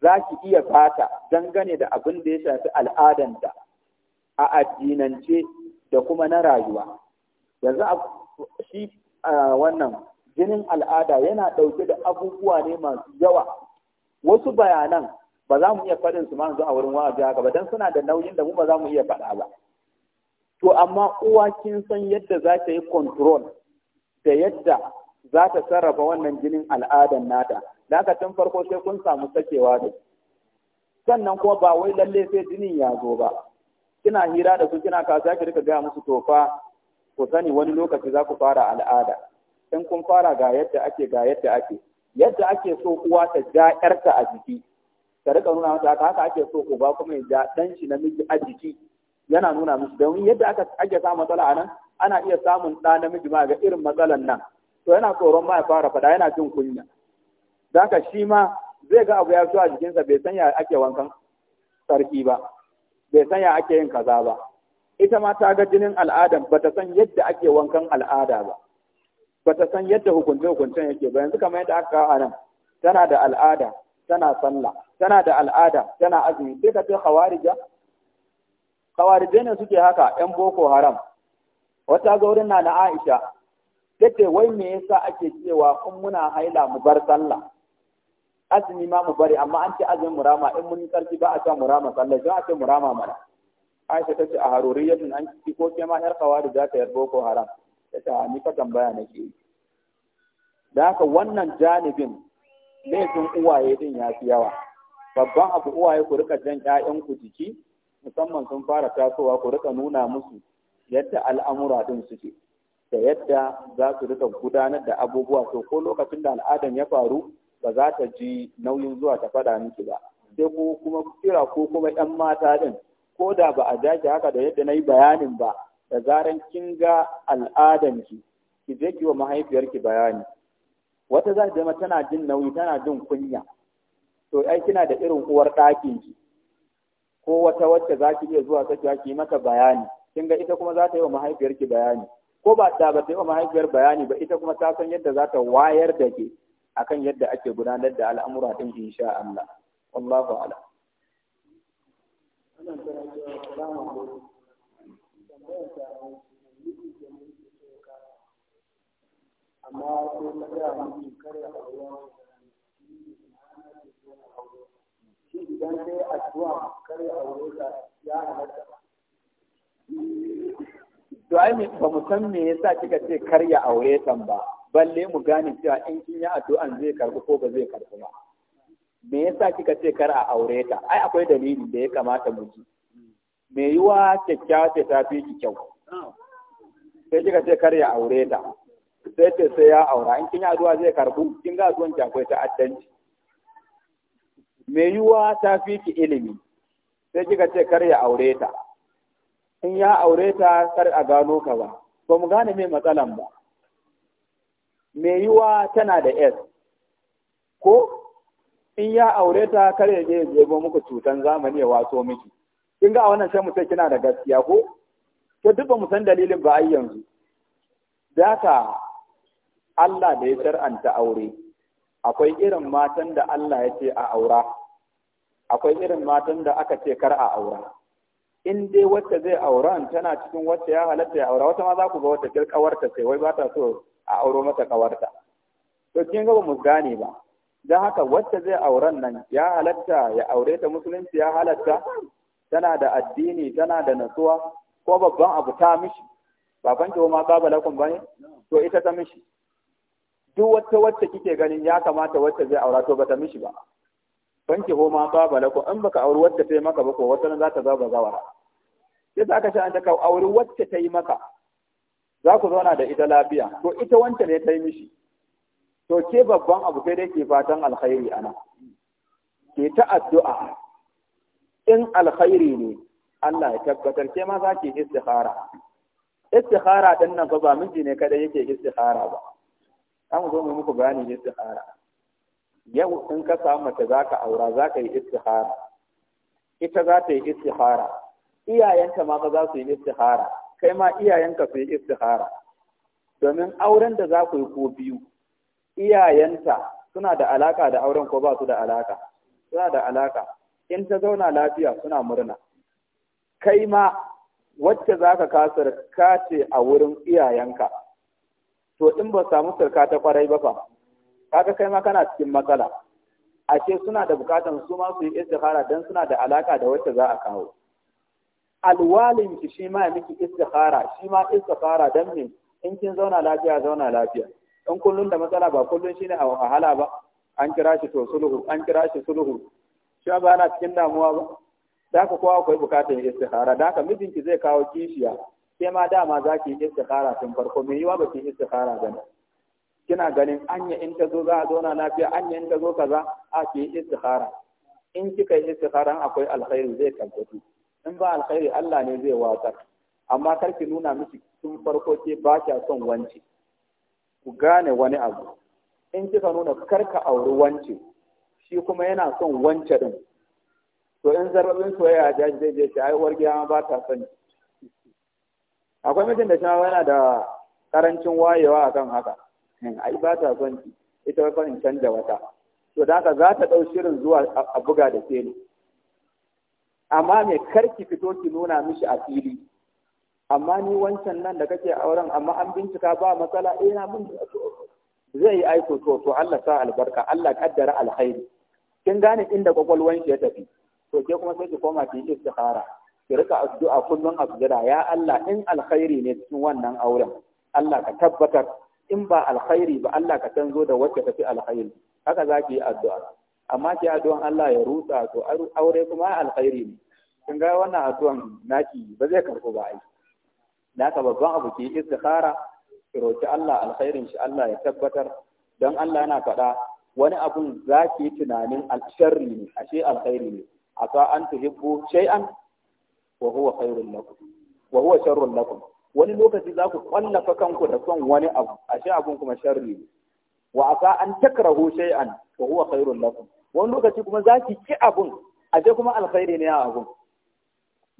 za ki iya fata dangane da abin da ya shafi al'adanta a addinance da kuma na rayuwa yanzu shi wannan jinin al'ada yana ɗauke da abubuwa ne masu yawa wasu bayanan ba za mu iya faɗin su yanzu a wurin wa'azi haka ba don suna da nauyin da mu ba za mu iya faɗa ba to amma uwa kin san yadda za ta yi control da yadda za ta sarrafa wannan jinin al'adan nata da haka tun farko sai kun samu sakewa da sannan kuma ba wai lalle sai jinin ya zo ba kina hira da su kina kasa ki rika gaya musu tofa ku sani wani lokaci za ku fara al'ada in kun fara ga yadda ake ga yadda ake yadda ake so uwa ta ja yarta a jiki ta rika nuna mata haka haka ake so uba kuma ya ja ɗan shi namiji a jiki yana nuna musu don yadda aka ake samu matsala a nan ana iya samun ɗa namiji ma ga irin matsalan nan to yana tsoron ma ya fara faɗa yana jin kunya don haka shi ma zai ga abu ya so a jikinsa bai san ya ake wankan sarki ba bai san ya ake yin kaza ba ita ma ta ga jinin al'ada ba ta san yadda ake wankan al'ada ba ba ta san yadda hukunce hukuncen yake ba yanzu kamar yadda aka kawo a nan tana da al'ada tana sallah tana da al'ada tana azumi sai ka ce hawarija khawarijai ne suke haka yan boko haram wata ga wurin na na Aisha tace wai me yasa ake cewa in muna haila mu bar sallah azumi ma mu bari amma an ce azumin murama in mun karfi ba a ta murama sallah za a ce murama mana Aisha tace a haruriyatin an ci ko ke ma yar kawari za ta yarbo ko haram tace ni fa tambaya nake da haka wannan janibin laifin uwaye din ya fi yawa babban abu uwaye ku rika jan ƴaƴanku jiki musamman sun fara tasowa ku rika nuna musu yadda al'amura din suke da yadda za su rika gudanar da abubuwa to ko lokacin da al'adan ya faru ba za ta ji nauyin zuwa ta faɗa miki ba sai ko kuma kira ko kuma yan mata din ko da ba a dake haka da yadda na yi bayanin ba da zarar kin ga al'adanki ki je ki wa mahaifiyarki bayani wata za ta tana jin nauyi tana jin kunya to ai kina da irin uwar ɗakin ki ko wata wacce za ki iya zuwa sakiya ki mata bayani kin ga ita kuma za ta yi wa mahaifiyarki bayani ko ba da ba ta yi wa mahaifiyar bayani ba ita kuma ta san yadda za ta wayar da ke akan yadda ake gudanar da al'amura din insha Allah wallahu a'lam amma sai ta gaya mutum kare a ruwan shi idan sai addu'a kare a wurin ya halatta to ai ba mu san me yasa kika ce kar ya aure tan ba balle mu gane cewa in kin yi addu'an zai karbu ko ba zai karbu ba me yasa kika ce kar a aure ta ai akwai dalili da ya kamata mu ji me yiwa kyakkyawa ce ta fi ki kyau sai kika ce kar ya aure ta sai ce sai ya aura in kin yi addu'a zai karbu kin ga addu'an ki akwai ta'addanci me yiwa ta fi ki ilimi sai kika ce kar ya aure ta in ya aure ta kar a gano ka ba ba mu gane mai matsalan ba mai yiwa tana da s ko in ya aure ta kar ya je ya muku cutan zamani ya waso miki kin ga wannan sai mu sai kina da gaskiya ko to duk ba mu san dalilin ba ai yanzu daka Allah da ya shar'anta aure akwai irin matan da Allah ya ce a aura akwai irin matan da aka ce kar a aura in dai wacce zai auren tana cikin wacce ya halatta ya aura wata ma za ku ga wata kir kawarta sai wai ba ta so a auro mata kawarta to kin ga ba mu gane ba dan haka wacce zai auren nan ya halatta ya aure ta musulunci ya halatta tana da addini tana da natsuwa ko babban abu ta mishi baban ki ma ba balakun bane to ita ta mishi duk wata wacce kike ganin ya kamata wacce zai aura to bata mishi ba banki ho ma ba balakun in baka auri wacce ta maka ba ko wata za ta zaba zawara sai za ka sha an ta kawo aure wacce ta yi maka za ku zauna da ita lafiya to ita wancan ne ta yi mishi to ke babban abu sai dai ke fatan alkhairi ana ke ta addu'a in alkhairi ne Allah ya tabbatar ke ma za ki istikhara istikhara din nan fa ba miji ne kada yake istikhara ba an zo mu muku bayani istikhara yau in ka samu mace zaka aura zaka yi istikhara ita za ta yi istikhara iyayenka ma fa za su yi istihara kai ma iyayenka su yi istihara domin auren da za ku yi ko biyu iyayenta suna da alaka da auren ko ba su da alaka suna da alaka in ta zauna lafiya suna murna kai ma wacce za ka kasar kace a wurin iyayenka to in ba samu sarka ta kwarai ba fa kaga kai ma kana cikin matsala a suna da bukatan su ma su yi istihara don suna da alaka da wacce za a kawo alwalin ki shi ma miki istikhara shi ma istikhara dan ne in kin zauna lafiya zauna lafiya in kullun da matsala ba kullun shine a wahala ba an kira shi to sulhu an kira shi sulhu shi ba na cikin damuwa ba da ka kowa akwai bukatar istikhara da ka mijinki zai kawo kishiya sai ma dama za ki yi istikhara tun farko me yiwa ba ki yi istikhara ba kina ganin anya in ta zo za a zauna lafiya anya in ta zo kaza a ki yi istikhara in kika yi istikhara akwai alkhairi zai tabbatu in ba alkhairi Allah ne zai watsar amma karki ki nuna miki tun farko ke ba kya son wance ku gane wani abu in kika nuna karka auri wance shi kuma yana son wance din to in zarbabin soyayya ja zai je shi ai uwar gida ba ta son akwai mutum da shawa yana da karancin wayewa akan haka hmm, ai ba ta son ita wai canja wata to da haka za ta ɗau shirin zuwa a buga da ke ne amma me karki fito ki nuna mishi a fili amma ni wancan nan da kake auren amma an bincika ba matsala eh na mun zai yi aiko to to Allah sa albarka Allah kaddara alkhairi kin gane inda kwakwalwan shi ya tafi to ke kuma sai ki koma ki yi istikhara ki rika addu'a kullun asjira ya Allah in alkhairi ne cikin wannan auren Allah ka tabbatar in ba alkhairi ba Allah ka tanzo da wacce tafi alkhairi haka zaki yi addu'a amma ki addu'an Allah ya rusa to aure kuma alkhairi ne kun ga wannan addu'an naki ba zai karɓo ba ai da haka babban abu ke istikhara ki roki Allah alkhairin shi Allah ya tabbatar don Allah yana faɗa wani abun zaki ki tunanin alsharri ne ashe alkhairi ne asa an tuhibbu shay'an wa huwa khairun lakum wa huwa sharrun lakum wani lokaci za ku kwallafa kanku da son wani abu ashe abun kuma sharri ne wa asa an takrahu shay'an wa huwa khairun lakum wani lokaci kuma za ki ki abun aje kuma alkhairi ne a abun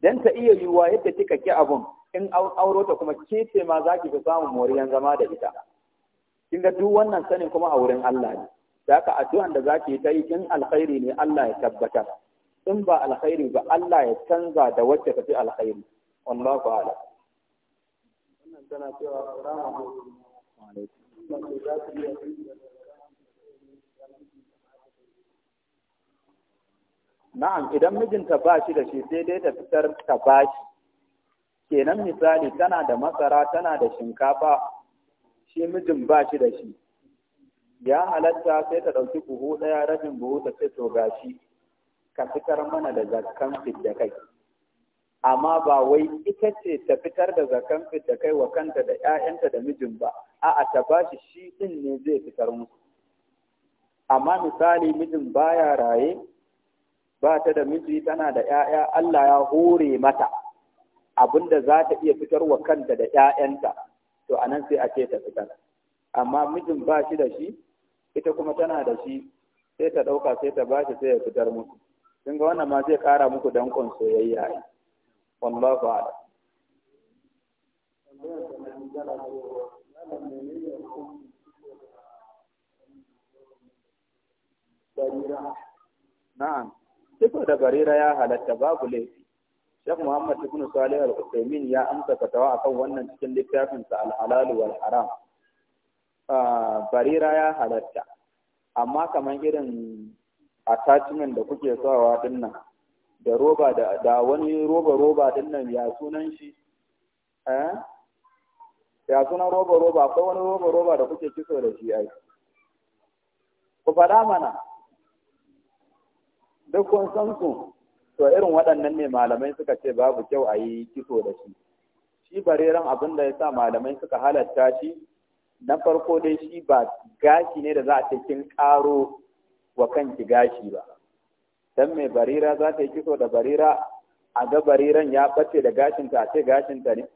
dan ta iya yiwuwa yadda kika ki abun in auro ta kuma ke ce ma za ki fi samun moriyan zama da ita kin ga duk wannan sanin kuma a wurin Allah ne da haka addu'an da zaki yi ta yi kin alkhairi ne Allah ya tabbatar in ba alkhairi ba Allah ya canza da wacce ta fi alkhairi wallahu ala wannan tana cewa salamu na'am idan mijinta ba shi da shi sai dai ta fitar ta ba shi kenan misali tana da masara tana da shinkafa shi mijin ba shi da shi ya halatta sai ta ɗauki buhu ɗaya rabin buhu ta ce to gashi ka fitar mana da fit fidda kai amma ba wai ita ce ta fitar da fit fidda kai wa kanta da 'ya'yanta da mijin ba a'a ta bashi shi ɗin ne zai fitar musu amma misali mijin baya raye ba ta da miji tana da ‘ya'ya Allah ya hore mata abinda za ta iya fitar wa kanta da ‘ya'yanta to anan sai a ce ta fitar amma mijin ba shi da shi ita kuma tana da shi sai ta ɗauka sai ta ba shi sai ya fitar musu sun ga wannan ma zai ƙara muku danƙon soyayya ne wallahu a'lam Na'am. Kitso da barira ya halatta babu laifi. Sheikh Muhammad Ibn Salih Al-Uthaymeen ya amsa fatawa a kan wannan cikin littafinsa, sa Al-Halal wal Haram. Ah, barira ya halatta. Amma kamar irin attachment da kuke sawa dinnan da roba da wani roba roba dinnan ya sunan shi eh ya sunan roba roba akwai wani roba roba da kuke kitso da shi ai ku faɗa mana duk kun san su to irin waɗannan ne malamai suka ce babu kyau a yi kitso da shi shi bareran abin da ya sa malamai suka halatta shi na farko dai shi ba gashi ne da za a ce kin ƙaro wa kanki gashi ba dan mai barira za ta yi kiso da barira a ga bariran ya bace da gashinta a ce gashinta ne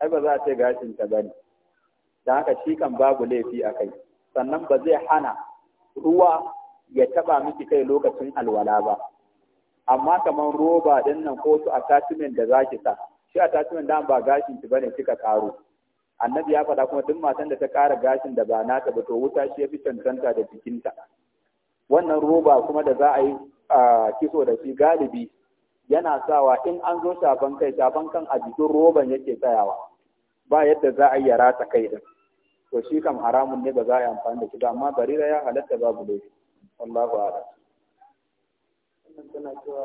ai ba za a ce gashinta ba ne da haka shi kan babu laifi a kai sannan ba zai hana ruwa ya taba miki kai lokacin alwala ba amma kamar roba din nan ko su attachment da zaki sa shi attachment dan ba gashin ki bane kika karo annabi ya faɗa kuma duk matan da ta kara gashin da ba na ta ba to wuta shi ya fi cancanta da jikinta wannan roba kuma da za a yi kiso da shi galibi yana sawa in an zo shafan kai shafan kan a jikin roban yake tsayawa ba yadda za a yi ya kai din to shi kam haramun ne ba za a yi amfani da shi amma barira ya halatta babu laifi wallahu a'lam tana cewa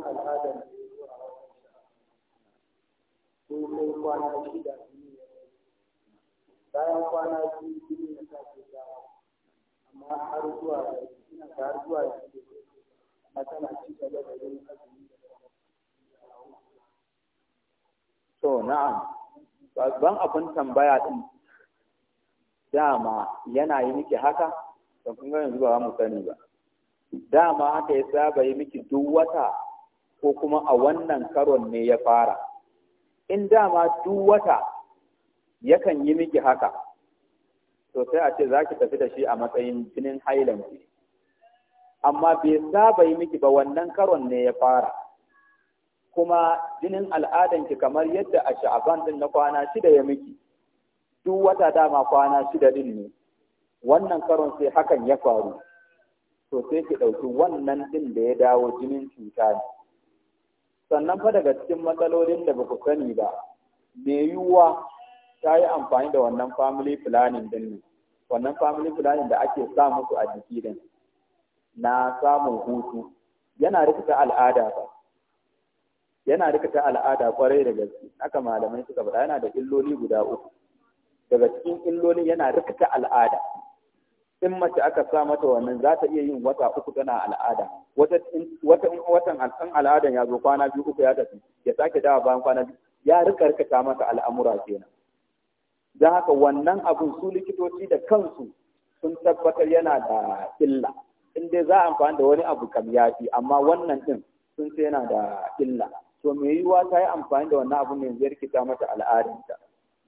al'adar da sun kai kwana shida jini ya bayan kwana biyu jini ya sake dawo amma har zuwa ina da har zuwa yanzu amma tana ci gaba da yin azumi to na'am babban abin tambaya din dama yana yi miki haka don kun ga yanzu ba mu sani ba dama haka ya saba yi miki duk wata ko kuma a wannan karon ne ya fara in dama duk wata yakan yi miki haka to sai a ce za ki tafi da shi a matsayin jinin hailanki amma bai saba yi miki ba wannan karon ne ya fara kuma jinin al'adanki kamar yadda a sha'aban din na kwana shida ya miki duk wata dama kwana shida din ne wannan karon sai hakan ya faru to sai ki ɗauki wannan din da ya dawo jinin cuta ne sannan fa daga cikin matsalolin da ba ku sani ba me yiwuwa ta yi amfani da wannan family planning din ne wannan family planning da ake sa musu a jiki din na samun hutu yana rikita al'ada ba yana rikita al'ada kwarai da gaske haka malamai suka faɗa yana da illoli guda uku daga cikin illolin yana rikita al'ada in mace aka sa mata wannan za ta iya yin wata uku tana al'ada wata watan al'an al'adan ya zo kwana biyu uku ya tafi ya sake dawa bayan kwana biyu ya rika rikata mata al'amura kenan dan haka wannan abun su likitoci da kansu sun tabbatar yana da illa in dai za a amfani da wani abu kam ya fi amma wannan din sun sai yana da illa to me yiwuwa ta yi amfani da wannan abu ne zai rikita mata al'adanta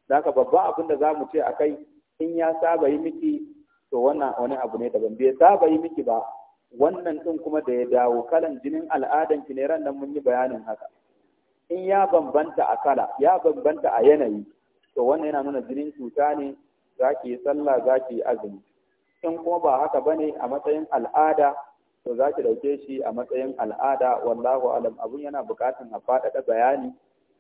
da haka babba abin da za mu ce a kai in ya saba yi miki to wannan wani abu ne daban bai saba yi miki ba wannan din kuma da ya dawo kalan jinin al'adan ki ne ran nan mun yi bayanin haka in ya bambanta a kala ya bambanta a yanayi to wannan yana nuna jinin cuta ne za ki yi sallah za ki yi azumi in kuma ba haka ba ne a matsayin al'ada to za ki ɗauke shi a matsayin al'ada wallahu alam abun yana buƙatar a faɗaɗa bayani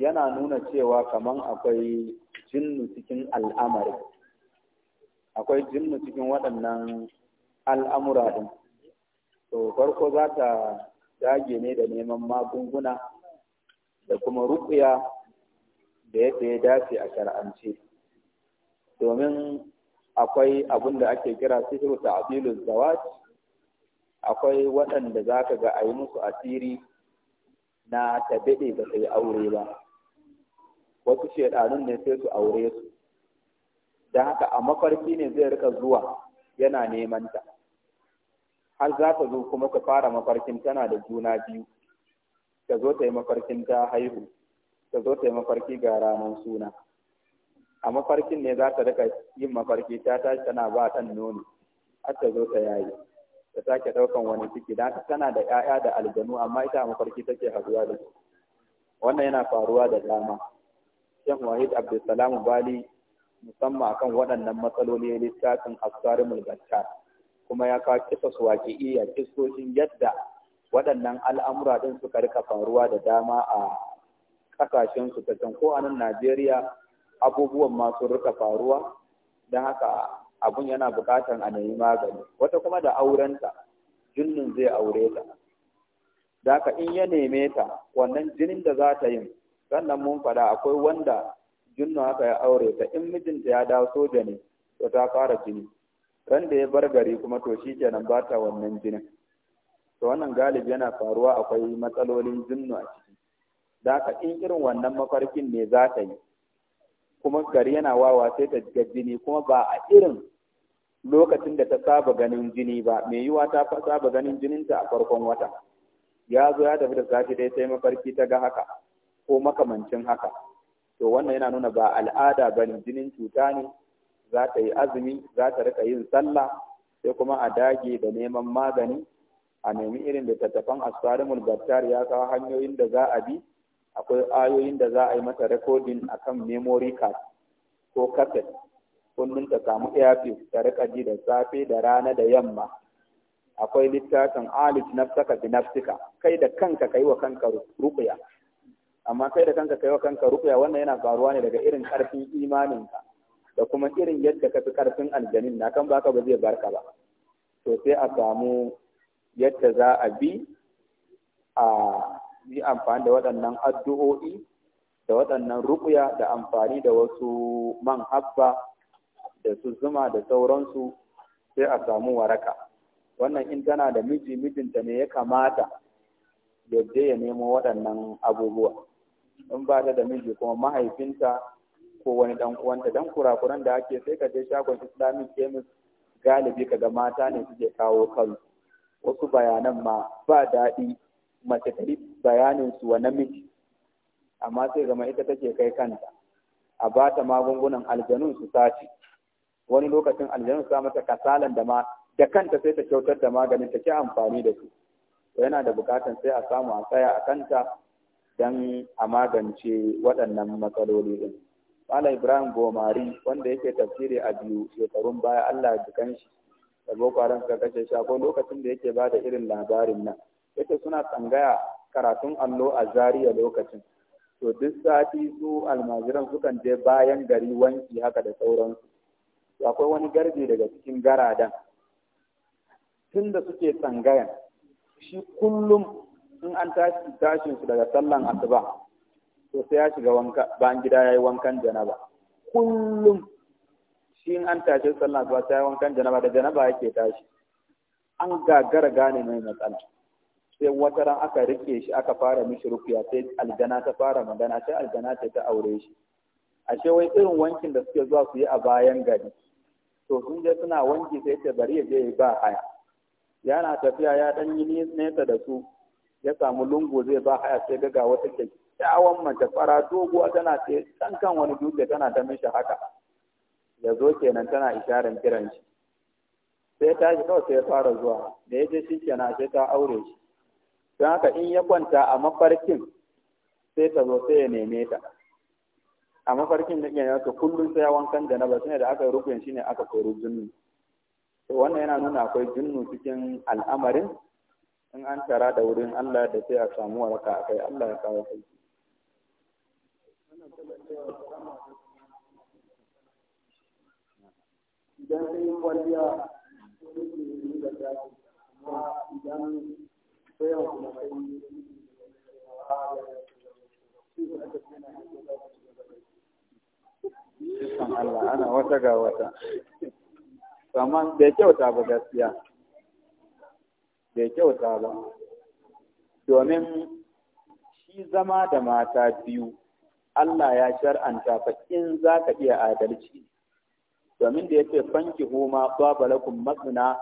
yana nuna cewa kaman akwai jinnu cikin al'amari akwai jinnu cikin waɗannan al'amura ɗin to farko za ta dage ne da neman magunguna da kuma rukuya da yadda ya dace a shar'ance domin akwai abin da ake kira sihiru abilu zawaj akwai waɗanda za ka ga a yi musu asiri na ta da ba ta yi aure ba wasu shaidanun ne sai su aure su da haka a mafarki ne zai rika zuwa yana neman ta har za ta zo kuma ta fara mafarkin tana da juna biyu ta zo ta yi mafarkin ta haihu ta zo ta yi mafarki ga ranar suna a mafarkin ne za ta rika yin mafarki ta tashi tana ba ta nono har ta zo ta yayi ta sake ɗaukan wani ciki haka tana da 'ya'ya da aljanu amma ita a mafarki take haɗuwa da su wannan yana faruwa da dama Sheikh Wahid Abdulsalam Bali musamman akan waɗannan matsaloli na littafin Asfari mulgarta kuma ya kawo su kisas iya kiskoshin yadda waɗannan al'amura ɗin suka rika faruwa da dama a ƙasashen su ta can ko a nan Najeriya abubuwan masu rika faruwa don haka abun yana buƙatar a nemi magani wata kuma da aurenta jinnin zai aure ta da in ya neme ta wannan jinin da za ta yin sannan mun faɗa akwai wanda jinnu haka ya aure ta in mijinta ya dawo soja ne to ta fara jini ran da ya bar gari kuma to shi kenan ba ta wannan jinin to wannan galibi yana faruwa akwai matsalolin jinnu a ciki da ka in irin wannan mafarkin ne za ta yi kuma gari yana wawa sai ta ga jini kuma ba a irin lokacin da ta saba ganin jini ba mai yiwa ta saba ganin jininta a farkon wata ya zo ya tafi da safi dai sai mafarki ta ga haka ko makamancin haka to wannan yana nuna ba al'ada ba ne jinin cuta ne za ta yi azumi za ta rika yin sallah sai kuma a dage da neman magani a nemi irin da tattafan asfarimul battar ya kawo hanyoyin da za a bi akwai ayoyin da za a yi mata rekodin kan memory card ko kafet, kunnun ta samu airfield ta rika ji da safe da rana da yamma akwai littafin alif na saka binafsika. kai da kanka kai wa kanka rukuya. amma kai da kanka kai wa kanka rukuya wannan yana faruwa ne daga irin karfin imaninka da kuma irin yadda ka fi karfin aljanin na kan baka ba zai barka ba to sai a samu yadda za a bi a yi amfani da waɗannan addu'o'i da waɗannan rukuya da amfani da wasu man habba da su zuma da sauransu sai a samu waraka wannan in tana da miji mijinta ne ya kamata yadda ya nemo waɗannan abubuwa in ba ta da miji kuma mahaifinta ko wani dan uwanta dan kurakuran da ake sai ka je shagon islamic chemist galibi kaga mata ne suke kawo kalu wasu bayanan ma ba daɗi mace ta bayanin su wa namiji amma sai gama ita take kai kanta a ba ta magungunan aljanun su sace wani lokacin aljanun sa mata kasalan da ma da kanta sai ta kyautar da maganin ta ke amfani da su yana da bukatan sai a samu a tsaya a kanta don a magance waɗannan matsaloli ɗin. Malam Ibrahim Gomari wanda yake tafsiri a biyu shekarun baya Allah ji shi da Boko Haram suka kashe shi akwai lokacin da yake ba da irin labarin nan. Yake suna tsangaya karatun allo a zariya lokacin. To duk sati su almajiran sukan je bayan gari wanki haka da sauransu. To akwai wani garbi daga cikin garadan. Tunda suke tsangayan, shi kullum in an tashi tashin su daga sallan asuba to sai ya shiga wanka bayan gida ya yi wankan janaba kullum shi in an tashi sallan asuba sai wankan janaba da janaba yake tashi an gagara gane mai matsala sai wata ran aka rike shi aka fara mishi rukiya sai aljana ta fara magana sai aljana ta ta aure shi ashe wai irin wankin da suke zuwa su yi a bayan gari to sun je suna wanki sai ce bari ya je ya ba haya yana tafiya ya dan yi nesa da su ya samu lungu zai ba haya sai daga wata kyakkyawan mace fara doguwa tana ce kan kan wani dutse tana ta mishi haka ya zo kenan tana isharar kiran shi sai ta shi kawai sai ya fara zuwa da ya je shi kenan sai ta aure shi don haka in ya kwanta a mafarkin sai ta zo sai ya neme ta a mafarkin da ke ta kullum sai ya wankan da na ba ne da aka rufin shi ne aka kori jinnu. to wannan yana nuna akwai jinnu cikin al'amarin in an tara da wurin Allah da sai a samu waraka a kai Allah ya kawo kai idan sai yi kwalliya Allah ana wata ga wata. Saman bai kyauta ba gaskiya. bai kyauta ba domin shi zama da mata biyu Allah ya shar'anta fa in za ka iya adalci domin da ya ce fanki huma babalakum masuna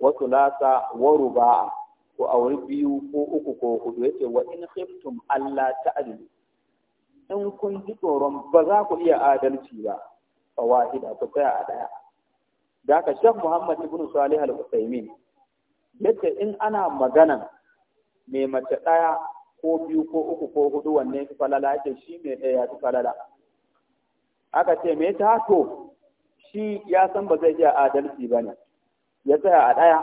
wa lasa, wa ruba'a ko auri biyu ko uku ko hudu yace wa in khiftum Allah ta'dilu in kun ji tsoron ba za ku iya adalci ba a wahida ku tsaya a daya da ka shan Muhammad ibn Salih al-Uthaymeen yadda in ana magana mai mace ɗaya ko biyu ko uku ko hudu wanne fi falala yake shi mai ɗaya ya falala aka ce me ta to shi ya san ba zai iya adalci ba ne ya tsaya a ɗaya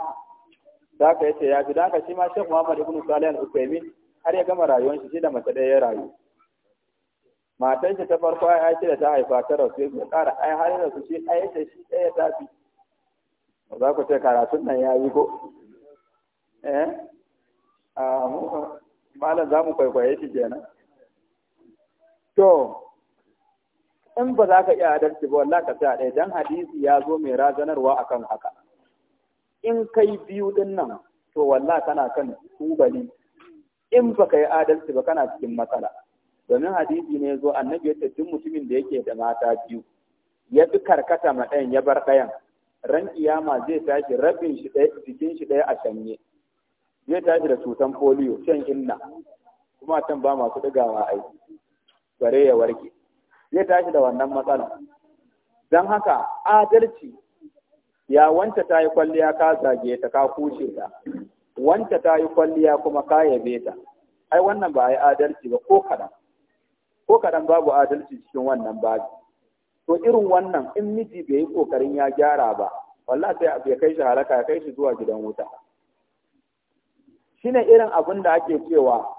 za ka yace ya fi da shi ma shek muhammad ibn salih al-usaimin har ya gama rayuwar shi da mace ɗaya ya rayu matan shi ta farko ya ce da ta haifa ta rasu ya kara ɗaya har da su shi ɗaya da shi ɗaya ta fi ba za ku ce karatun nan ya yi ko eh mu malam za mu kwaikwaye shi kenan to in ba za ka iya adalci ba wallahi ka sa ɗaya dan hadisi ya zo mai razanarwa akan haka in kai biyu din nan to wallahi kana kan tubali in ba ka yi adalci ba kana cikin matsala domin hadisi ne zo annabi yadda duk mutumin da yake da mata biyu ya fi karkata ma ɗayan ya bar ɗayan ran kiyama zai tashi rabin shi ɗaya jikin shi ɗaya a shanye zai tashi da cutan polio shan inna kuma can ba masu ɗigawa ai bare ya warke zai tashi da wannan matsala don haka adalci ya wanta ta yi kwalliya ka zage ta ka kushe ta wanta ta yi kwalliya kuma ka yabe ta ai wannan ba a yi adalci ba ko kaɗan ko kaɗan babu adalci cikin wannan babu to irin wannan in miji bai yi ƙoƙarin ya gyara ba wallahi sai ya kai shi halaka ya kai shi zuwa gidan wuta shine irin abin da ake cewa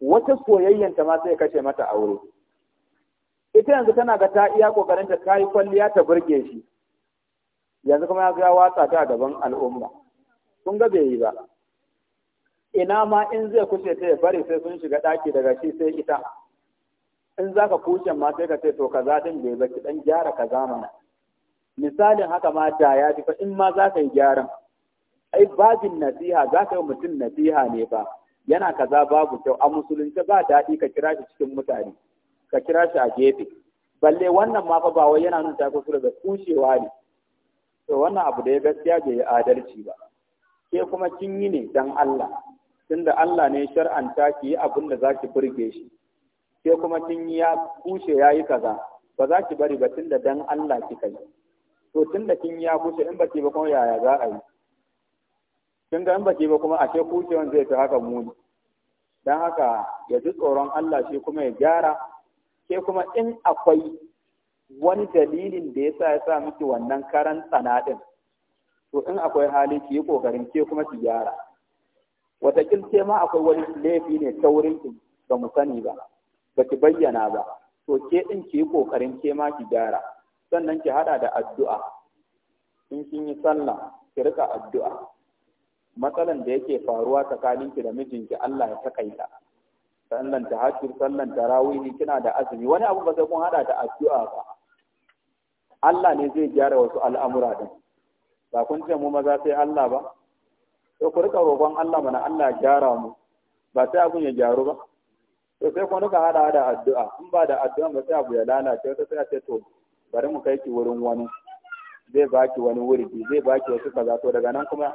wata soyayyanta ma sai kashe mata aure ita yanzu tana ga ta iya kokarin ta kai kwalliya ta burge shi yanzu kuma ya ga watsa ta gaban al'umma kun ga bai yi ba ina ma in zai kushe ta ya bari sai sun shiga daki daga shi sai ita in zaka kushe ma sai ka ce to kaza din bai ba dan gyara kaza mana misalin haka ma ta ya ji fa in ma za ka yi gyaran ai babin nasiha za ka yi mutum nasiha ne ba yana kaza babu kyau a musulunci ba daɗi ka kira shi cikin mutane ka kira shi a gefe balle wannan ma fa ba wai yana nuna ta kusur da kushewa ne to wannan abu da ya gaskiya bai yi adalci ba ke kuma kin yi ne dan Allah tunda Allah ne shar'anta ki yi abin da zaki burge shi ke kuma kin yi ya kushe ya yi kaza ba za ki bari ba tunda dan Allah kika yi to tunda kin ya kushe in ki ba kuma yaya za a yi kin ga in baki ba kuma ashe kucewan zai fi haka muni dan haka ya ji tsoron Allah shi kuma ya gyara ke kuma in akwai wani dalilin da ya sa ya sa miki wannan karan tsana din to in akwai hali ki yi kokarin ke kuma ki gyara watakil ce ma akwai wani laifi ne ta wurin ki ba mu sani ba ba ki bayyana ba to ke din ki yi kokarin ke ma ki gyara sannan ki haɗa da addu'a in kin yi sallah ki rika addu'a matsalan da yake faruwa tsakanin ki da mijinki Allah ya takaita sallan sannan sallan tarawih kina da azumi wani abu ba sai kun hada da addu'a ba Allah ne zai gyara wasu al'amura din ba kun ce mu maza sai Allah ba to ku rika roƙon Allah mana Allah ya gyara mu ba sai abun ya gyaru ba to sai kun rika hada da addu'a in ba da addu'a ba sai abu ya lalace sai sai a ce to bari mu kai ki wurin wani zai baki wani wurdi zai baki wasu kaza to daga nan kuma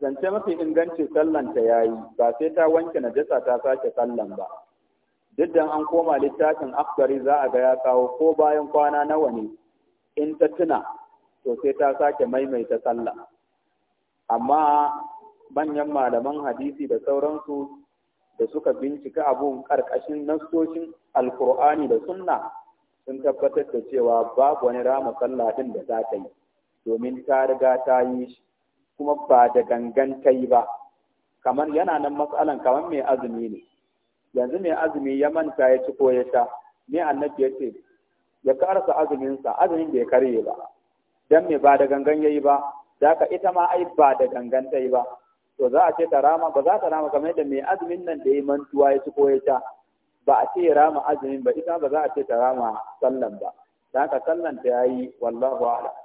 zance mafi inganci sallanta ya yi ba sai ta wanke na najasa ta sake sallan ba duk da an koma littafin akbari za a ga ya kawo ko bayan kwana nawa ne in ta tuna to sai ta sake maimaita sallah amma manyan malaman hadisi da sauransu da suka bincika abun karkashin nassoshin alkur'ani da sunna sun tabbatar da cewa babu wani rama sallah din da za ta yi domin ta riga ta yi shi kuma ba da gangan ta yi ba kamar yana nan matsalan kamar mai azumi ne yanzu mai azumi ya manta ya ci ko ya sha mai annabi ya ce ya karasa azuminsa azumin bai karye ba dan mai ba da gangan yayi ba da ka ita ma ai ba da gangan ta yi ba to za a ce ta rama ba za ta rama kamar yadda mai azumin nan da ya mantuwa ya ci ko ya ba a ce rama azumin ba ita ba za a ce ta rama sallan ba da ka sallan ta yayi wallahu a'lam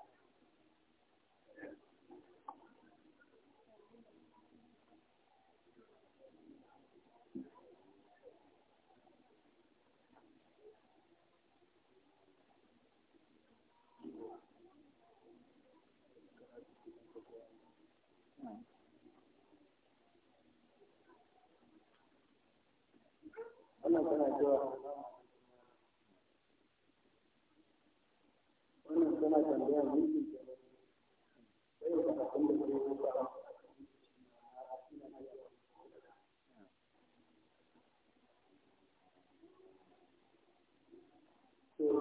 wannan tana cewa wannan tana tambaya mulkin sai ka abin da ke wuta to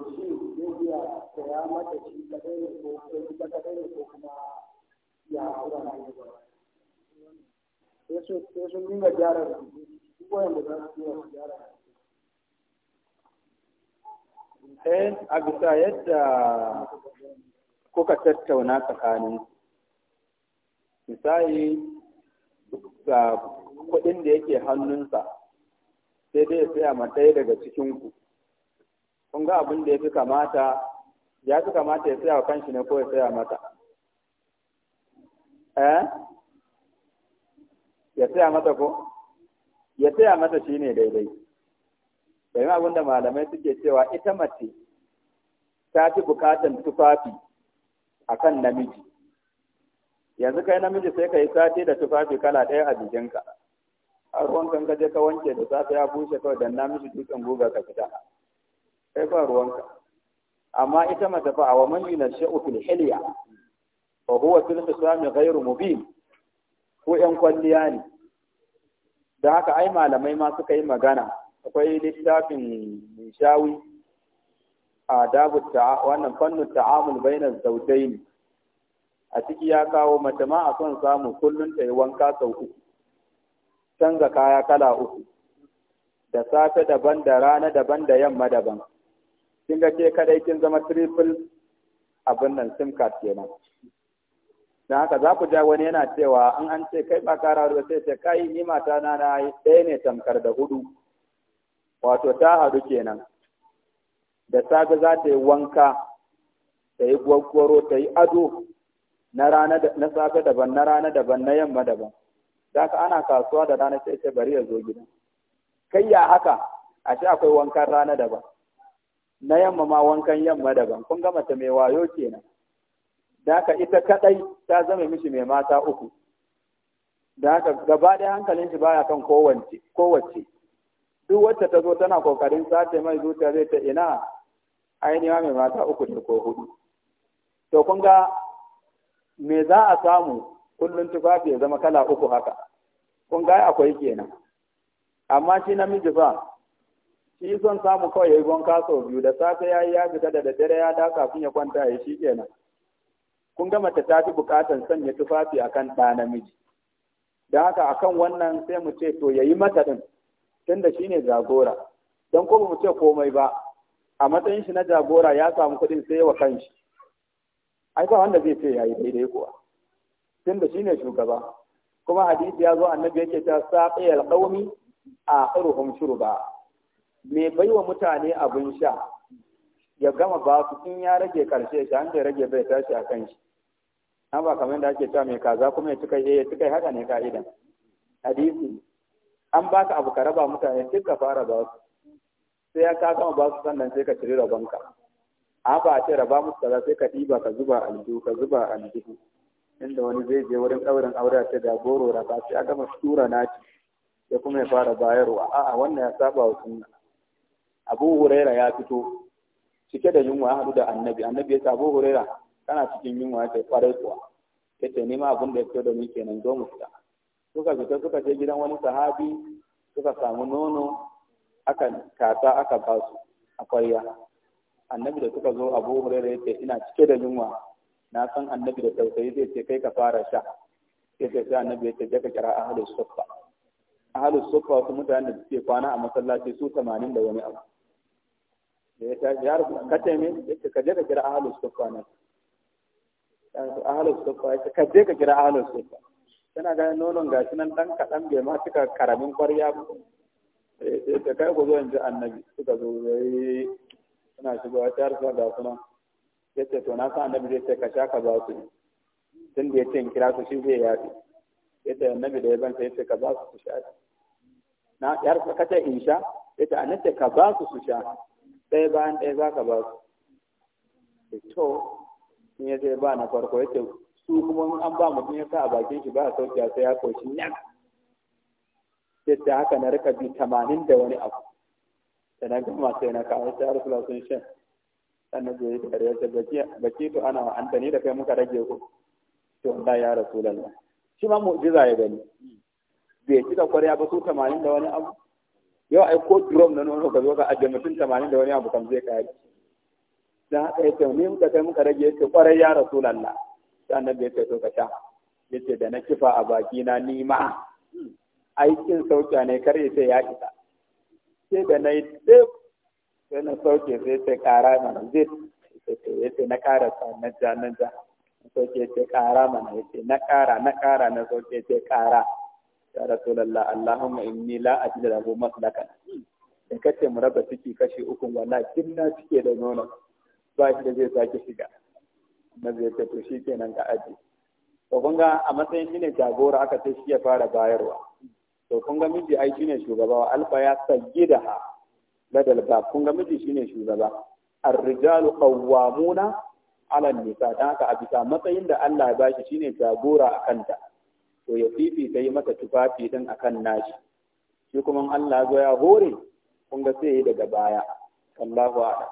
shi zai iya ne ya sun dinga gyara rubutu duk da za su gyara rubutu eh a bisa yadda kuka tattauna tsakanin misali ga kuɗin da yake hannunsa sai dai ya saya ma ɗaya daga cikinku kun ga abin da ya fi kamata ya fi kamata ya saya wa kanshi ne ko ya saya mata eh ya saya mata ko ya saya mata shi shine daidai domin abin da malamai suke cewa ita mace ta fi bukatan tufafi a kan namiji yanzu kai namiji sai ka yi sati da tufafi kala ɗaya a jikinka har ruwan kanka je ka wanke da safe ya bushe kawai dan namiji dukkan guga ka fita kai ba ruwanka amma ita mace fa wa man yunashu fil hilya fa huwa fil hisami ghairu mubin ko yan kwalliya ne da haka ai malamai ma suka yi magana akwai littafin shawi a ta wannan fannin ta'amul bainar zautaini a ciki ya kawo mace ma a son samu kullum ta yi wanka sau uku canza kaya kala uku da safe daban da rana daban da yamma daban kin ga ke kadai kin zama triple abin nan sim card kenan dan haka za ku ja wani yana cewa an an ce kai ba kara sai ce kai ni mata na na ɗaya ne tamkar da hudu wato ta haɗu kenan da safe za ta yi wanka ta yi gwaggwaro ta yi ado na rana na safe daban na rana daban na yamma daban za ka ana kasuwa da rana sai ce bari ya zo gida kai ya haka a ce akwai wankan rana daban na yamma ma wankan yamma daban kun gama ta mai wayo kenan da ka ita kadai ta zama mishi mai mata uku da haka gaba ɗaya hankalin shi baya kan kowace kowace duk wacce ta zo tana kokarin sace mai zuciya zai ta ina ainiha mai mata uku ne ko hudu to kun ga me za a samu kullum tufafi ya zama kala uku haka kun ga akwai kenan amma shi namiji fa shi son samu kawai ya yi wanka sau biyu da safe ya yi ya fita da daddare ya da kafin ya kwanta ya shi kenan kun ga mace ta fi bukatan sanya tufafi akan ɗa namiji don haka akan wannan sai mu ce to ya yi mata din. tunda ne jagora don ko mu ce komai ba a matsayin shi na jagora ya samu kuɗin sai wa kanshi ai ba wanda zai ce yayi daidai kuwa tunda ne shugaba kuma hadisi ya zo annabi yake ta saqi alqawmi ba shurba me baiwa mutane abin sha ya gama ba su in ya rage ƙarshe shi an zai rage bai tashi a kan shi an ba kamar da ake cewa mai kaza kuma ya cika eh haka ne ka'idan hadisi an baka abu ka raba mutane sai ka fara ba su sai ya ka gama ba su sannan sai ka cire rabonka a ba ce raba musu kaza sai ka ɗiba ka zuba aljihu ka zuba aljihu inda wani zai je wurin ɗaurin aure a ce ga goro raba sai a gama tura naci sai kuma ya fara bayarwa a'a wannan ya saba wa sunna abu huraira ya fito cike da yunwa ya haɗu da annabi annabi ya ce abu huraira kana cikin yunwa ya ce kwarai kuwa ya ce ni abin da ya fito da ni kenan zo mu fita suka fita suka je gidan wani sahabi suka samu nono aka kata aka ba su a kwarya annabi da suka zo abu hurairu ya ce ina cike da yunwa na san annabi da tausayi zai ce kai ka fara sha Ya ce sai annabi ya ce ka kira ahlus suffa ahlus suffa wasu mutanen da suke kwana a masallaci su tamanin da wani abu da ya tashi ya rubuta ka ce min ya ce ka je ka kira ahlus suffa nan ahlus suffa ya ce ka je ka kira ahlus suffa tana ganin nonon gashi nan ɗan kaɗan bai ma suka karamin kwarya ba sai eh, eh, ta kai ku zo in annabi suka zo zai eh, suna shigowa ta harsuwa ga suna ya ce to na san annabi zai ce ka sha ka ba su tun da ya ce in kira su shi zai yafi ya ce annabi da ya ban sai ya ce ka ba su su sha na yar ka ce in sha ya ce annabi ka ba su su sha ɗaya bayan ɗaya za ka ba su to in ya ce ba na farko ya ce su kuma an ba mutum ya sa a bakin shi ba a sauki sai ya koshi nan yadda haka na rika bi tamanin da wani abu da na gama sai na kawo sai har sun shan na zai yi karyar da baki to ana an dani da kai muka rage ku to Allah ya rasu shi ma mu'jiza ya gani bai cika kwarya ba su tamanin da wani abu yau ai ko drum na nono ka zo ka ajiye mutum tamanin da wani abu kan zai kare dan haka ya ce ne muka kai muka rage ku. kwarai ya rasu lalla sannan da ya to ka sha ya ce da na kifa a baki na nima aikin sauka ne kar ya ce ya isa sai da na yi duk sai na sauke sai ce kara mana zai ya ce na kara sa na ja na ja sauke ce kara mana ya ce na kara na kara na sauke ya ce kara ya rasulallah allahumma inni la ajidu lahu maslakan da kace mu raba ciki kashi uku wallahi kin na cike da nono ba shi da zai sake shiga na ta to shi kenan ka aji to kun ga a matsayin shi ne jagora aka ce shi ya fara bayarwa to kun ga miji ai shi ne shugaba wa alfa ya da ha ladal ba kun ga miji shi ne shugaba ar-rijalu qawwamuna ala nisa don haka a bisa matsayin da Allah ya bashi shi ne jagora a kanta to ya ta yi mata tufafi din kan nashi shi kuma Allah ya zo ya hore kun ga sai daga baya Allahu a'lam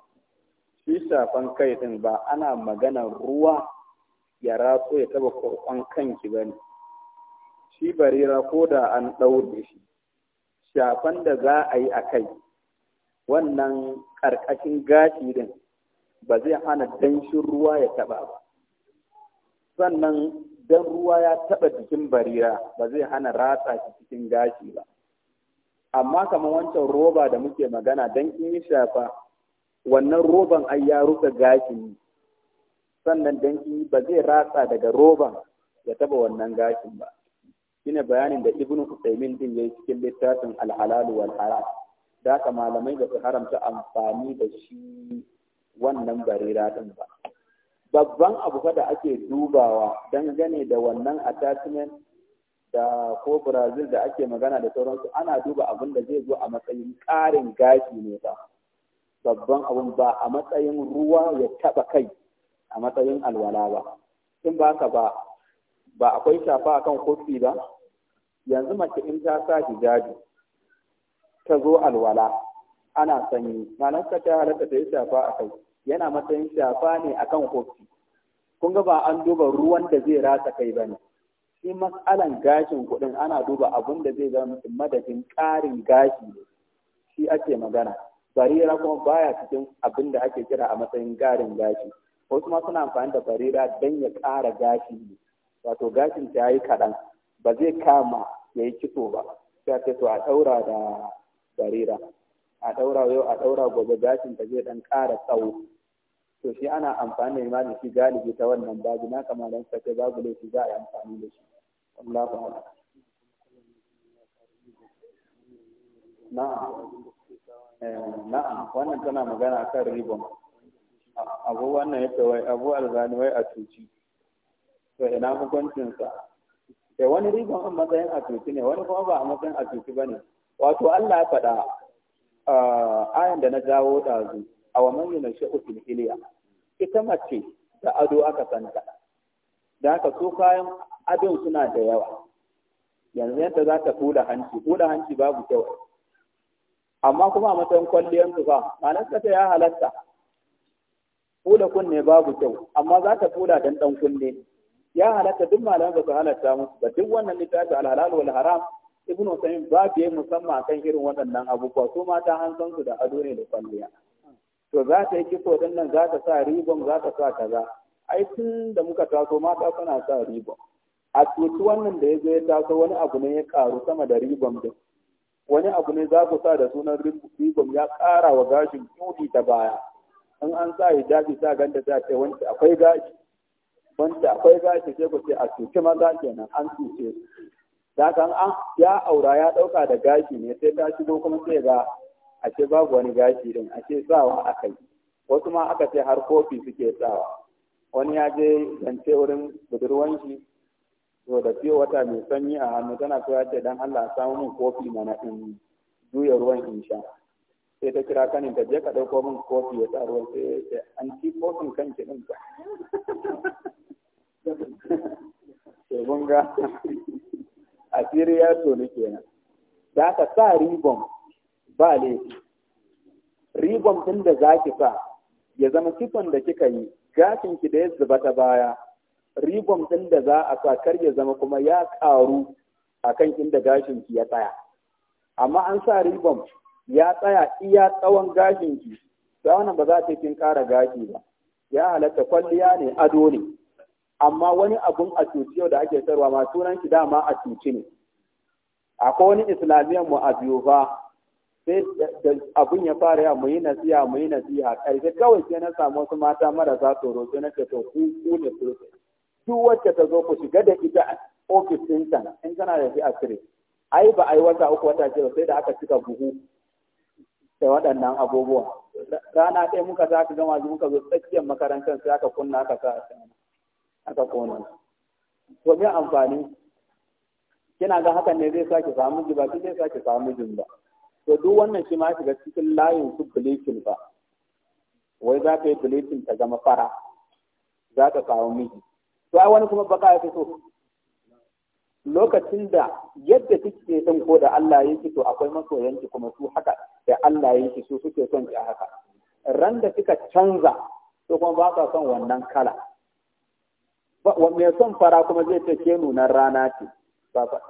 shi shafan kai din ba ana magana ruwa ya ratso ya taba kurkon kanki ba ne shi barira ko da an ɗaure shi shafan da za a yi a kai wannan ƙarƙashin gashi din ba zai hana danshin ruwa ya taɓa ba sannan dan ruwa ya taɓa jikin barira ba zai hana ratsa shi cikin gashi ba amma kamar wancan roba da muke magana dan kin yi shafa wannan roban ai ya rufe gashin sannan danki ba zai ratsa daga roban ya taba wannan gashin ba shine bayanin da ibnu usaimin din yi cikin littafin al-halal wal haram da malamai da su haramta amfani da shi wannan barira din ba babban abu fa da ake dubawa dangane da wannan attachment da ko brazil da ake magana da sauransu ana duba abin da zai zo a matsayin ƙarin gashi ne ba babban abun ba a matsayin ruwa ya taɓa kai a matsayin alwala ba in ba ka ba ba akwai shafa akan kofi ba yanzu mace in ta sa hijabi ta zo alwala ana sanyi malam ka ta halatta ta yi shafa a kai yana matsayin shafa ne akan kofi kun ga ba an duba ruwan da zai rasa kai ba ne shi matsalan gashin kuɗin ana duba abun da zai zama madadin ƙarin gashi shi ake magana barira kuma baya cikin abin da ake kira a matsayin garin gashi wasu ma suna amfani da barira don ya ƙara gashi ne wato gashin ta yi kaɗan ba zai kama ya yi kitso ba sai ce to a ɗaura da barira a ɗaura yau a ɗaura gobe gashin ta zai ɗan ƙara tsawo to shi ana amfani da imanin shi galibi ta wannan babu na kama dan ce babu laifi za a yi amfani da shi Allahu na'am Eh, na'am wannan tana magana a kan ribon abu wannan ce wai abu alzani wai a cuci to ina hukuncinsa sai eh, wani ribon a matsayin a cuci ne wani kuma ba a matsayin a cuci ba ne wato Allah ya faɗa ah, ayan da na jawo ɗazu a wa man yana iliya ita mace da ado aka santa da aka so kayan adon suna da yawa yanzu yadda za ka tura hanci tura hanci babu kyau amma kuma a matsayin kwalliyar su fa malar kasa ya halatta fula kunne babu kyau amma za ta fula dan dan kunne ya halatta duk malaman ba su halatta musu ba duk wannan littafi alhalal wal haram ibn Usaimin ba biye musamman akan irin waɗannan abubuwa su mata an san su da ado ne da kwalliya to za ta yi kiko din nan za ta sa ribon za ta sa kaza ai tun da muka taso mata suna sa ribon a cuci wannan da ya zo ya taso wani abu ne ya karu sama da ribon din wani abu ne za ku sa da sunan rigon ya ƙara wa gashin kyuni ta baya in an sa hijabi sa Ganda za ce wanda akwai gashi wanda akwai gashi sai ku ce a cuci maza kenan an cuce da kan an ya aura ya ɗauka da gashi ne sai ta shigo kuma sai ga a ce babu wani gashi din a ce sawa aka yi wasu ma aka ce har kofi suke sawa wani ya je zance wurin budurwan so da fiye wata mai sanyi a hannu tana so ya ce dan Allah samu min kofi mana in juya ruwan in sha sai ta kira kanin ta je ka ɗauko min kofi ya sa ruwan sai ya ce an ci kofin kanki ɗin ka sai mun ga tsiri ya tonu kenan da aka sa ribon ba laifi ribon tun da za ki sa ya zama kifan da kika yi gashin ki da ya zuba ta baya ribon ɗin da za a sa kar ya zama kuma ya ƙaru akan inda gashinki ya tsaya amma an sa ribom ya tsaya iya tsawon gashinki ta wannan ba za ta kin ƙara gashi ba ya halatta kwalliya ne ado ne amma wani abun a cuci yau da ake sarwa ma sunan shi dama a cuci ne akwai wani islamiyan mu a biyu ba sai abun ya fara ya muyi nasiha muyi nasiha ƙarfi kawai sai na samu wasu mata marasa tsoro sai na ce to ku ku ne duk wacce ta zo ku shiga da ita a ofis ɗin ta in tana da shi a sire ai ba ai wata uku wata ce sai da aka cika buhu da waɗannan abubuwa rana ɗaya muka za ka gama muka zo tsakiyar makarantar sai aka kunna aka sa a sana aka kona to me amfani kina ga hakan ne zai sake samu jiba Ki zai sake samu jimba to duk wannan shi ma shiga cikin layin su bleaching ba wai za ka yi bleaching ta zama fara za ka samu miji to ai wani kuma baka yake so lokacin da yadda kike son ko da Allah yake to akwai masoyanki kuma su haka da Allah yake su suke son ki haka ran da kika canza to kuma ba ka son wannan kala wa mai son fara kuma zai ce ke nunar rana ce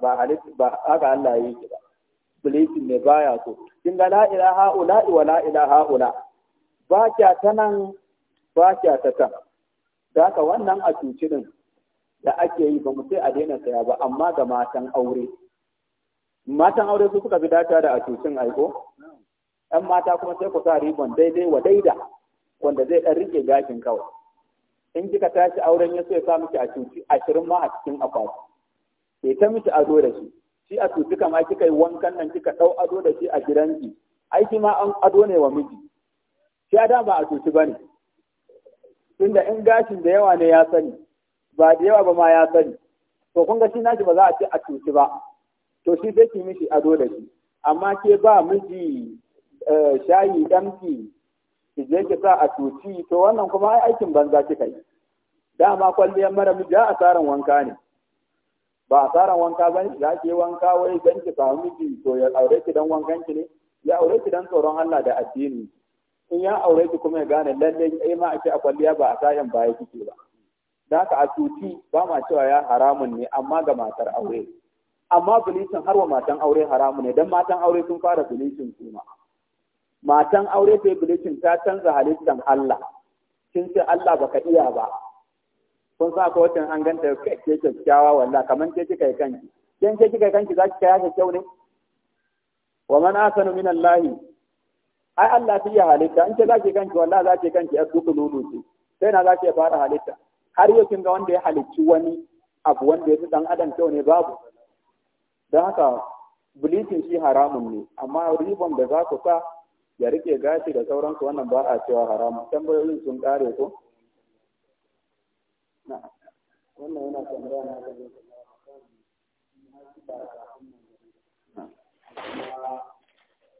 ba halitta ba haka Allah yake ba Bilisin ne baya so kin ga la ilaha ula wa la ilaha ula ba kya ta nan ba kya ta ta da haka wannan a din da ake yi ba mu sai a daina saya ba amma ga matan aure matan aure su suka fi dacewa da a cucin aiko ɗan mata kuma sai ku sa ribon daidai wa daida wanda zai ɗan rike gashin kawai in kika tashi auren ya so ya sa miki a cuci ashirin ma a cikin akwati sai ta miki ado da shi shi a cuci kama kika yi wankan nan kika ɗau ado da shi a gidanki aiki ma an ado ne wa miji shi a dama a cuci ba ne tunda in gashin da yawa ne ya sani ba da yawa ba ma ya sani to kun ga shi nashi ba za a ce a cuci ba to shi sai ki mishi ado da shi amma ke ba miji eh, shayi damki ki je ki sa a cuci to wannan kuma ai aikin banza kika yi dama kwalliyar mara miji a asaran wanka ne ba asaran wanka ne za ki yi wanka wai dan ki samu miji to ya aure ki dan wankan ki ne ya aure ki dan tsoron Allah da addini in ya aure ki kuma ya gane lalle ai eh ma ake a kwalliya ba a sayan baya kike ba da haka a cuti ba ma cewa ya haramun ne amma ga matar aure amma bulishin har wa matan aure haramun ne dan matan aure sun fara bulicin kuma matan aure sai bulishin ta canza halittan Allah kin ce Allah baka iya ba kun sa ko wacin an ganta ke kyakkyawa wallahi kaman ke kika yi kanki kin ke kika yi kanki zaki kai haka kyau ne wa man asanu min Allah ai Allah sai ya halitta in ce zaki kanki wallahi zaki kanki ya duku lulu sai na zaki ya fara halitta har yau kin ga wanda ya halicci wani abu wanda ya fi dan adam kyau ne babu don haka bulitin shi haramun ne amma ribon da za ku sa ya rike gashi da sauransu wannan ba a cewa haramun tambayoyin sun kare ko wannan yana tambaya na ga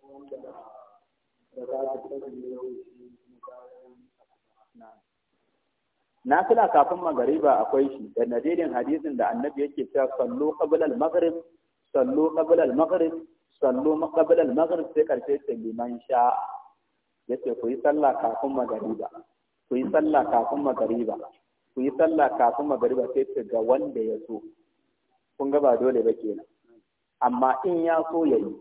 wanda Na kula kafin magariba akwai shi da nadirin hadisin da annabi yake cewa sallu qabla al-maghrib sallu qabla al-maghrib sallu qabla al-maghrib sai karfe ta liman sha yace ku yi sallah kafin magariba ku yi sallah kafin magariba ku yi sallah kafin magariba sai ta ga wanda ya so kun ga ba dole ba kenan amma in ya so yayi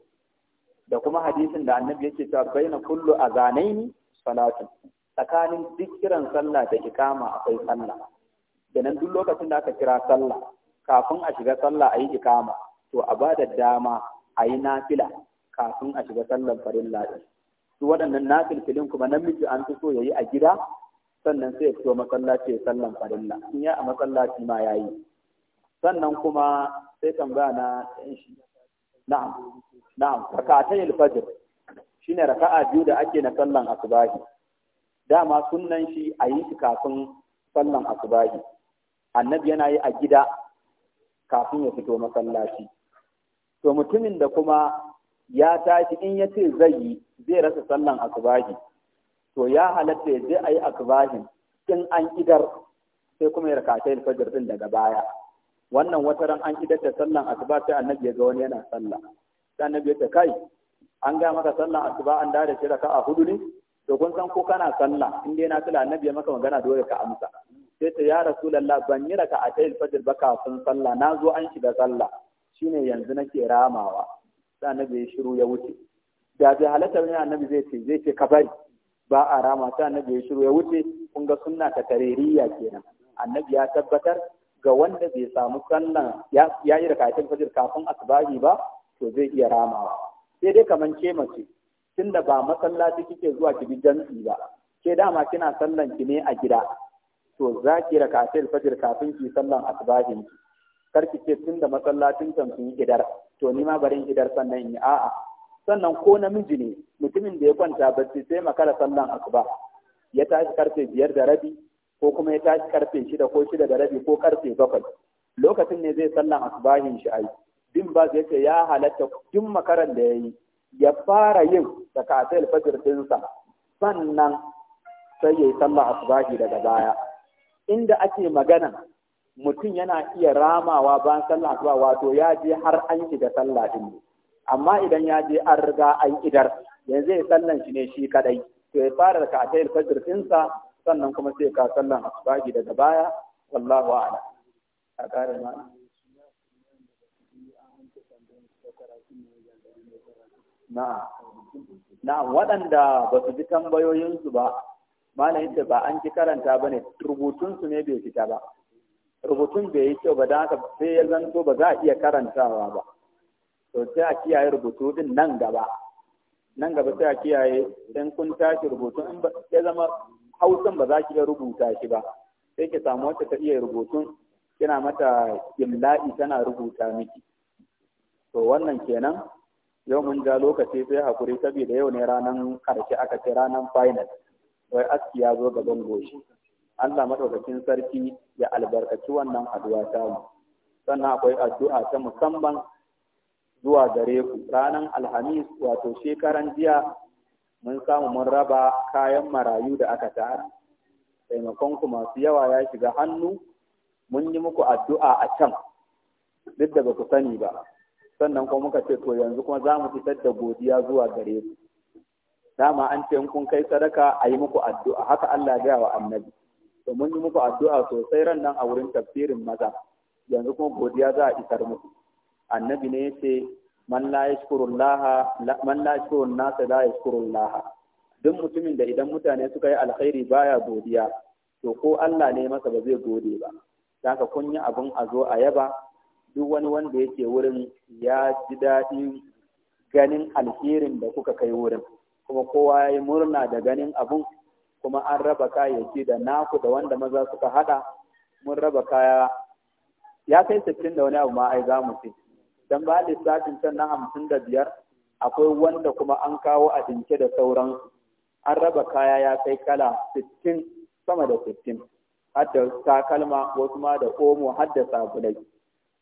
da kuma hadisin da annabi yake cewa baina kullu azanaini salatu tsakanin duk kiran sallah da ikama akwai sallah da nan duk lokacin da aka kira sallah kafin a shiga sallah ayi ikama to a ba da dama a yi nafila kafin a shiga sallar farilla din su waɗannan nafilfilin kuma namiji an fi so ya yi a gida sannan sai ya fito masallaci ya sallan farilla in ya a masallaci ma ya yi sannan kuma sai tambaya na yan shi na'am na'am rak'atay al-fajr shine raka'a biyu da ake na sallan asubahi dama sunnan shi a yi shi kafin sallan asubahi annabi yana yi a gida kafin ya fito masallaci to mutumin da kuma ya tafi in ya ce zai yi zai rasa sallan asubahi to ya halatta ya je a yi asubahin in an idar sai kuma ya rakatai alfajar din daga baya wannan wata ran an idar da sallan asuba sai annabi ya ga wani yana sallah sai annabi ya ce kai an ga maka sallan asuba an da shi raka'a hudu ne to kun san ko kana sallah in dai na tula annabi ya maka magana dole ka amsa sai ta ya rasulullah ban yi raka'a ta fajr ba kafin sallah na zo an shiga sallah shine yanzu nake ramawa sai annabi ya shiru ya wuce da bi halatar ne annabi zai ce zai ce ka bari ba a rama sai annabi ya shiru ya wuce kun ga sunna ta tarihiyya kenan annabi ya tabbatar ga wanda bai samu sallan ya yi rikakin fajir kafin asibari ba to zai iya ramawa sai dai kamar ke mace tunda ba masallaci kike zuwa ki bi jam'i ba ke dama kina sallan ki ne a gida to za ki rikakin fajir kafin ki sallan asbahin ki kar ki ce tunda masallacin can sun yi idar to ni ma barin idar sannan yi a'a sannan ko namiji ne mutumin da ya kwanta bacci sai makara sallan asuba ya tashi karfe biyar da rabi ko kuma ya tashi karfe shida ko shida da rabi ko karfe bakwai lokacin ne zai sallan asubahin shi ai bin ba zai ce ya halatta duk makaran da ya yi ya fara yin zakatai alfajir dinsa sannan sai ya yi sallah asubahi daga baya inda ake magana mutum yana iya ramawa bayan sallah asuba wato ya je har an shiga sallah din ne amma idan ya je an riga an idar yanzu ya sallan shi ne shi kadai to ya fara zakatai alfajir dinsa sannan kuma sai ka sallan asbahi daga baya wallahu a'lam a kare ma na na waɗanda ba su ji tambayoyinsu ba malamin yadda ba an ki karanta ba ne rubutunsu ne bai fita ba rubutun bai yi kyau ba da haka sai ya zanto ba za a iya karantawa ba to sai a kiyaye rubutu din nan gaba nan gaba sai a kiyaye dan kun tashi rubutun in ba ya zama hausan ba za ki iya rubuta shi ba sai ki samu wacce ta iya rubutun kina mata imla'i tana rubuta miki to wannan kenan yau mun ja lokaci sai hakuri saboda yau ne ranar karshe aka ce ranar final wai aski ya zo gaban goshi Allah madaukakin sarki ya albarkaci wannan addu'a ta mu sannan akwai addu'a ta musamman zuwa gare ku ranar alhamis wato shekaran jiya mun samu mun raba kayan marayu da aka tara taimakonku masu yawa ya shiga hannu mun yi muku addu'a a can duk da ba ku sani ba sannan kuma muka ce to yanzu kuma za mu fitar da godiya zuwa gare ku dama an ce kun kai sadaka a yi muku addu'a haka Allah ya wa annabi to mun yi muku addu'a sosai ran nan a wurin tafsirin maza yanzu kuma godiya za a isar muku annabi ne ya ce. man la yashkurullaha man la yashkuru la duk mutumin da idan mutane suka yi alkhairi baya godiya to ko Allah ne masa ba zai gode ba zaka kun yi abun a zo a yaba duk wani wanda yake wurin ya ji daɗin ganin alherin da kuka kai wurin kuma kowa ya yi murna da ganin abun kuma an raba kayayyaki da naku da wanda maza suka haɗa mun raba kaya ya kai sittin da wani abu ma ai za mu dan ba lissafin can na hamsin da biyar akwai wanda kuma an kawo a dinke da sauransu. an raba kaya ya kai kala sittin sama da sittin har da takalma wasu ma da omo har da sabulai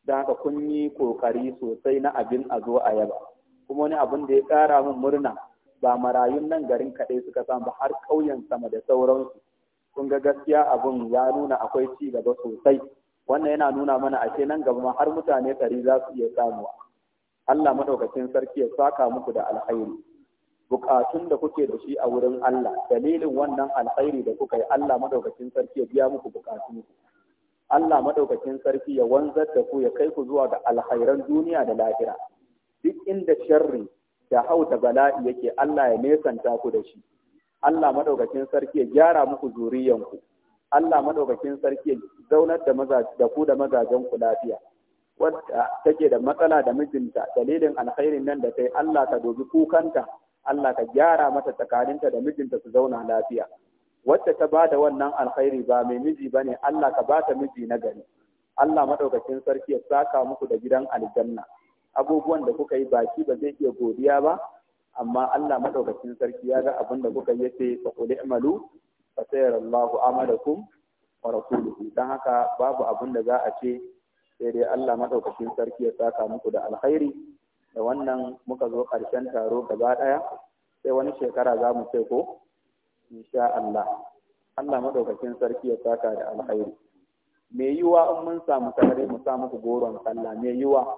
don haka kun yi kokari sosai na abin a zo a yaba kuma wani abin da ya kara min murna ba marayun nan garin kaɗai suka samu ba har ƙauyen sama da sauransu kun ga gaskiya abin ya nuna akwai ci gaba sosai wannan yana nuna mana ashe nan gaba ma har mutane ɗari za su iya samuwa Allah madaukakin sarki ya saka muku da alkhairi bukatun da kuke da shi a wurin Allah dalilin wannan alkhairi da kuka yi Allah madaukakin sarki ya biya muku bukatun ku Allah madaukakin sarki ya wanzar da ku ya kai ku zuwa ga alkhairan duniya da lahira duk inda sharri da hauta bala'i yake Allah ya nesanta ku da shi Allah madaukakin sarki ya gyara muku zuriyanku Allah madaukakin sarki zaunar da maza da ku da mazajen ku lafiya wadda take da matsala da mijinta dalilin alkhairin nan da kai Allah ka dobi kukanta Allah ka gyara mata tsakaninta da mijinta su zauna lafiya wacce ta ba da wannan alkhairi ba mai miji ba ne Allah ka ba ta miji na gari Allah madaukakin sarki ya saka muku da gidan aljanna abubuwan da kuka yi baki ba zai iya godiya ba amma Allah madaukakin sarki ya ga abin da kuka yi sai fa qul i'malu fasayar Allah amalakum wa rasuluhu dan haka babu abin da za a ce sai dai Allah madaukakin sarki ya saka muku da alkhairi da wannan muka zo karshen taro gaba daya sai wani shekara za mu ce ko insha Allah Allah madaukakin sarki ya saka da alkhairi me yiwa in mun samu sarari mu sa muku goron sallah me yiwa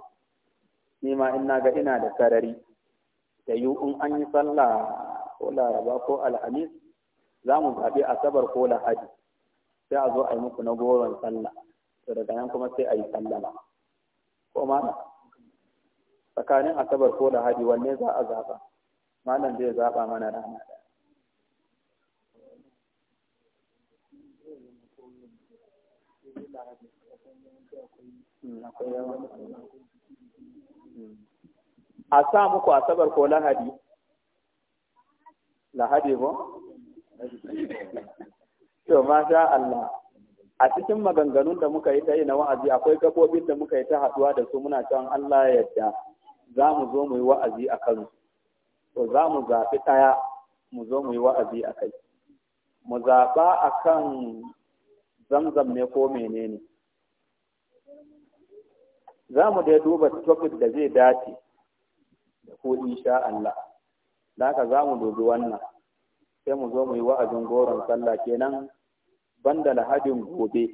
ni ma in ga ina da sarari da yiwu in an yi sallah ko laraba ko alhamis za mu zaɓi asabar ko lahadi sai a zo a yi muku na goron sallah to daga nan kuma sai a yi sallama ko mana tsakanin asabar ko lahadi wanne za a zaɓa malam zai zaɓa mana rana hmm, hmm. a sa muku asabar ko lahadi lahadi ko to masha Allah a cikin maganganun da muka yi ta yi na wa'azi akwai gabobin da muka yi ta haduwa da su muna cewa Allah ya yarda za mu zo mu yi wa'azi a kansu to za mu zaɓi ɗaya mu zo mu yi wa'azi a kai mu zaɓa a kan zamzam ne ko menene za mu dai duba topic da zai dace da ko insha Allah da haka za mu dubi wannan sai mu zo mu yi wa'azin goron sallah kenan banda lahadin gobe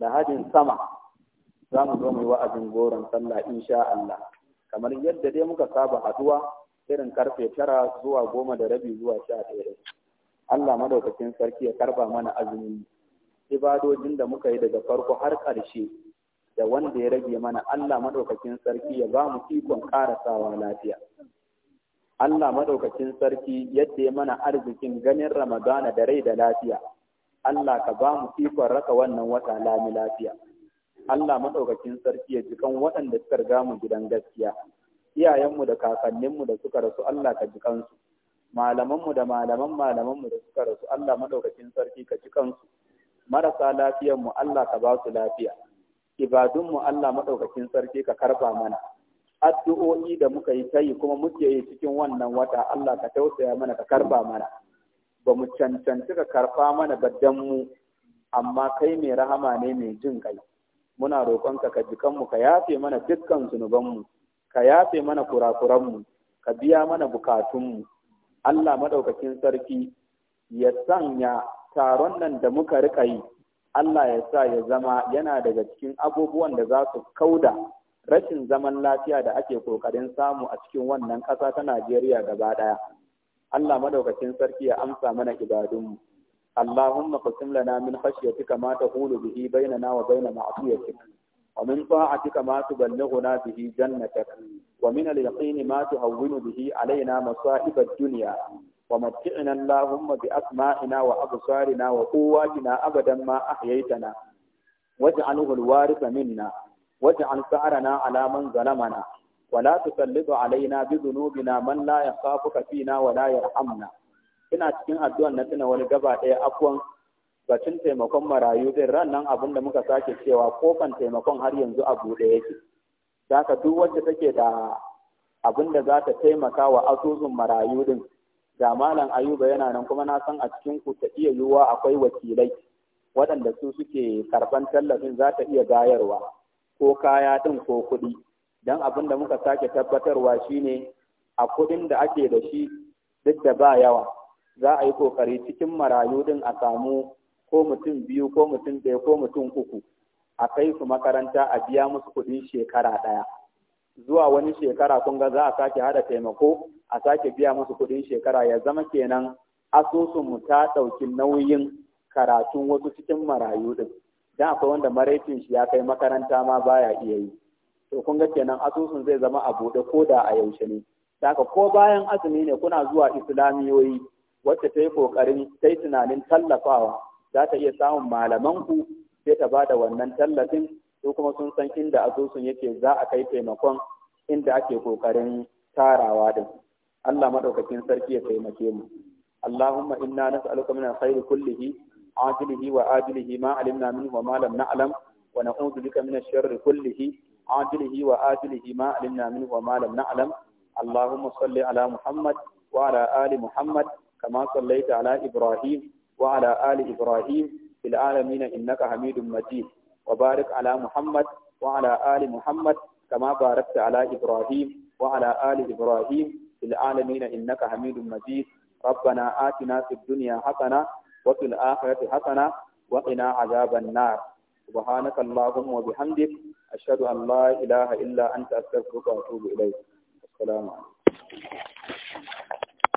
lahadin sama za mu zo mu yi wa'azin goron sallah insha Allah kamar yadda dai muka saba haduwa irin karfe tara zuwa goma da rabi zuwa sha ɗaya Allah madaukakin sarki ya karba mana azumi ibadojin da muka yi daga farko har ƙarshe da wanda ya rage mana Allah madaukakin sarki ya ba mu ikon ƙarasawa lafiya Allah madaukakin sarki yadda ya mana arzikin ganin Ramadana da rai da lafiya Allah ka ba mu ikon raka wannan wata lami lafiya Allah madaukakin sarki ya jikan waɗanda suka riga mu gidan gaskiya iyayenmu da kakanninmu da suka rasu Allah ka ji kansu malamanmu da malaman malamanmu da suka rasu Allah madaukakin sarki ka jikan su. marasa lafiyanmu Allah ka ba su lafiya ibadunmu Allah madaukakin sarki ka karba mana addu'o'i da muka yi tayi kuma muke yi cikin wannan wata Allah ka tausaya mana ka karba mana ba mu cancanci ka karba mana gaddan mu amma kai mai rahama ne mai jin kai muna roƙonka ka ji kanmu ka yafe mana dukkan zunuban mu ka yafe mana kurakuran mu ka biya mana bukatun mu Allah madaukakin sarki ya sanya taron nan da muka rika yi Allah ya sa ya zama yana daga cikin abubuwan da za su kauda rashin zaman lafiya da ake kokarin samu a cikin wannan ƙasa ta Najeriya gaba ɗaya. Allah madaukakin sarki ya amsa mana ibadunmu. Allahumma qasim lana min khashyatika ma taqulu bihi bainana wa bayna ma'siyatik wa min ta'atika ma tuballighuna bihi jannatak wa min al-yaqini ma tuhawwinu bihi alaina masa'ib ad-dunya wa mat'ina Allahumma bi asma'ina wa absarina wa quwwatina abadan ma ahyaytana waj'alhu al-waritha minna واجعل ثأرنا على من ظلمنا ولا تسلط علينا بذنوبنا من لا يخافك فينا ولا يرحمنا ina cikin addu'an na tuna wani gaba ɗaya afwan batun taimakon marayu din nan abin da muka sake cewa kofan taimakon har yanzu a buɗe yake ka duk wacce take da abin da za ta taimaka wa asusun marayu din Da malam ayuba yana nan kuma na san a cikin ku ta iya yiwuwa akwai wakilai waɗanda su suke karɓan tallafin za ta iya gayarwa ko kaya ɗin ko kuɗi don abin da muka sake tabbatarwa shine a kuɗin da ake da shi duk da ba yawa za a yi ƙoƙari cikin marayu ɗin a samu ko mutum biyu ko mutum ɗaya ko mutum uku a kai su makaranta a biya musu kuɗin shekara ɗaya zuwa wani shekara kun ga za a sake haɗa taimako a sake biya musu kuɗin shekara ya zama kenan asusunmu ta ɗauki nauyin karatun wasu cikin marayu ɗin dan akwai wanda maraicin shi ya kai makaranta ma baya iya yi to kun ga kenan asusun zai zama a bude ko da a yaushe ne haka ko bayan azumi ne kuna zuwa islamiyoyi wacce ta yi kokarin ta tunanin tallafawa za ta iya samun malaman ku sai ta bada wannan tallafin su kuma sun san inda asusun yake za a kai taimakon inda ake kokarin tarawa din Allah madaukakin sarki ya taimake mu Allahumma inna nas'aluka min alkhairi kullihi عاجله وآجله ما علمنا منه وما لم نعلم ونعوذ بك من الشر كله عاجله وآجله ما علمنا منه وما لم نعلم اللهم صل على محمد وعلى آل محمد كما صليت على إبراهيم وعلى آل إبراهيم في العالمين إنك حميد مجيد وبارك على محمد وعلى آل محمد كما باركت على إبراهيم وعلى آل إبراهيم في العالمين إنك حميد مجيد ربنا آتنا في الدنيا حسنة wa fil akhirati hasana wa qina azaban nar subhanaka allahumma wa bihamdik ashhadu an la ilaha illa anta astaghfiruka wa atubu ilayk assalamu alaikum